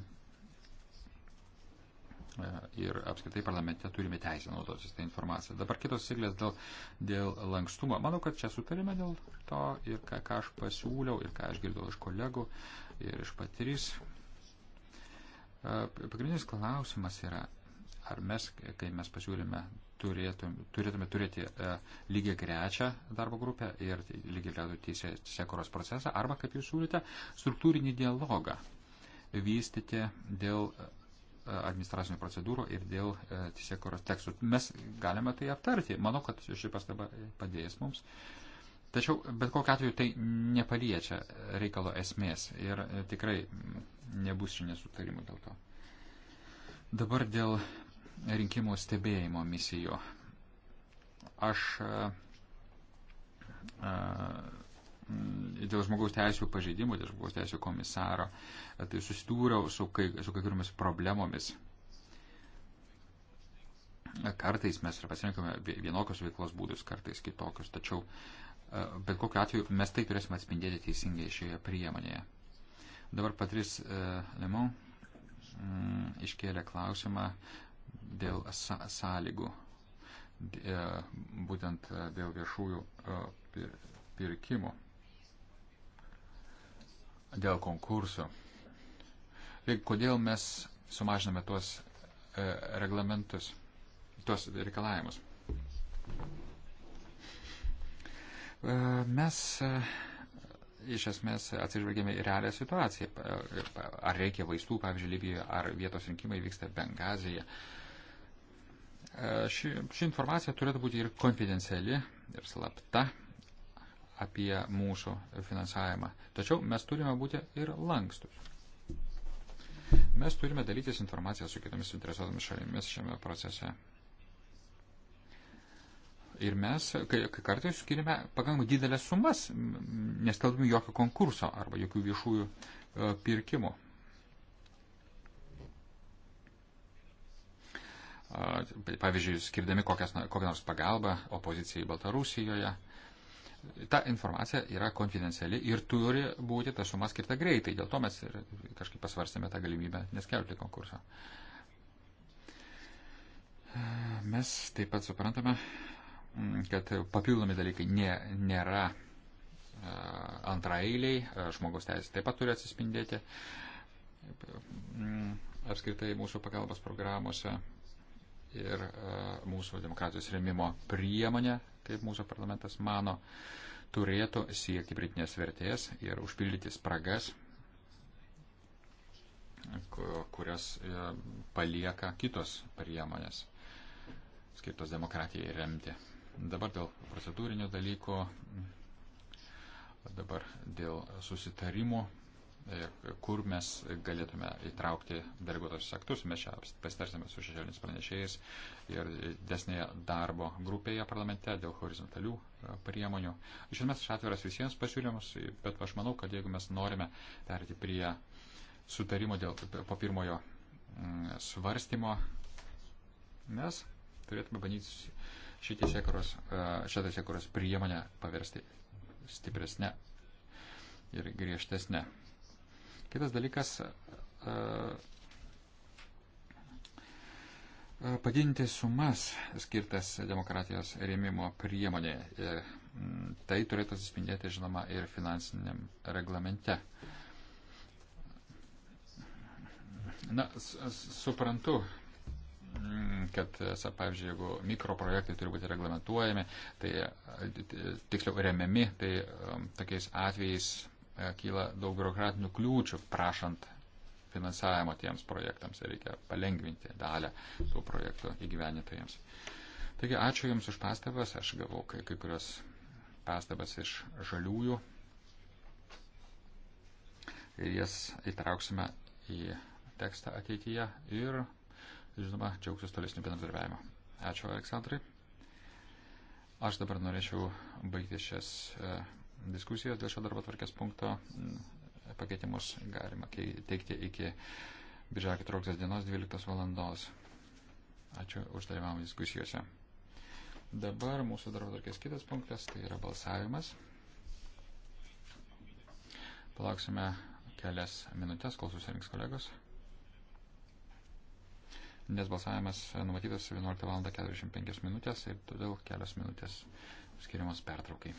e, ir apskritai parlamente turime teisę naudotis tą informaciją. Dabar kitos siglės dėl, dėl lankstumo. Manau, kad čia sutarime dėl to ir ką, ką aš pasiūliau ir ką aš girdėjau iš kolegų ir iš patirys. E, pagrindinis klausimas yra, ar mes, kai mes pasiūlėme turėtume, turėtume turėti e, lygiai grečią darbo grupę ir lygiai gretų teisėkuros procesą, arba, kaip jūs siūlyte, struktūrinį dialogą vystyti dėl e, administracinių procedūrų ir dėl e, teisėkuros tekstų. Mes galime tai aptarti. Manau, kad ši pastaba padės mums. Tačiau bet kokiu atveju tai nepaliečia reikalo esmės ir tikrai nebus šiandien sutarimų dėl to. Dabar dėl rinkimų stebėjimo misijų. Aš e, e, dėl žmogaus teisų pažeidimų, dėl žmogaus teisų komisaro, e, tai susidūriau su kai, su kai kuriomis problemomis. Kartais mes ir pasirinkome vienokius veiklos būdus, kartais kitokius, tačiau bet kokiu atveju mes tai turėsime atspindėti teisingai šioje priemonėje. Dabar Patris Lemon mm, iškėlė klausimą dėl sąlygų, e, būtent e, dėl viešųjų e, pirkimų, dėl konkursų. Ir kodėl mes sumažiname tuos reglamentus, tuos reikalavimus? Mes iš esmės atsižvelgėme į realią situaciją. Ar reikia vaistų, pavyzdžiui, Libijoje, ar vietos rinkimai vyksta Bengazija. Uh, E, ši, ši informacija turėtų būti ir konfidenciali, ir slapta apie mūsų finansavimą. Tačiau mes turime būti ir lankstus. Mes turime dalytis informaciją su kitomis interesuotomis šalimis šiame procese. Ir mes kai, kai kartais skiriame pakankamai didelės sumas, neskelbdami jokio konkurso arba jokių viešųjų e, pirkimų. pavyzdžiui, skirdami kokias, kokią nors pagalbą opozicijai Baltarusijoje. Ta informacija yra konfidenciali ir turi būti ta suma skirta greitai. Dėl to mes ir kažkaip pasvarstėme tą galimybę neskelbti konkurso. Mes taip pat suprantame, kad papildomi dalykai nė, nėra antraeiliai, žmogaus teisės taip pat turi atsispindėti apskritai mūsų pagalbos programuose ir e, mūsų demokratijos remimo priemonė, kaip mūsų parlamentas mano, turėtų siekti pritinės vertės ir užpildyti spragas, kurias e, palieka kitos priemonės skirtos demokratijai remti. Dabar dėl procedūrinio dalyko, dabar dėl susitarimo E, kur mes galėtume įtraukti deleguotosius aktus. Mes čia pasitarsime su šešėlinis pranešėjais ir desnėje darbo grupėje parlamente dėl horizontalių e, priemonių. Iš esmės aš atviras visiems pasiūlymus, bet aš manau, kad jeigu mes norime perėti prie sutarimo dėl po pirmojo mm, svarstymo, mes turėtume bandyti šitą sėkuros e, priemonę paversti stipresnę ir griežtesnę. Kitas dalykas e, e, padinti sumas skirtas demokratijos rėmimo priemonė. E, tai turėtų atsispindėti, žinoma, ir finansiniam reglamente. Na, suprantu, kad, pavyzdžiui, jeigu mikroprojektai turi būti reglamentuojami, tai tiksliau remiami, tai tokiais atvejais E, kyla daug biurokratinių kliūčių prašant finansavimo tiems projektams ir reikia palengvinti dalę tų projektų įgyvenitojams. Taigi ačiū Jums už pastabas, aš gavau kai, kai kurios pastabas iš žaliųjų ir jas įtrauksime į tekstą ateityje ir, žinoma, džiaugsiuosi tolesniu bendradarbiavimu. Ačiū Aleksandrai. Aš dabar norėčiau baigti šias e, diskusijos dėl šio darbo tvarkės punkto mm, pakeitimus galima teikti iki birželio 14 dienos 12 valandos. Ačiū už dalyvavimą diskusijose. Dabar mūsų darbo tvarkės kitas punktas, tai yra balsavimas. Palauksime kelias minutės, kol susirinks kolegos. Nes balsavimas numatytas 11 val. 45 minutės ir todėl kelios minutės skiriamos pertraukai.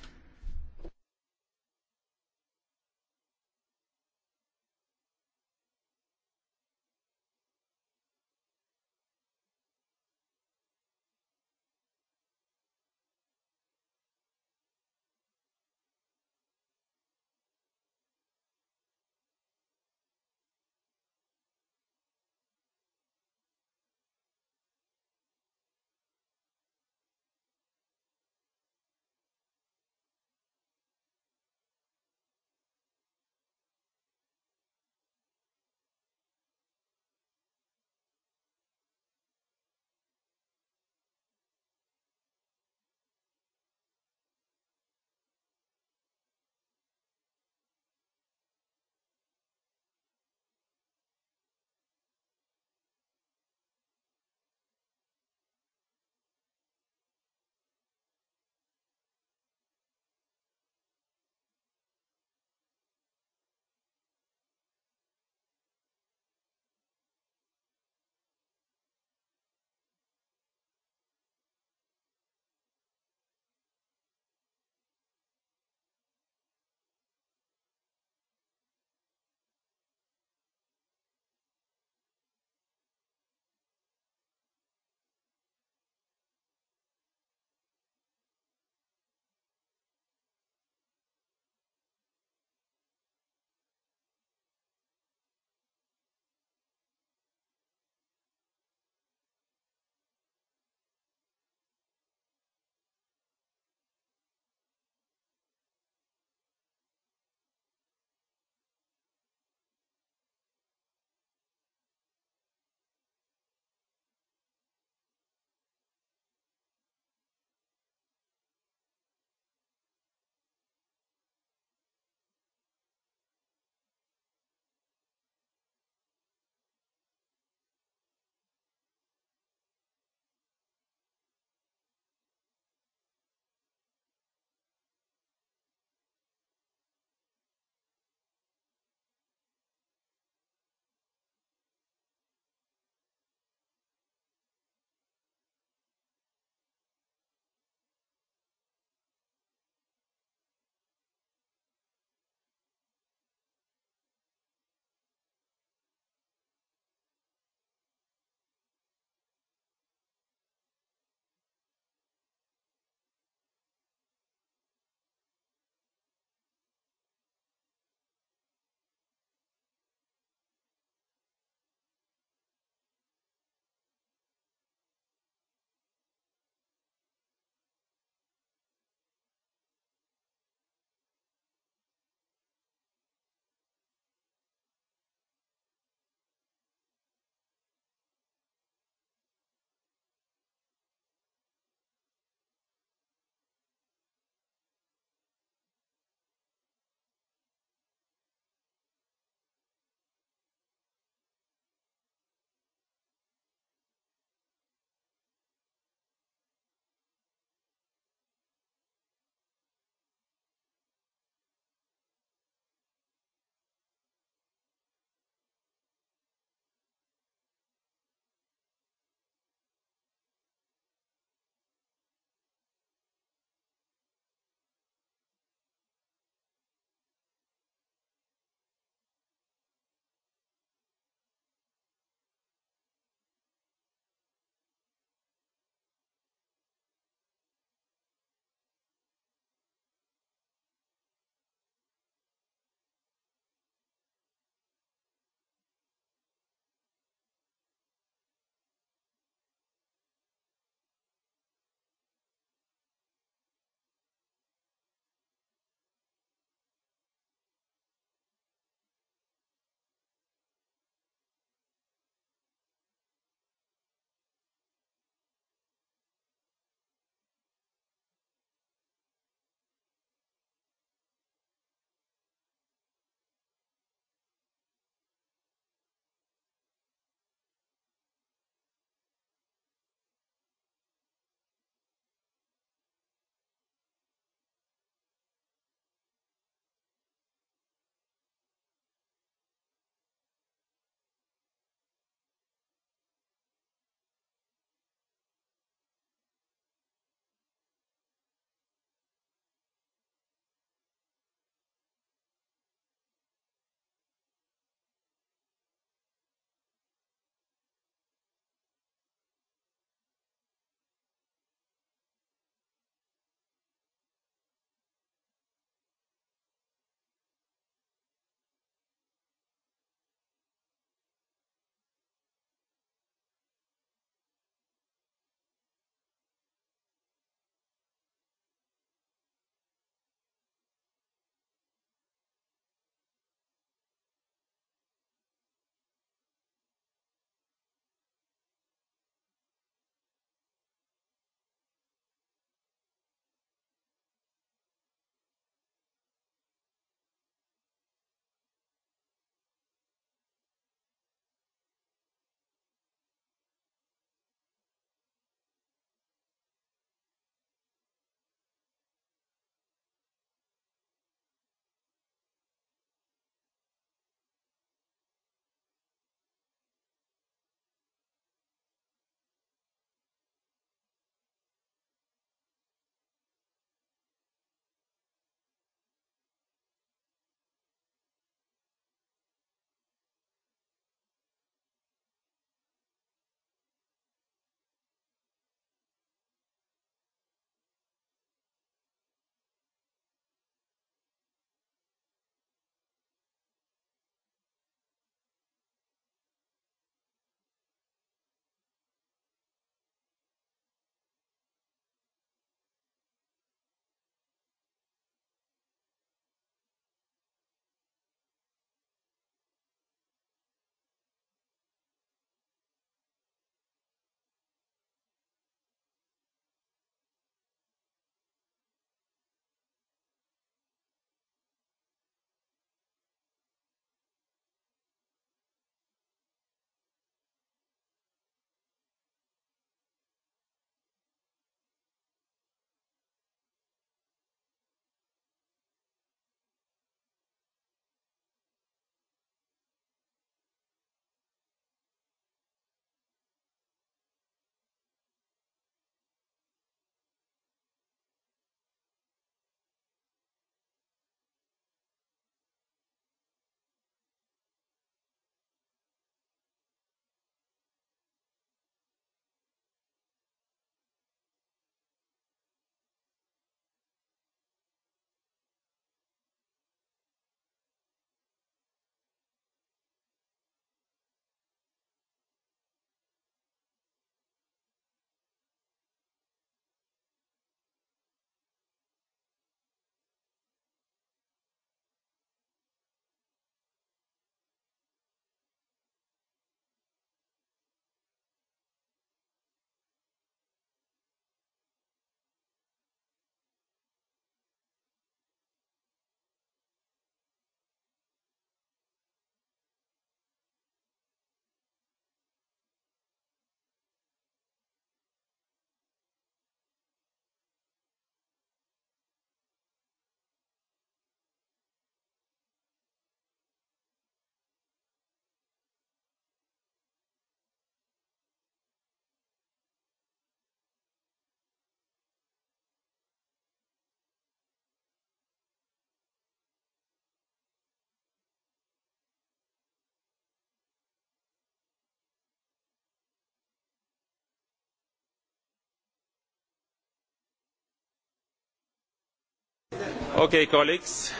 Okay, colleagues,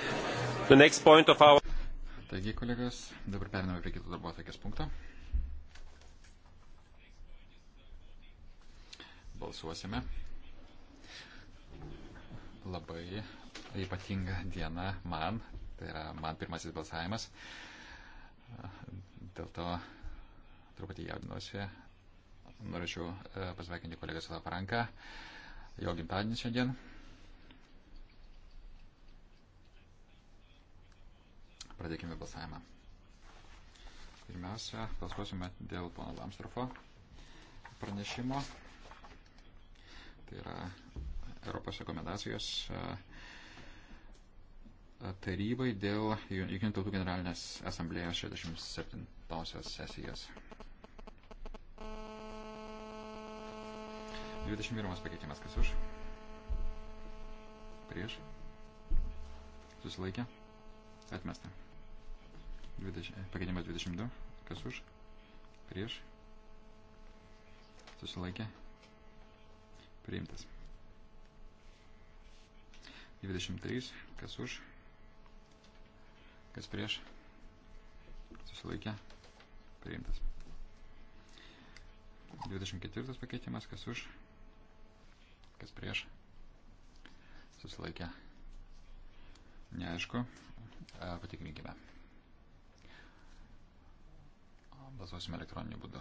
the next point of our... Taigi, kolegos, dabar periname prie kito darbo atveikės punkto. Balsuosime. Labai ypatinga diena man, tai yra man pirmasis balsavimas. Dėl to truputį jaudinuosi. Norėčiau e, pasveikinti kolegą Salafranką, jo gimtadienį šiandien. Pradėkime balsavimą. Pirmiausia, balsuosime dėl pono Lamstrofo pranešimo. Tai yra Europos rekomendacijos e, tarybai dėl Junktinių tautų generalinės asamblėjos 67 sesijos. 21 pakeitimas, kas už? Prieš? Susilaikė? Atmesta. 20, pakeitimas 22, kas už, prieš, susilaikė, priimtas. 23, kas už, kas prieš, susilaikė, priimtas. 24 pakeitimas, kas už, kas prieš, susilaikė. Neaišku, patikrinkime. Balsuosime elektroniniu būdu.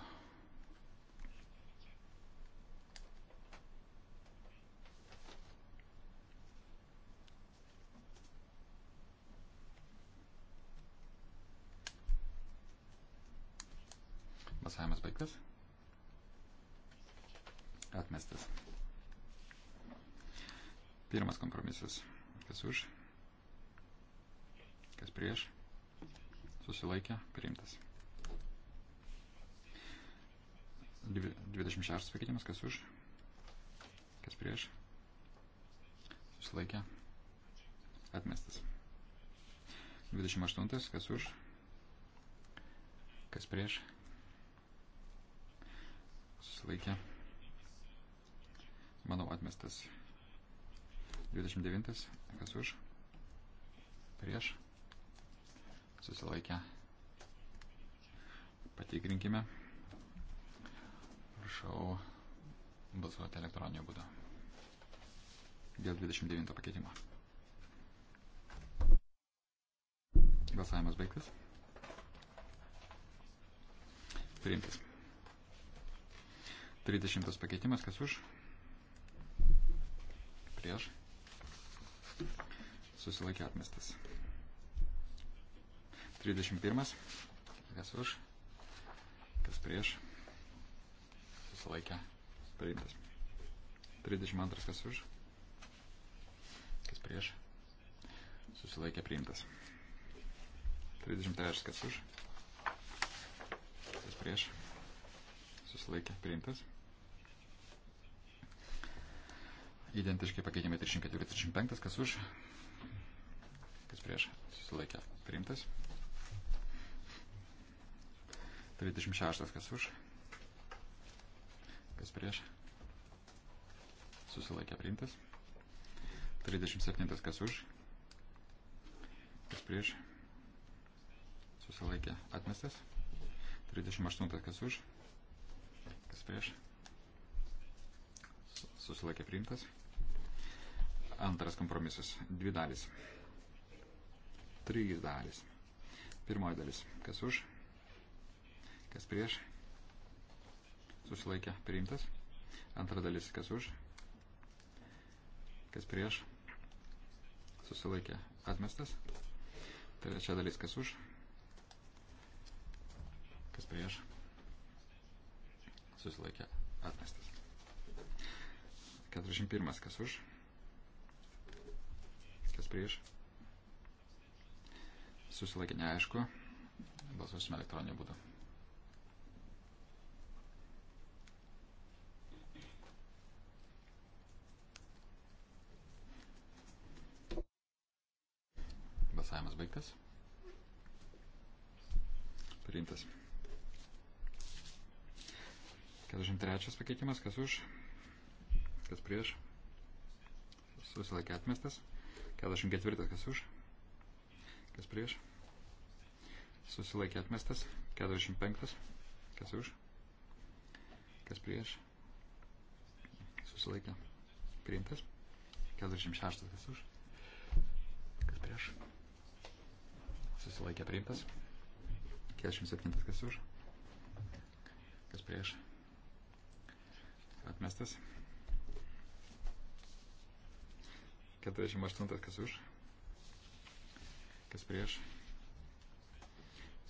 Balsavimas baigtas. Atmestas. Pirmas kompromisas. Kas už? Kas prieš? Susilaikė. Priimtas. 26 pakeitimas, kas už, kas prieš, susilaikė, atmestas. 28, kas už, kas prieš, susilaikė, manau, atmestas. 29, kas už, prieš, susilaikė, patikrinkime. Prašau balsuoti elektroninio būdu. Dėl 29 pakeitimo. Balsavimas baigtas. Priimtas. 30 pakeitimas, kas už? Prieš. Susilaikė atmestas. 31. Kas už? Kas prieš? susilaikė priimtas. 32 kas už, kas prieš, susilaikė priimtas. 33 kas už, kas prieš, susilaikė priimtas. Identiškai pakeitimai 34-35, kas už, kas prieš, susilaikė priimtas. 36 kas už, kas prieš, susilaikė priimtas. 37 kas už, kas prieš, susilaikė atmestas. 38 kas už, kas prieš, susilaikė priimtas. Antras kompromisas, dvi dalis. Trys dalis. Pirmoji dalis, kas už, kas prieš, susilaikė priimtas. Antra dalis, kas už, kas prieš, susilaikė atmestas. Trečia dalis, kas už, kas prieš, susilaikė atmestas. 41, kas už, kas prieš, susilaikė neaišku, balsuosime elektroniniu būdu. Balsavimas baigtas. Priimtas. 43 pakeitimas, kas už, kas prieš, susilaikė atmestas. 44 kas už, kas prieš, susilaikė atmestas. 45 kas už, kas prieš, susilaikė priimtas. 46 kas už, kas prieš, susilaikė priimtas. 47 kas už, kas prieš, atmestas. 48 kas už, kas prieš,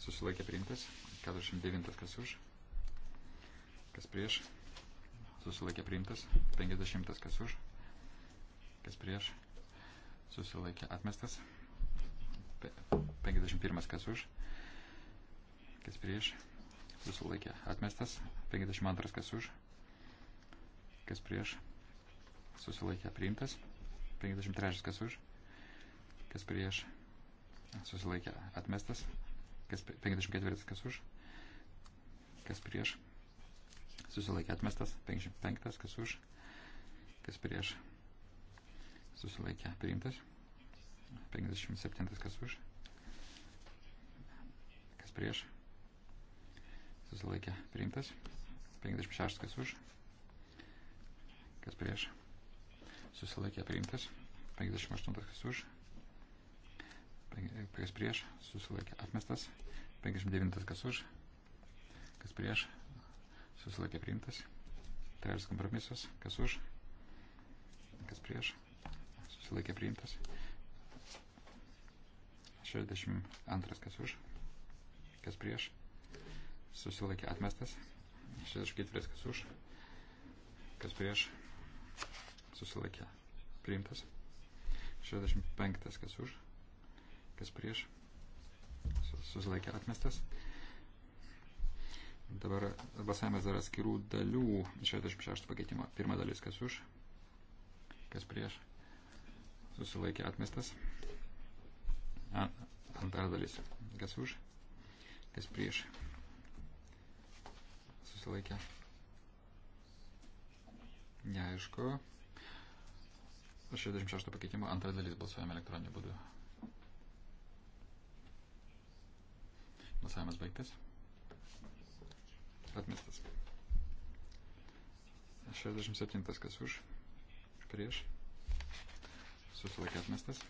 susilaikė priimtas. 49 kas už, kas prieš, susilaikė priimtas. 50 kas už, kas prieš, susilaikė atmestas. 51 kas už, kas prieš, susilaikė atmestas, 52 kas už, kas prieš, susilaikė priimtas, 53 kas už, kas prieš, susilaikė atmestas, kas 54 kas už, kas prieš, susilaikė atmestas, 55 kas už, kas prieš, susilaikė priimtas, 57 kas už kas prieš, susilaikė priimtas, 56 kas už, kas prieš, susilaikė priimtas, 58 kas už, kas prieš, susilaikė atmestas, 59 kas už, kas prieš, susilaikė priimtas, trečias kompromisas, kas už, kas prieš, susilaikė priimtas, 62 kas už kas prieš, susilaikė atmestas, 64 kas už, kas prieš, susilaikė priimtas, 65 kas už, kas prieš, susilaikė atmestas. Dabar balsavimas dar atskirų dalių 66 pakeitimo. Pirma dalis kas už, kas prieš, susilaikė atmestas. Antra dalis kas už, kas prieš susilaikė. Neaišku. 66 pakeitimo antra dalis balsuojame elektroniniu būdu. Balsavimas baigtas. Atmestas. 67 kas už. Prieš. Susilaikė atmestas.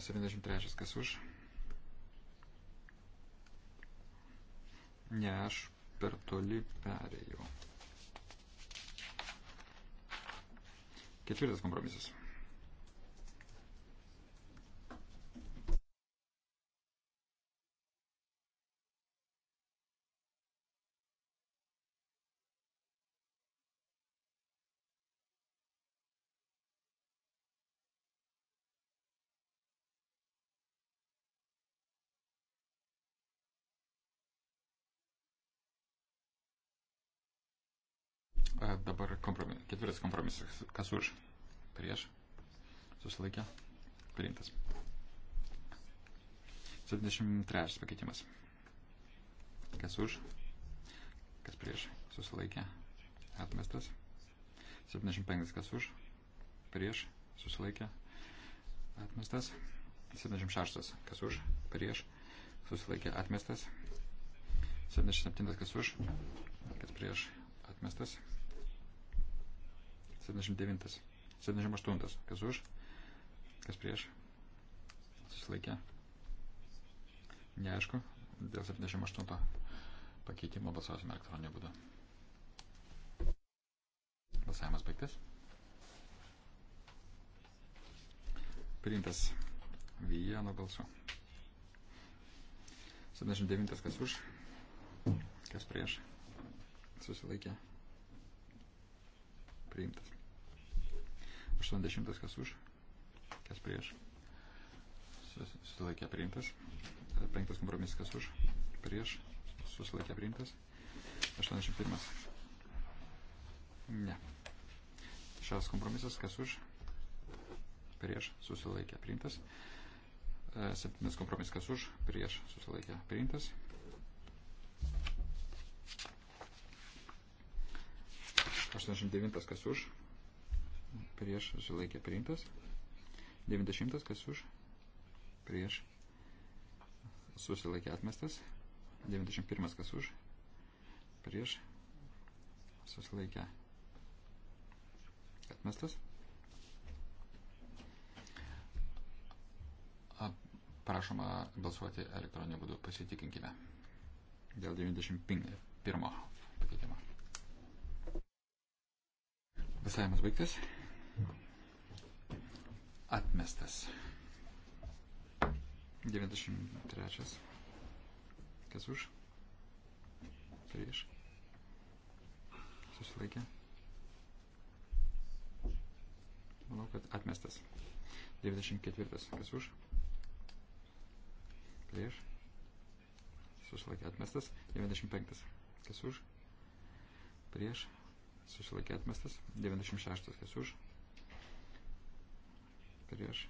73 kas už. Ne, aš per toli perėjau. Ketvirtas kompromisas. Dabar kompromis, ketvirtas kompromisas. Kas už? Prieš? Susilaikė? Priimtas. 73 pakeitimas. Kas už? Kas prieš? Susilaikė? Atmestas. 75 kas už? Prieš? Susilaikė? Atmestas. 76 kas už? Prieš? Susilaikė? Atmestas. 77 kas už? Kas prieš? Atmestas. 79. 78. Kas už? Kas prieš? Susilaikė. Neaišku. Dėl 78 pakeitimo balsuosime elektroninio būdu. Balsavimas baigtas. Priimtas vieno balsu. 79 kas už, kas prieš. Susilaikė. Priimtas. 80 kas už, kas prieš. Susilaikė priimtas. Penktas kompromisas kas už, prieš. Susilaikė priimtas. 81. Ne. Šias kompromisas kas už, prieš. Susilaikė priimtas. E, septintas kompromisas kas už, prieš. Susilaikė priimtas. 89 kas už, prieš susilaikė priimtas. 90 kas už, prieš susilaikė atmestas. 91 kas už, prieš susilaikė atmestas. Prašoma balsuoti elektroniniu būdu, pasitikinkime. Dėl 91 pakeitimo. Balsavimas baigtas. Atmestas. 93. Kas už? Prieš. Susilaikė. Manau, kad atmestas. 94. Kas už? Prieš. Susilaikė atmestas. 95. Kas už? Prieš. Susilaikė atmestas. 96. Kas už? prieš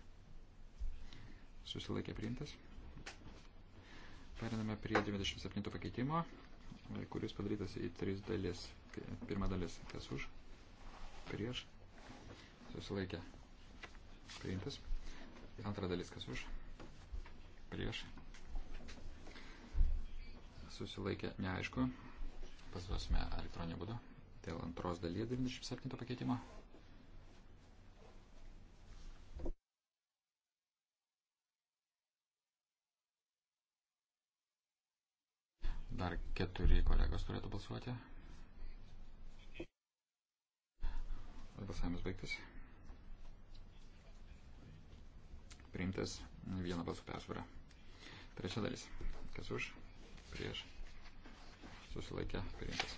susilaikė priimtas. Periname prie 97 pakeitimo, e, kuris padarytas į tris dalis. Pirma dalis, kas už, prieš, susilaikė priimtas. Antra dalis, kas už, prieš, susilaikė neaišku. Pasiduosime elektroninį būdą dėl antros dalies 97 pakeitimo. Dar keturi kolegos turėtų balsuoti. Balsavimas baigtas. Priimtas vieną balsų persvarą. Trečia dalis. Kas už? Prieš. Susilaikė. Priimtas.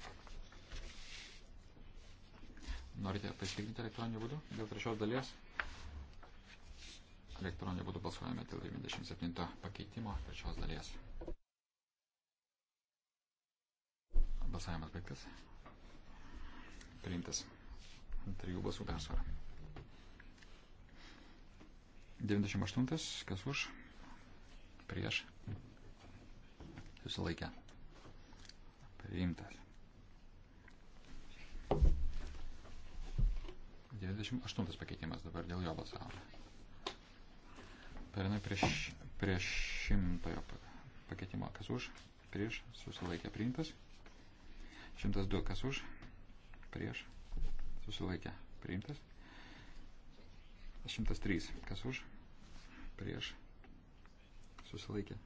Norite pasitikrinti elektroniniu būdu dėl trečios dalies? Elektroniniu būdu balsuojame dėl 97 pakeitimo trečios dalies. Balsavimas baigtas. Priimtas. Trijų balsų persvara. 98. Kas už? Prieš. Susilaikę. Priimtas. 98 pakeitimas dabar dėl jo balsavome. Perinai prieš, prieš šimtojo pakeitimo. Kas už? Prieš. Susilaikė priimtas. 102 kas už, prieš, susilaikė, priimtas. 103 kas už, prieš, susilaikė,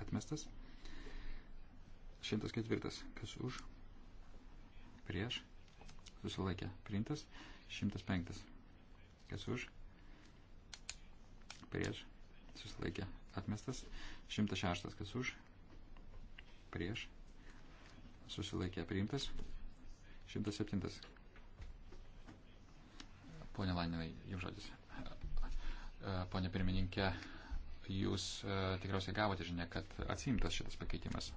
atmestas. 104 kas už, prieš, susilaikė, priimtas. 105 kas už, prieš, susilaikė, atmestas. 106 kas už, prieš, susilaikė priimtas. 107. Pone Laninai, jums žodis. E, pone pirmininkė, jūs e, tikriausiai gavote žinę, kad atsimtas šitas pakeitimas.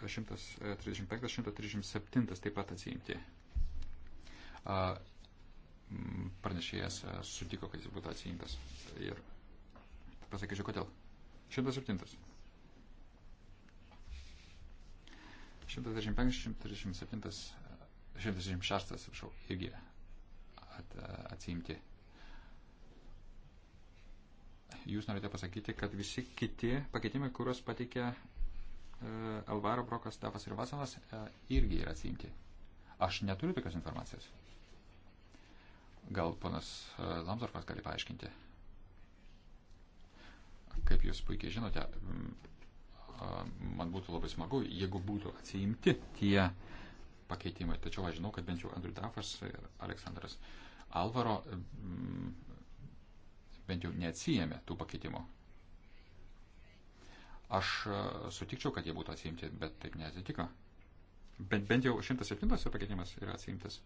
135, 137 e, taip pat atsiimti. Pranešėjas sutiko, kad jis būtų atsiimtas. Ir pasakysiu, kodėl. 107. 136 atsiprašau, irgi at, atsiimti. Jūs norite pasakyti, kad visi kiti pakeitimai, kuriuos pateikė e, Alvaro Brokas, Dafas ir Vasalas, e, irgi yra atsiimti. Aš neturiu tokios informacijos. Gal ponas e, Lamsdorfas gali paaiškinti. Kaip jūs puikiai žinote, man būtų labai smagu, jeigu būtų atsiimti tie pakeitimai. Tačiau aš žinau, kad bent jau Andrew Duffas ir Aleksandras Alvaro mm, bent jau neatsijėmė tų pakeitimų. Aš e, sutikčiau, kad jie būtų atsiimti, bet taip neatsitiko. Bent, bent jau 107 pakeitimas yra atsiimtas.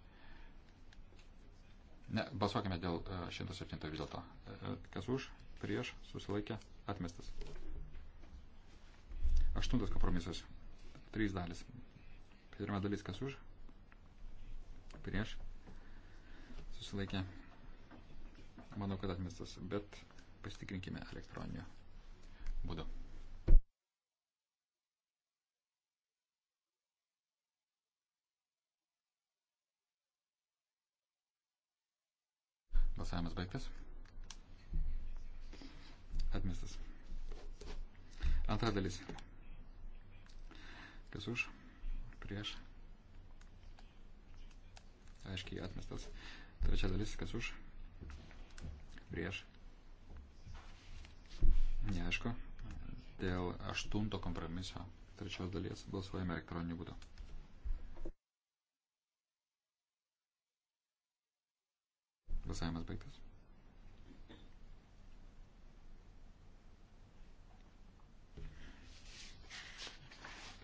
Ne, balsuokime dėl 107 e, vis dėlto. E, kas už, prieš, susilaikė, atmestas. Aštuntas kompromisas. Trys dalis. Pirma dalis kas už? Prieš. Susilaikė. Manau, kad atmestas, bet pasitikrinkime elektroninio būdu. Balsavimas baigtas. Atmestas. Antra dalis. Kas už? Prieš. Aiškiai atmestas. Trečia dalis. Kas už? Prieš. Neaišku. Dėl aštunto kompromiso trečios dalies balsuojame elektroniniu būdu. Balsavimas baigtas.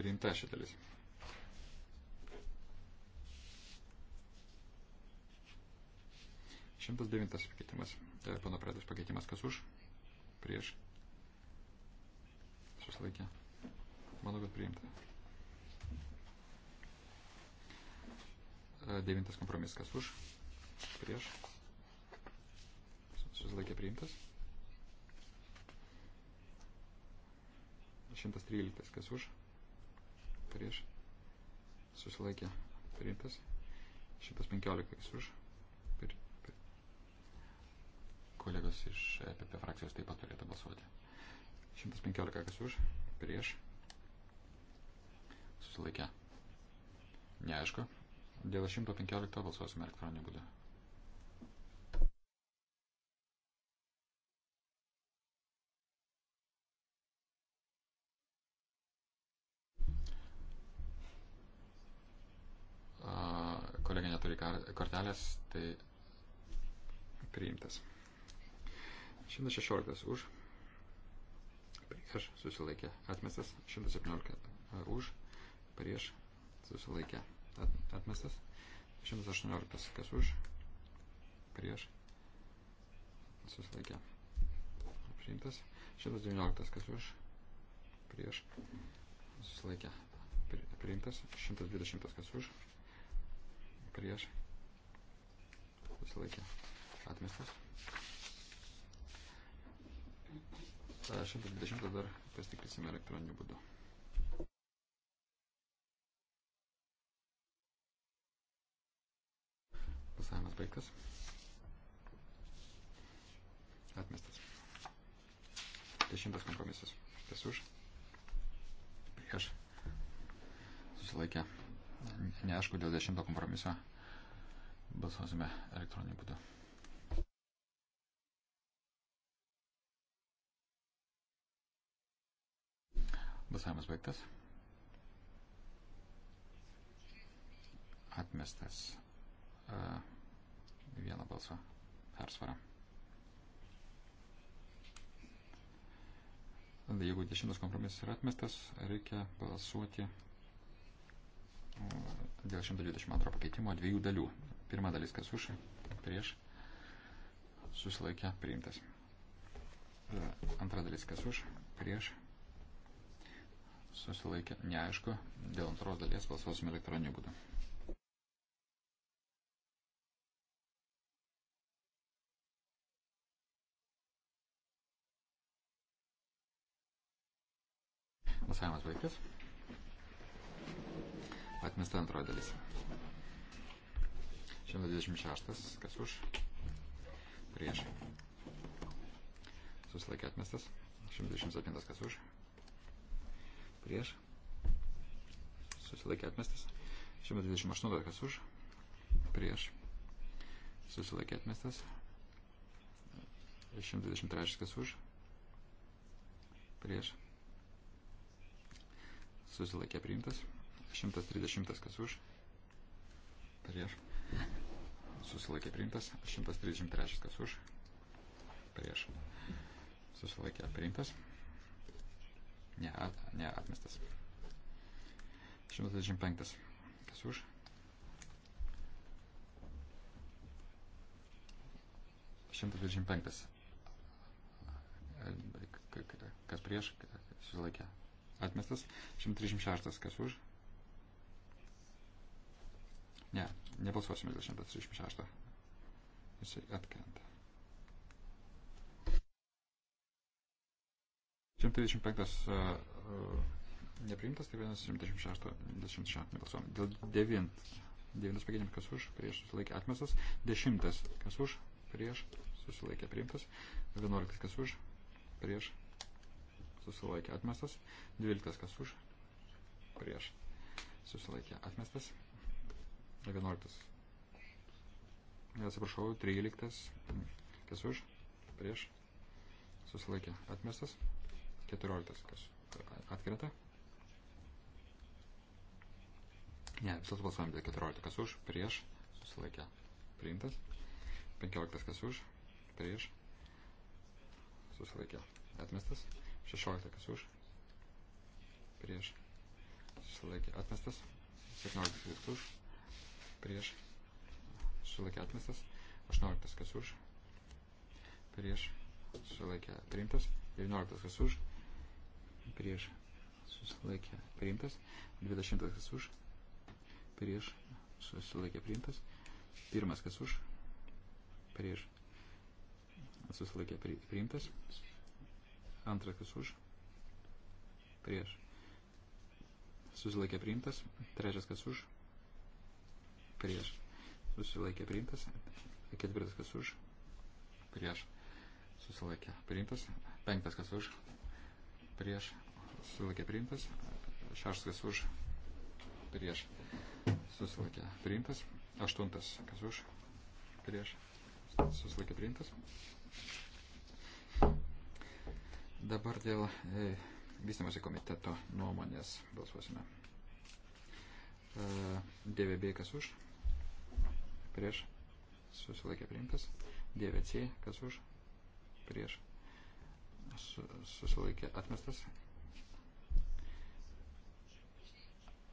priimta ši dalis. Šimtas devintas pakeitimas. Tai pano pradas pakeitimas kas už? Prieš. Susilaikė. Manau, kad priimta. E, devintas kompromisas kas už? Prieš. Susilaikė priimtas. 113 kas už, prieš susilaikė priimtas. 115 kas už. Pir, pir. Kolegos iš EPP frakcijos taip pat turėtų balsuoti. 115 kas už. Prieš. Susilaikė. Neaišku. Dėl 115 balsuosime elektroniniu būdu. neturi kortelės, tai priimtas. 116 už, prieš susilaikė atmestas, 117 už, prieš susilaikė atmestas, 118 kas už, prieš susilaikė priimtas, 119 kas už, prieš susilaikė priimtas, 120 kas už, prieš, susilaikė, atmestas. 120 dar pasitikrinsime elektroniniu būdu. Pasavimas baigtas. Atmestas. Dešimtas kompromisas. Kas už? Prieš. Susilaikę. Neaišku, dėl dešimto kompromiso balsuosime elektroniniu būdu. Balsavimas baigtas. Atmestas uh, vieno balso persvara. Jeigu dešimtas kompromisas yra atmestas, reikia balsuoti dėl 122 pakeitimo dviejų dalių. Pirma dalis, kas už, prieš, susilaikė, priimtas. E, antra dalis, kas už, prieš, susilaikė, neaišku, dėl antros dalies balsuosim elektroniniu būdu. Balsavimas baigtas. Atmesta antroji dalis. 126. Kas už? Prieš. Susilaikė atmestas. 127. Kas už? Prieš. Susilaikė atmestas. 128. Kas už? Prieš. Susilaikė atmestas. 123. Kas už? Prieš. Susilaikė priimtas. 130 kas už, prieš, susilaikė priimtas, 133 kas už, prieš, susilaikė priimtas, ne, at, ne atmestas, 135 kas už, Šimtas dvidešimt penktas. Kas prieš, susilaikė. Atmestas. Šimtas trisdešimt šeštas, kas už. Ne, nebalsuosime dėl 136. Jisai atkrenta. 135 uh, e, e, nepriimtas, tai vienas 126, 126 nebalsuojame. Dėl 9, 9 pakeitimas kas už, prieš susilaikė atmestas, 10 kas už, prieš susilaikė priimtas, 11 kas už, prieš susilaikė atmestas, 12 kas už, prieš susilaikė atmestas, 11. Atsiprašau, 13. Kas už? Prieš. Susilaikė. Atmestas. 14. Kas atkrenta? Ne, visos balsuojame dėl 14. Kas už? Prieš. Susilaikė. Priimtas. 15. Kas už? Prieš. Susilaikė. Atmestas. 16. Kas už? Prieš. Susilaikė. Atmestas. 17. Kas už? prieš sulaikė atmestas, 18 kas už, prieš sulaikė priimtas, 19 kas už, prieš susilaikė priimtas, 20 kas už, prieš susilaikė priimtas, 1 kas už, prieš susilaikė priimtas, 2 kas už, prieš susilaikė priimtas, 3 kas už, prieš susilaikė priimtas, ketvirtas kas už, prieš susilaikė priimtas, penktas kas už, prieš susilaikė priimtas, šeštas kas už, prieš susilaikė priimtas, aštuntas kas už, prieš susilaikė priimtas. Dabar dėl e, vystimosi komiteto nuomonės balsuosime. E, DVB kas už? prieš susilaikė priimtas, 9C, kas už, prieš susilaikė atmestas.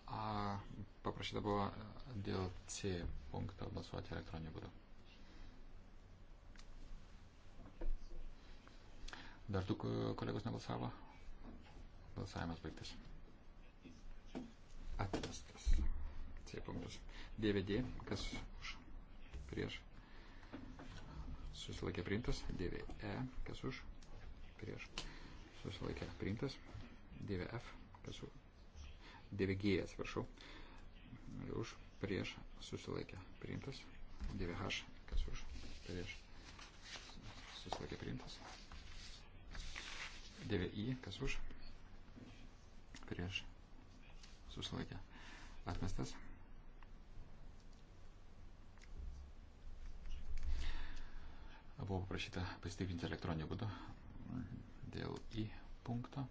A, paprašyta buvo dėl C punkto balsuoti elektroniniu būdu. Dar du kolegos nebalsavo. Balsavimas baigtas. Atmestas. C punktas. DVD, kas už prieš susilaikė priimtas, 9E, e, kas už, prieš susilaikė priimtas, 9F, kas už, 9G, atsiprašau, už, prieš susilaikė priimtas, 9H, kas už, prieš susilaikė priimtas, 9I, kas už, prieš susilaikė atmestas. Buvo paprašyta pasitikrinti elektroniniu būdu dėl į punkto.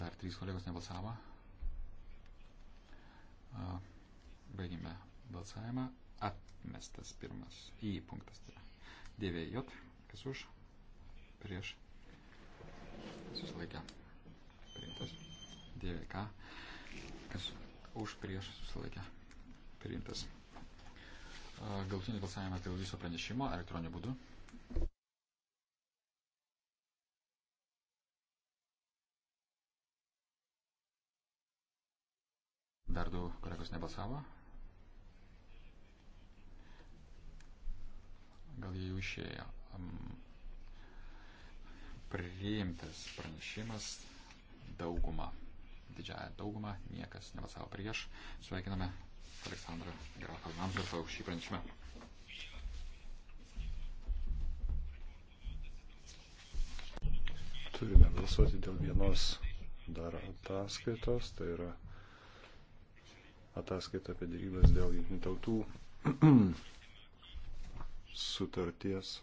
Dar trys kolegos nebalsavo. Baigime balsavimą. Atmestas pirmas į punktas. Tai yra. Dėvėjot, kas už, prieš, susilaikę, priimtas, dėvė ką. Už prieš susilaikę. Priimtas. Galutinis balsavimas dėl viso pranešimo elektroniniu būdu. Dar du kolegos nebalsavo. Gal jie jau išėjo. Priimtas pranešimas daugumą didžiąją daugumą, niekas nebalsavo prieš. Sveikiname Aleksandrą Grafą Lambertą už šį pranešimą. Turime balsuoti dėl vienos dar ataskaitos, tai yra ataskaita apie dėrybas dėl jungtinių tautų [clears throat] sutarties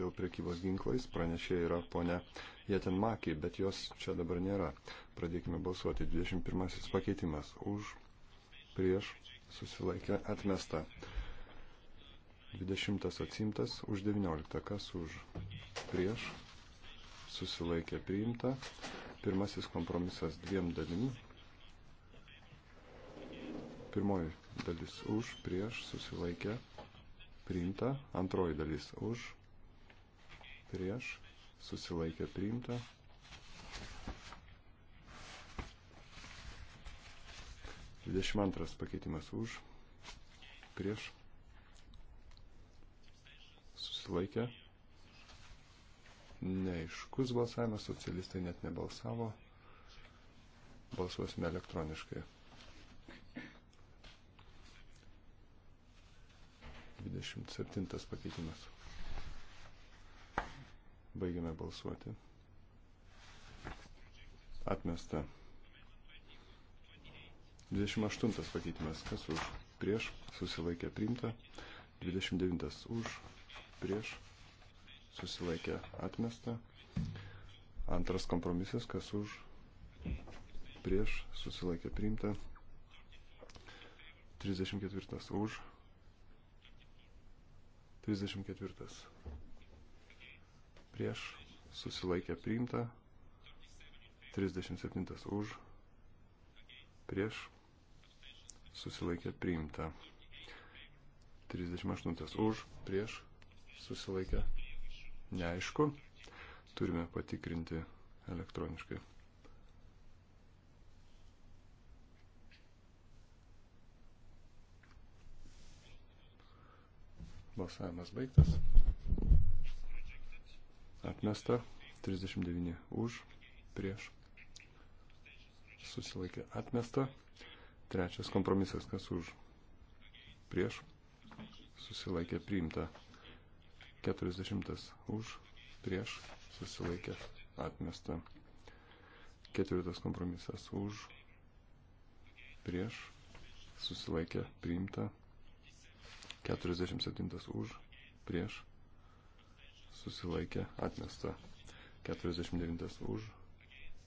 dėl priekybos ginklais. Pranešė yra ponia Jėtenmakį, bet jos čia dabar nėra. Pradėkime balsuoti. 21 pakeitimas. Už, prieš, susilaikę, atmesta. 20 atsimtas, už 19. Kas už, prieš, susilaikė, priimta. Pirmasis kompromisas dviem dalim. Pirmoji dalis už, prieš, susilaikė, priimta. Antroji dalis už, prieš, susilaikė priimta. Dvidešimt antras pakeitimas už, prieš, susilaikė. Neaiškus balsavimas, socialistai net nebalsavo. Balsuosime elektroniškai. 27 pakeitimas. Baigiame balsuoti. Atmesta. 28 pakeitimas. Kas už? Prieš. Susilaikė priimta. 29 už. Prieš. Susilaikė atmesta. Antras kompromisas. Kas už? Prieš. Susilaikė priimta. 34 už. 34 prieš susilaikė priimta, 37 už, prieš susilaikė priimta, 38 už, prieš susilaikė neaišku, turime patikrinti elektroniškai. Balsavimas baigtas atmesta, 39 už, prieš, susilaikė atmesta, trečias kompromisas, kas už, prieš, susilaikė priimta, 40 už, prieš, susilaikė atmesta, ketvirtas kompromisas už, prieš, susilaikė priimta, 47 už, prieš, susilaikė atmesta. 49 už,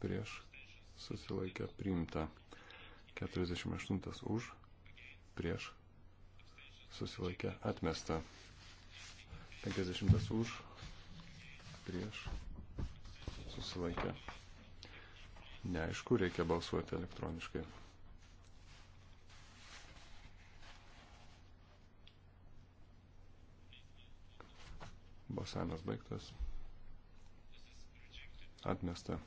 prieš susilaikė priimta. 48 už, prieš susilaikė atmesta. 50 už, prieš susilaikė. Neaišku, reikia balsuoti elektroniškai. Balsavimas baigtas. Atmesta.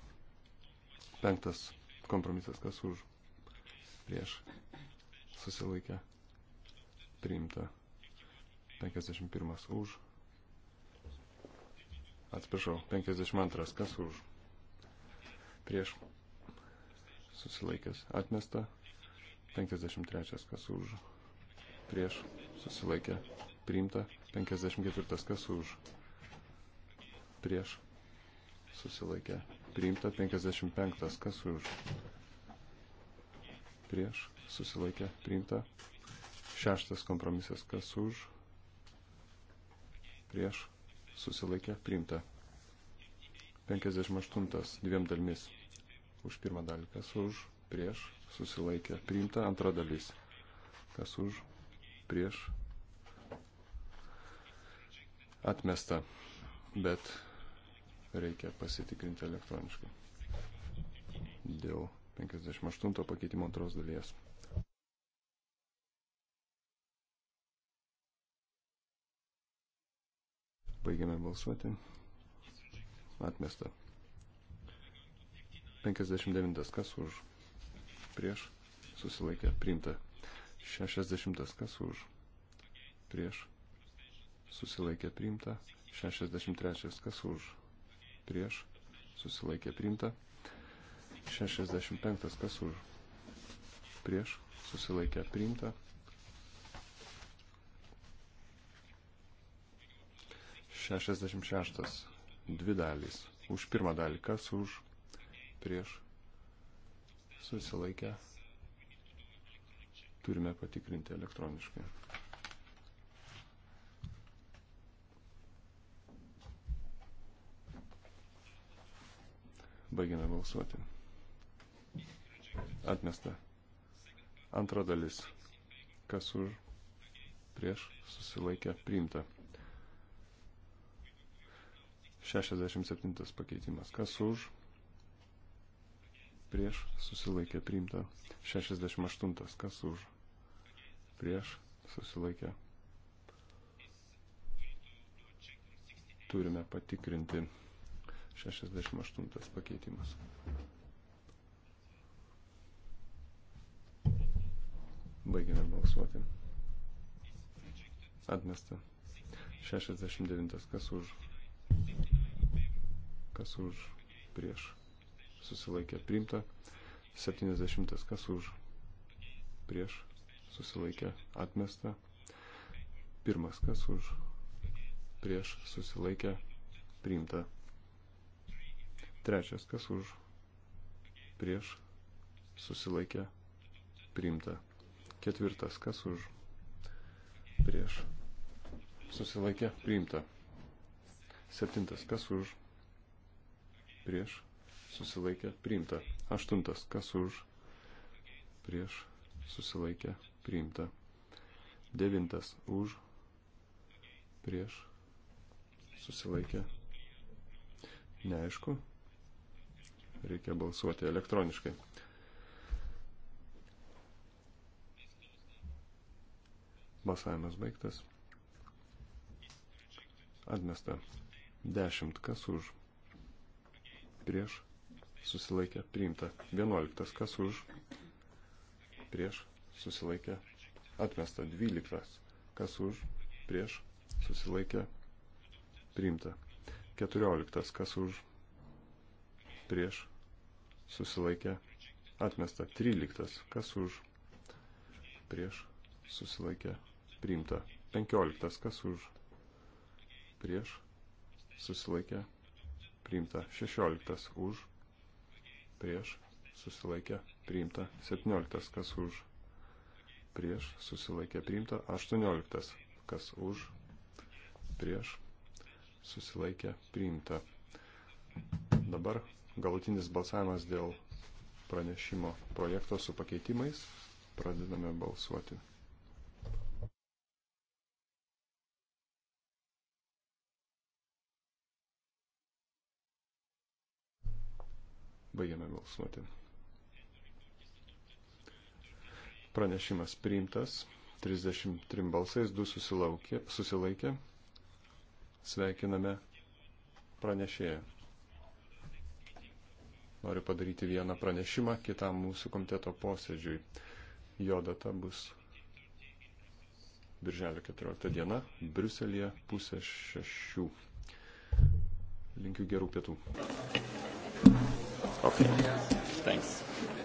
Penktas kompromisas, kas už. Prieš. Susilaikę. Priimta. 51 už. Atsiprašau, 52 kas už. Prieš. Susilaikęs. Atmesta. 53 kas už. Prieš. Susilaikę. Priimta. 54 kas už prieš susilaikė. Priimta 55 kas už prieš susilaikė. Priimta šeštas kompromisas kas už prieš susilaikė. Priimta 58 dviem dalimis už pirmą dalį kas už prieš susilaikė. Priimta antra dalis kas už prieš atmesta, bet reikia pasitikrinti elektroniškai. Dėl 58 pakeitimo antros dalies. Baigiame balsuoti. Atmesta. 59. Kas už? Prieš. Susilaikė. Priimta. 60. Kas už? Prieš susilaikė priimta. 63 kas už, prieš, susilaikė priimta. 65 kas už, prieš, susilaikė priimta. 66 dvi dalys. Už pirmą dalį kas už, prieš, susilaikę. Turime patikrinti elektroniškai. Baigiame balsuoti. Atmesta. Antra dalis. Kas už prieš susilaikę priimta. 67 pakeitimas. Kas už prieš susilaikė priimta. 68. Kas už prieš susilaikė. Turime patikrinti 68 pakeitimas. Baigime balsuoti. Atmesta. 69. Kas už? Kas už? Prieš. Susilaikė. Priimta. 70. Kas už? Prieš. Susilaikė. Atmesta. Pirmas. Kas už? Prieš. Susilaikė. Priimta. Trečias, kas už, prieš, susilaikė, priimta. Ketvirtas, kas už, prieš, susilaikė, priimta. Septintas, kas už, prieš, susilaikė, priimta. Aštuntas, kas už, prieš, susilaikė, priimta. Devintas, už, prieš, susilaikė, priimta neaišku, reikia balsuoti elektroniškai. Balsavimas baigtas. Atmesta. 10. Kas už? Prieš. Susilaikė. Priimta. 11. Kas už? Prieš. Susilaikė. Atmesta. 12. Kas už? Prieš. Susilaikė. Priimta. 14. Kas už? Prieš susilaikė atmesta. 13. Kas už prieš susilaikė priimta. 15. Kas už prieš susilaikė priimta. 16. Už prieš susilaikė priimta. 17. Kas už prieš susilaikė priimta. 18. Kas už prieš susilaikė priimta. Dabar galutinis balsavimas dėl pranešimo projekto su pakeitimais. Pradedame balsuoti. Baigiame balsuoti. Pranešimas priimtas. 33 balsais, 2 susilaukė, susilaikė. Sveikiname pranešėją noriu padaryti vieną pranešimą kitam mūsų komiteto posėdžiui. Jo data bus birželio 14 diena, Briuselėje pusė šešių. Linkiu gerų pietų. Okay. Thanks.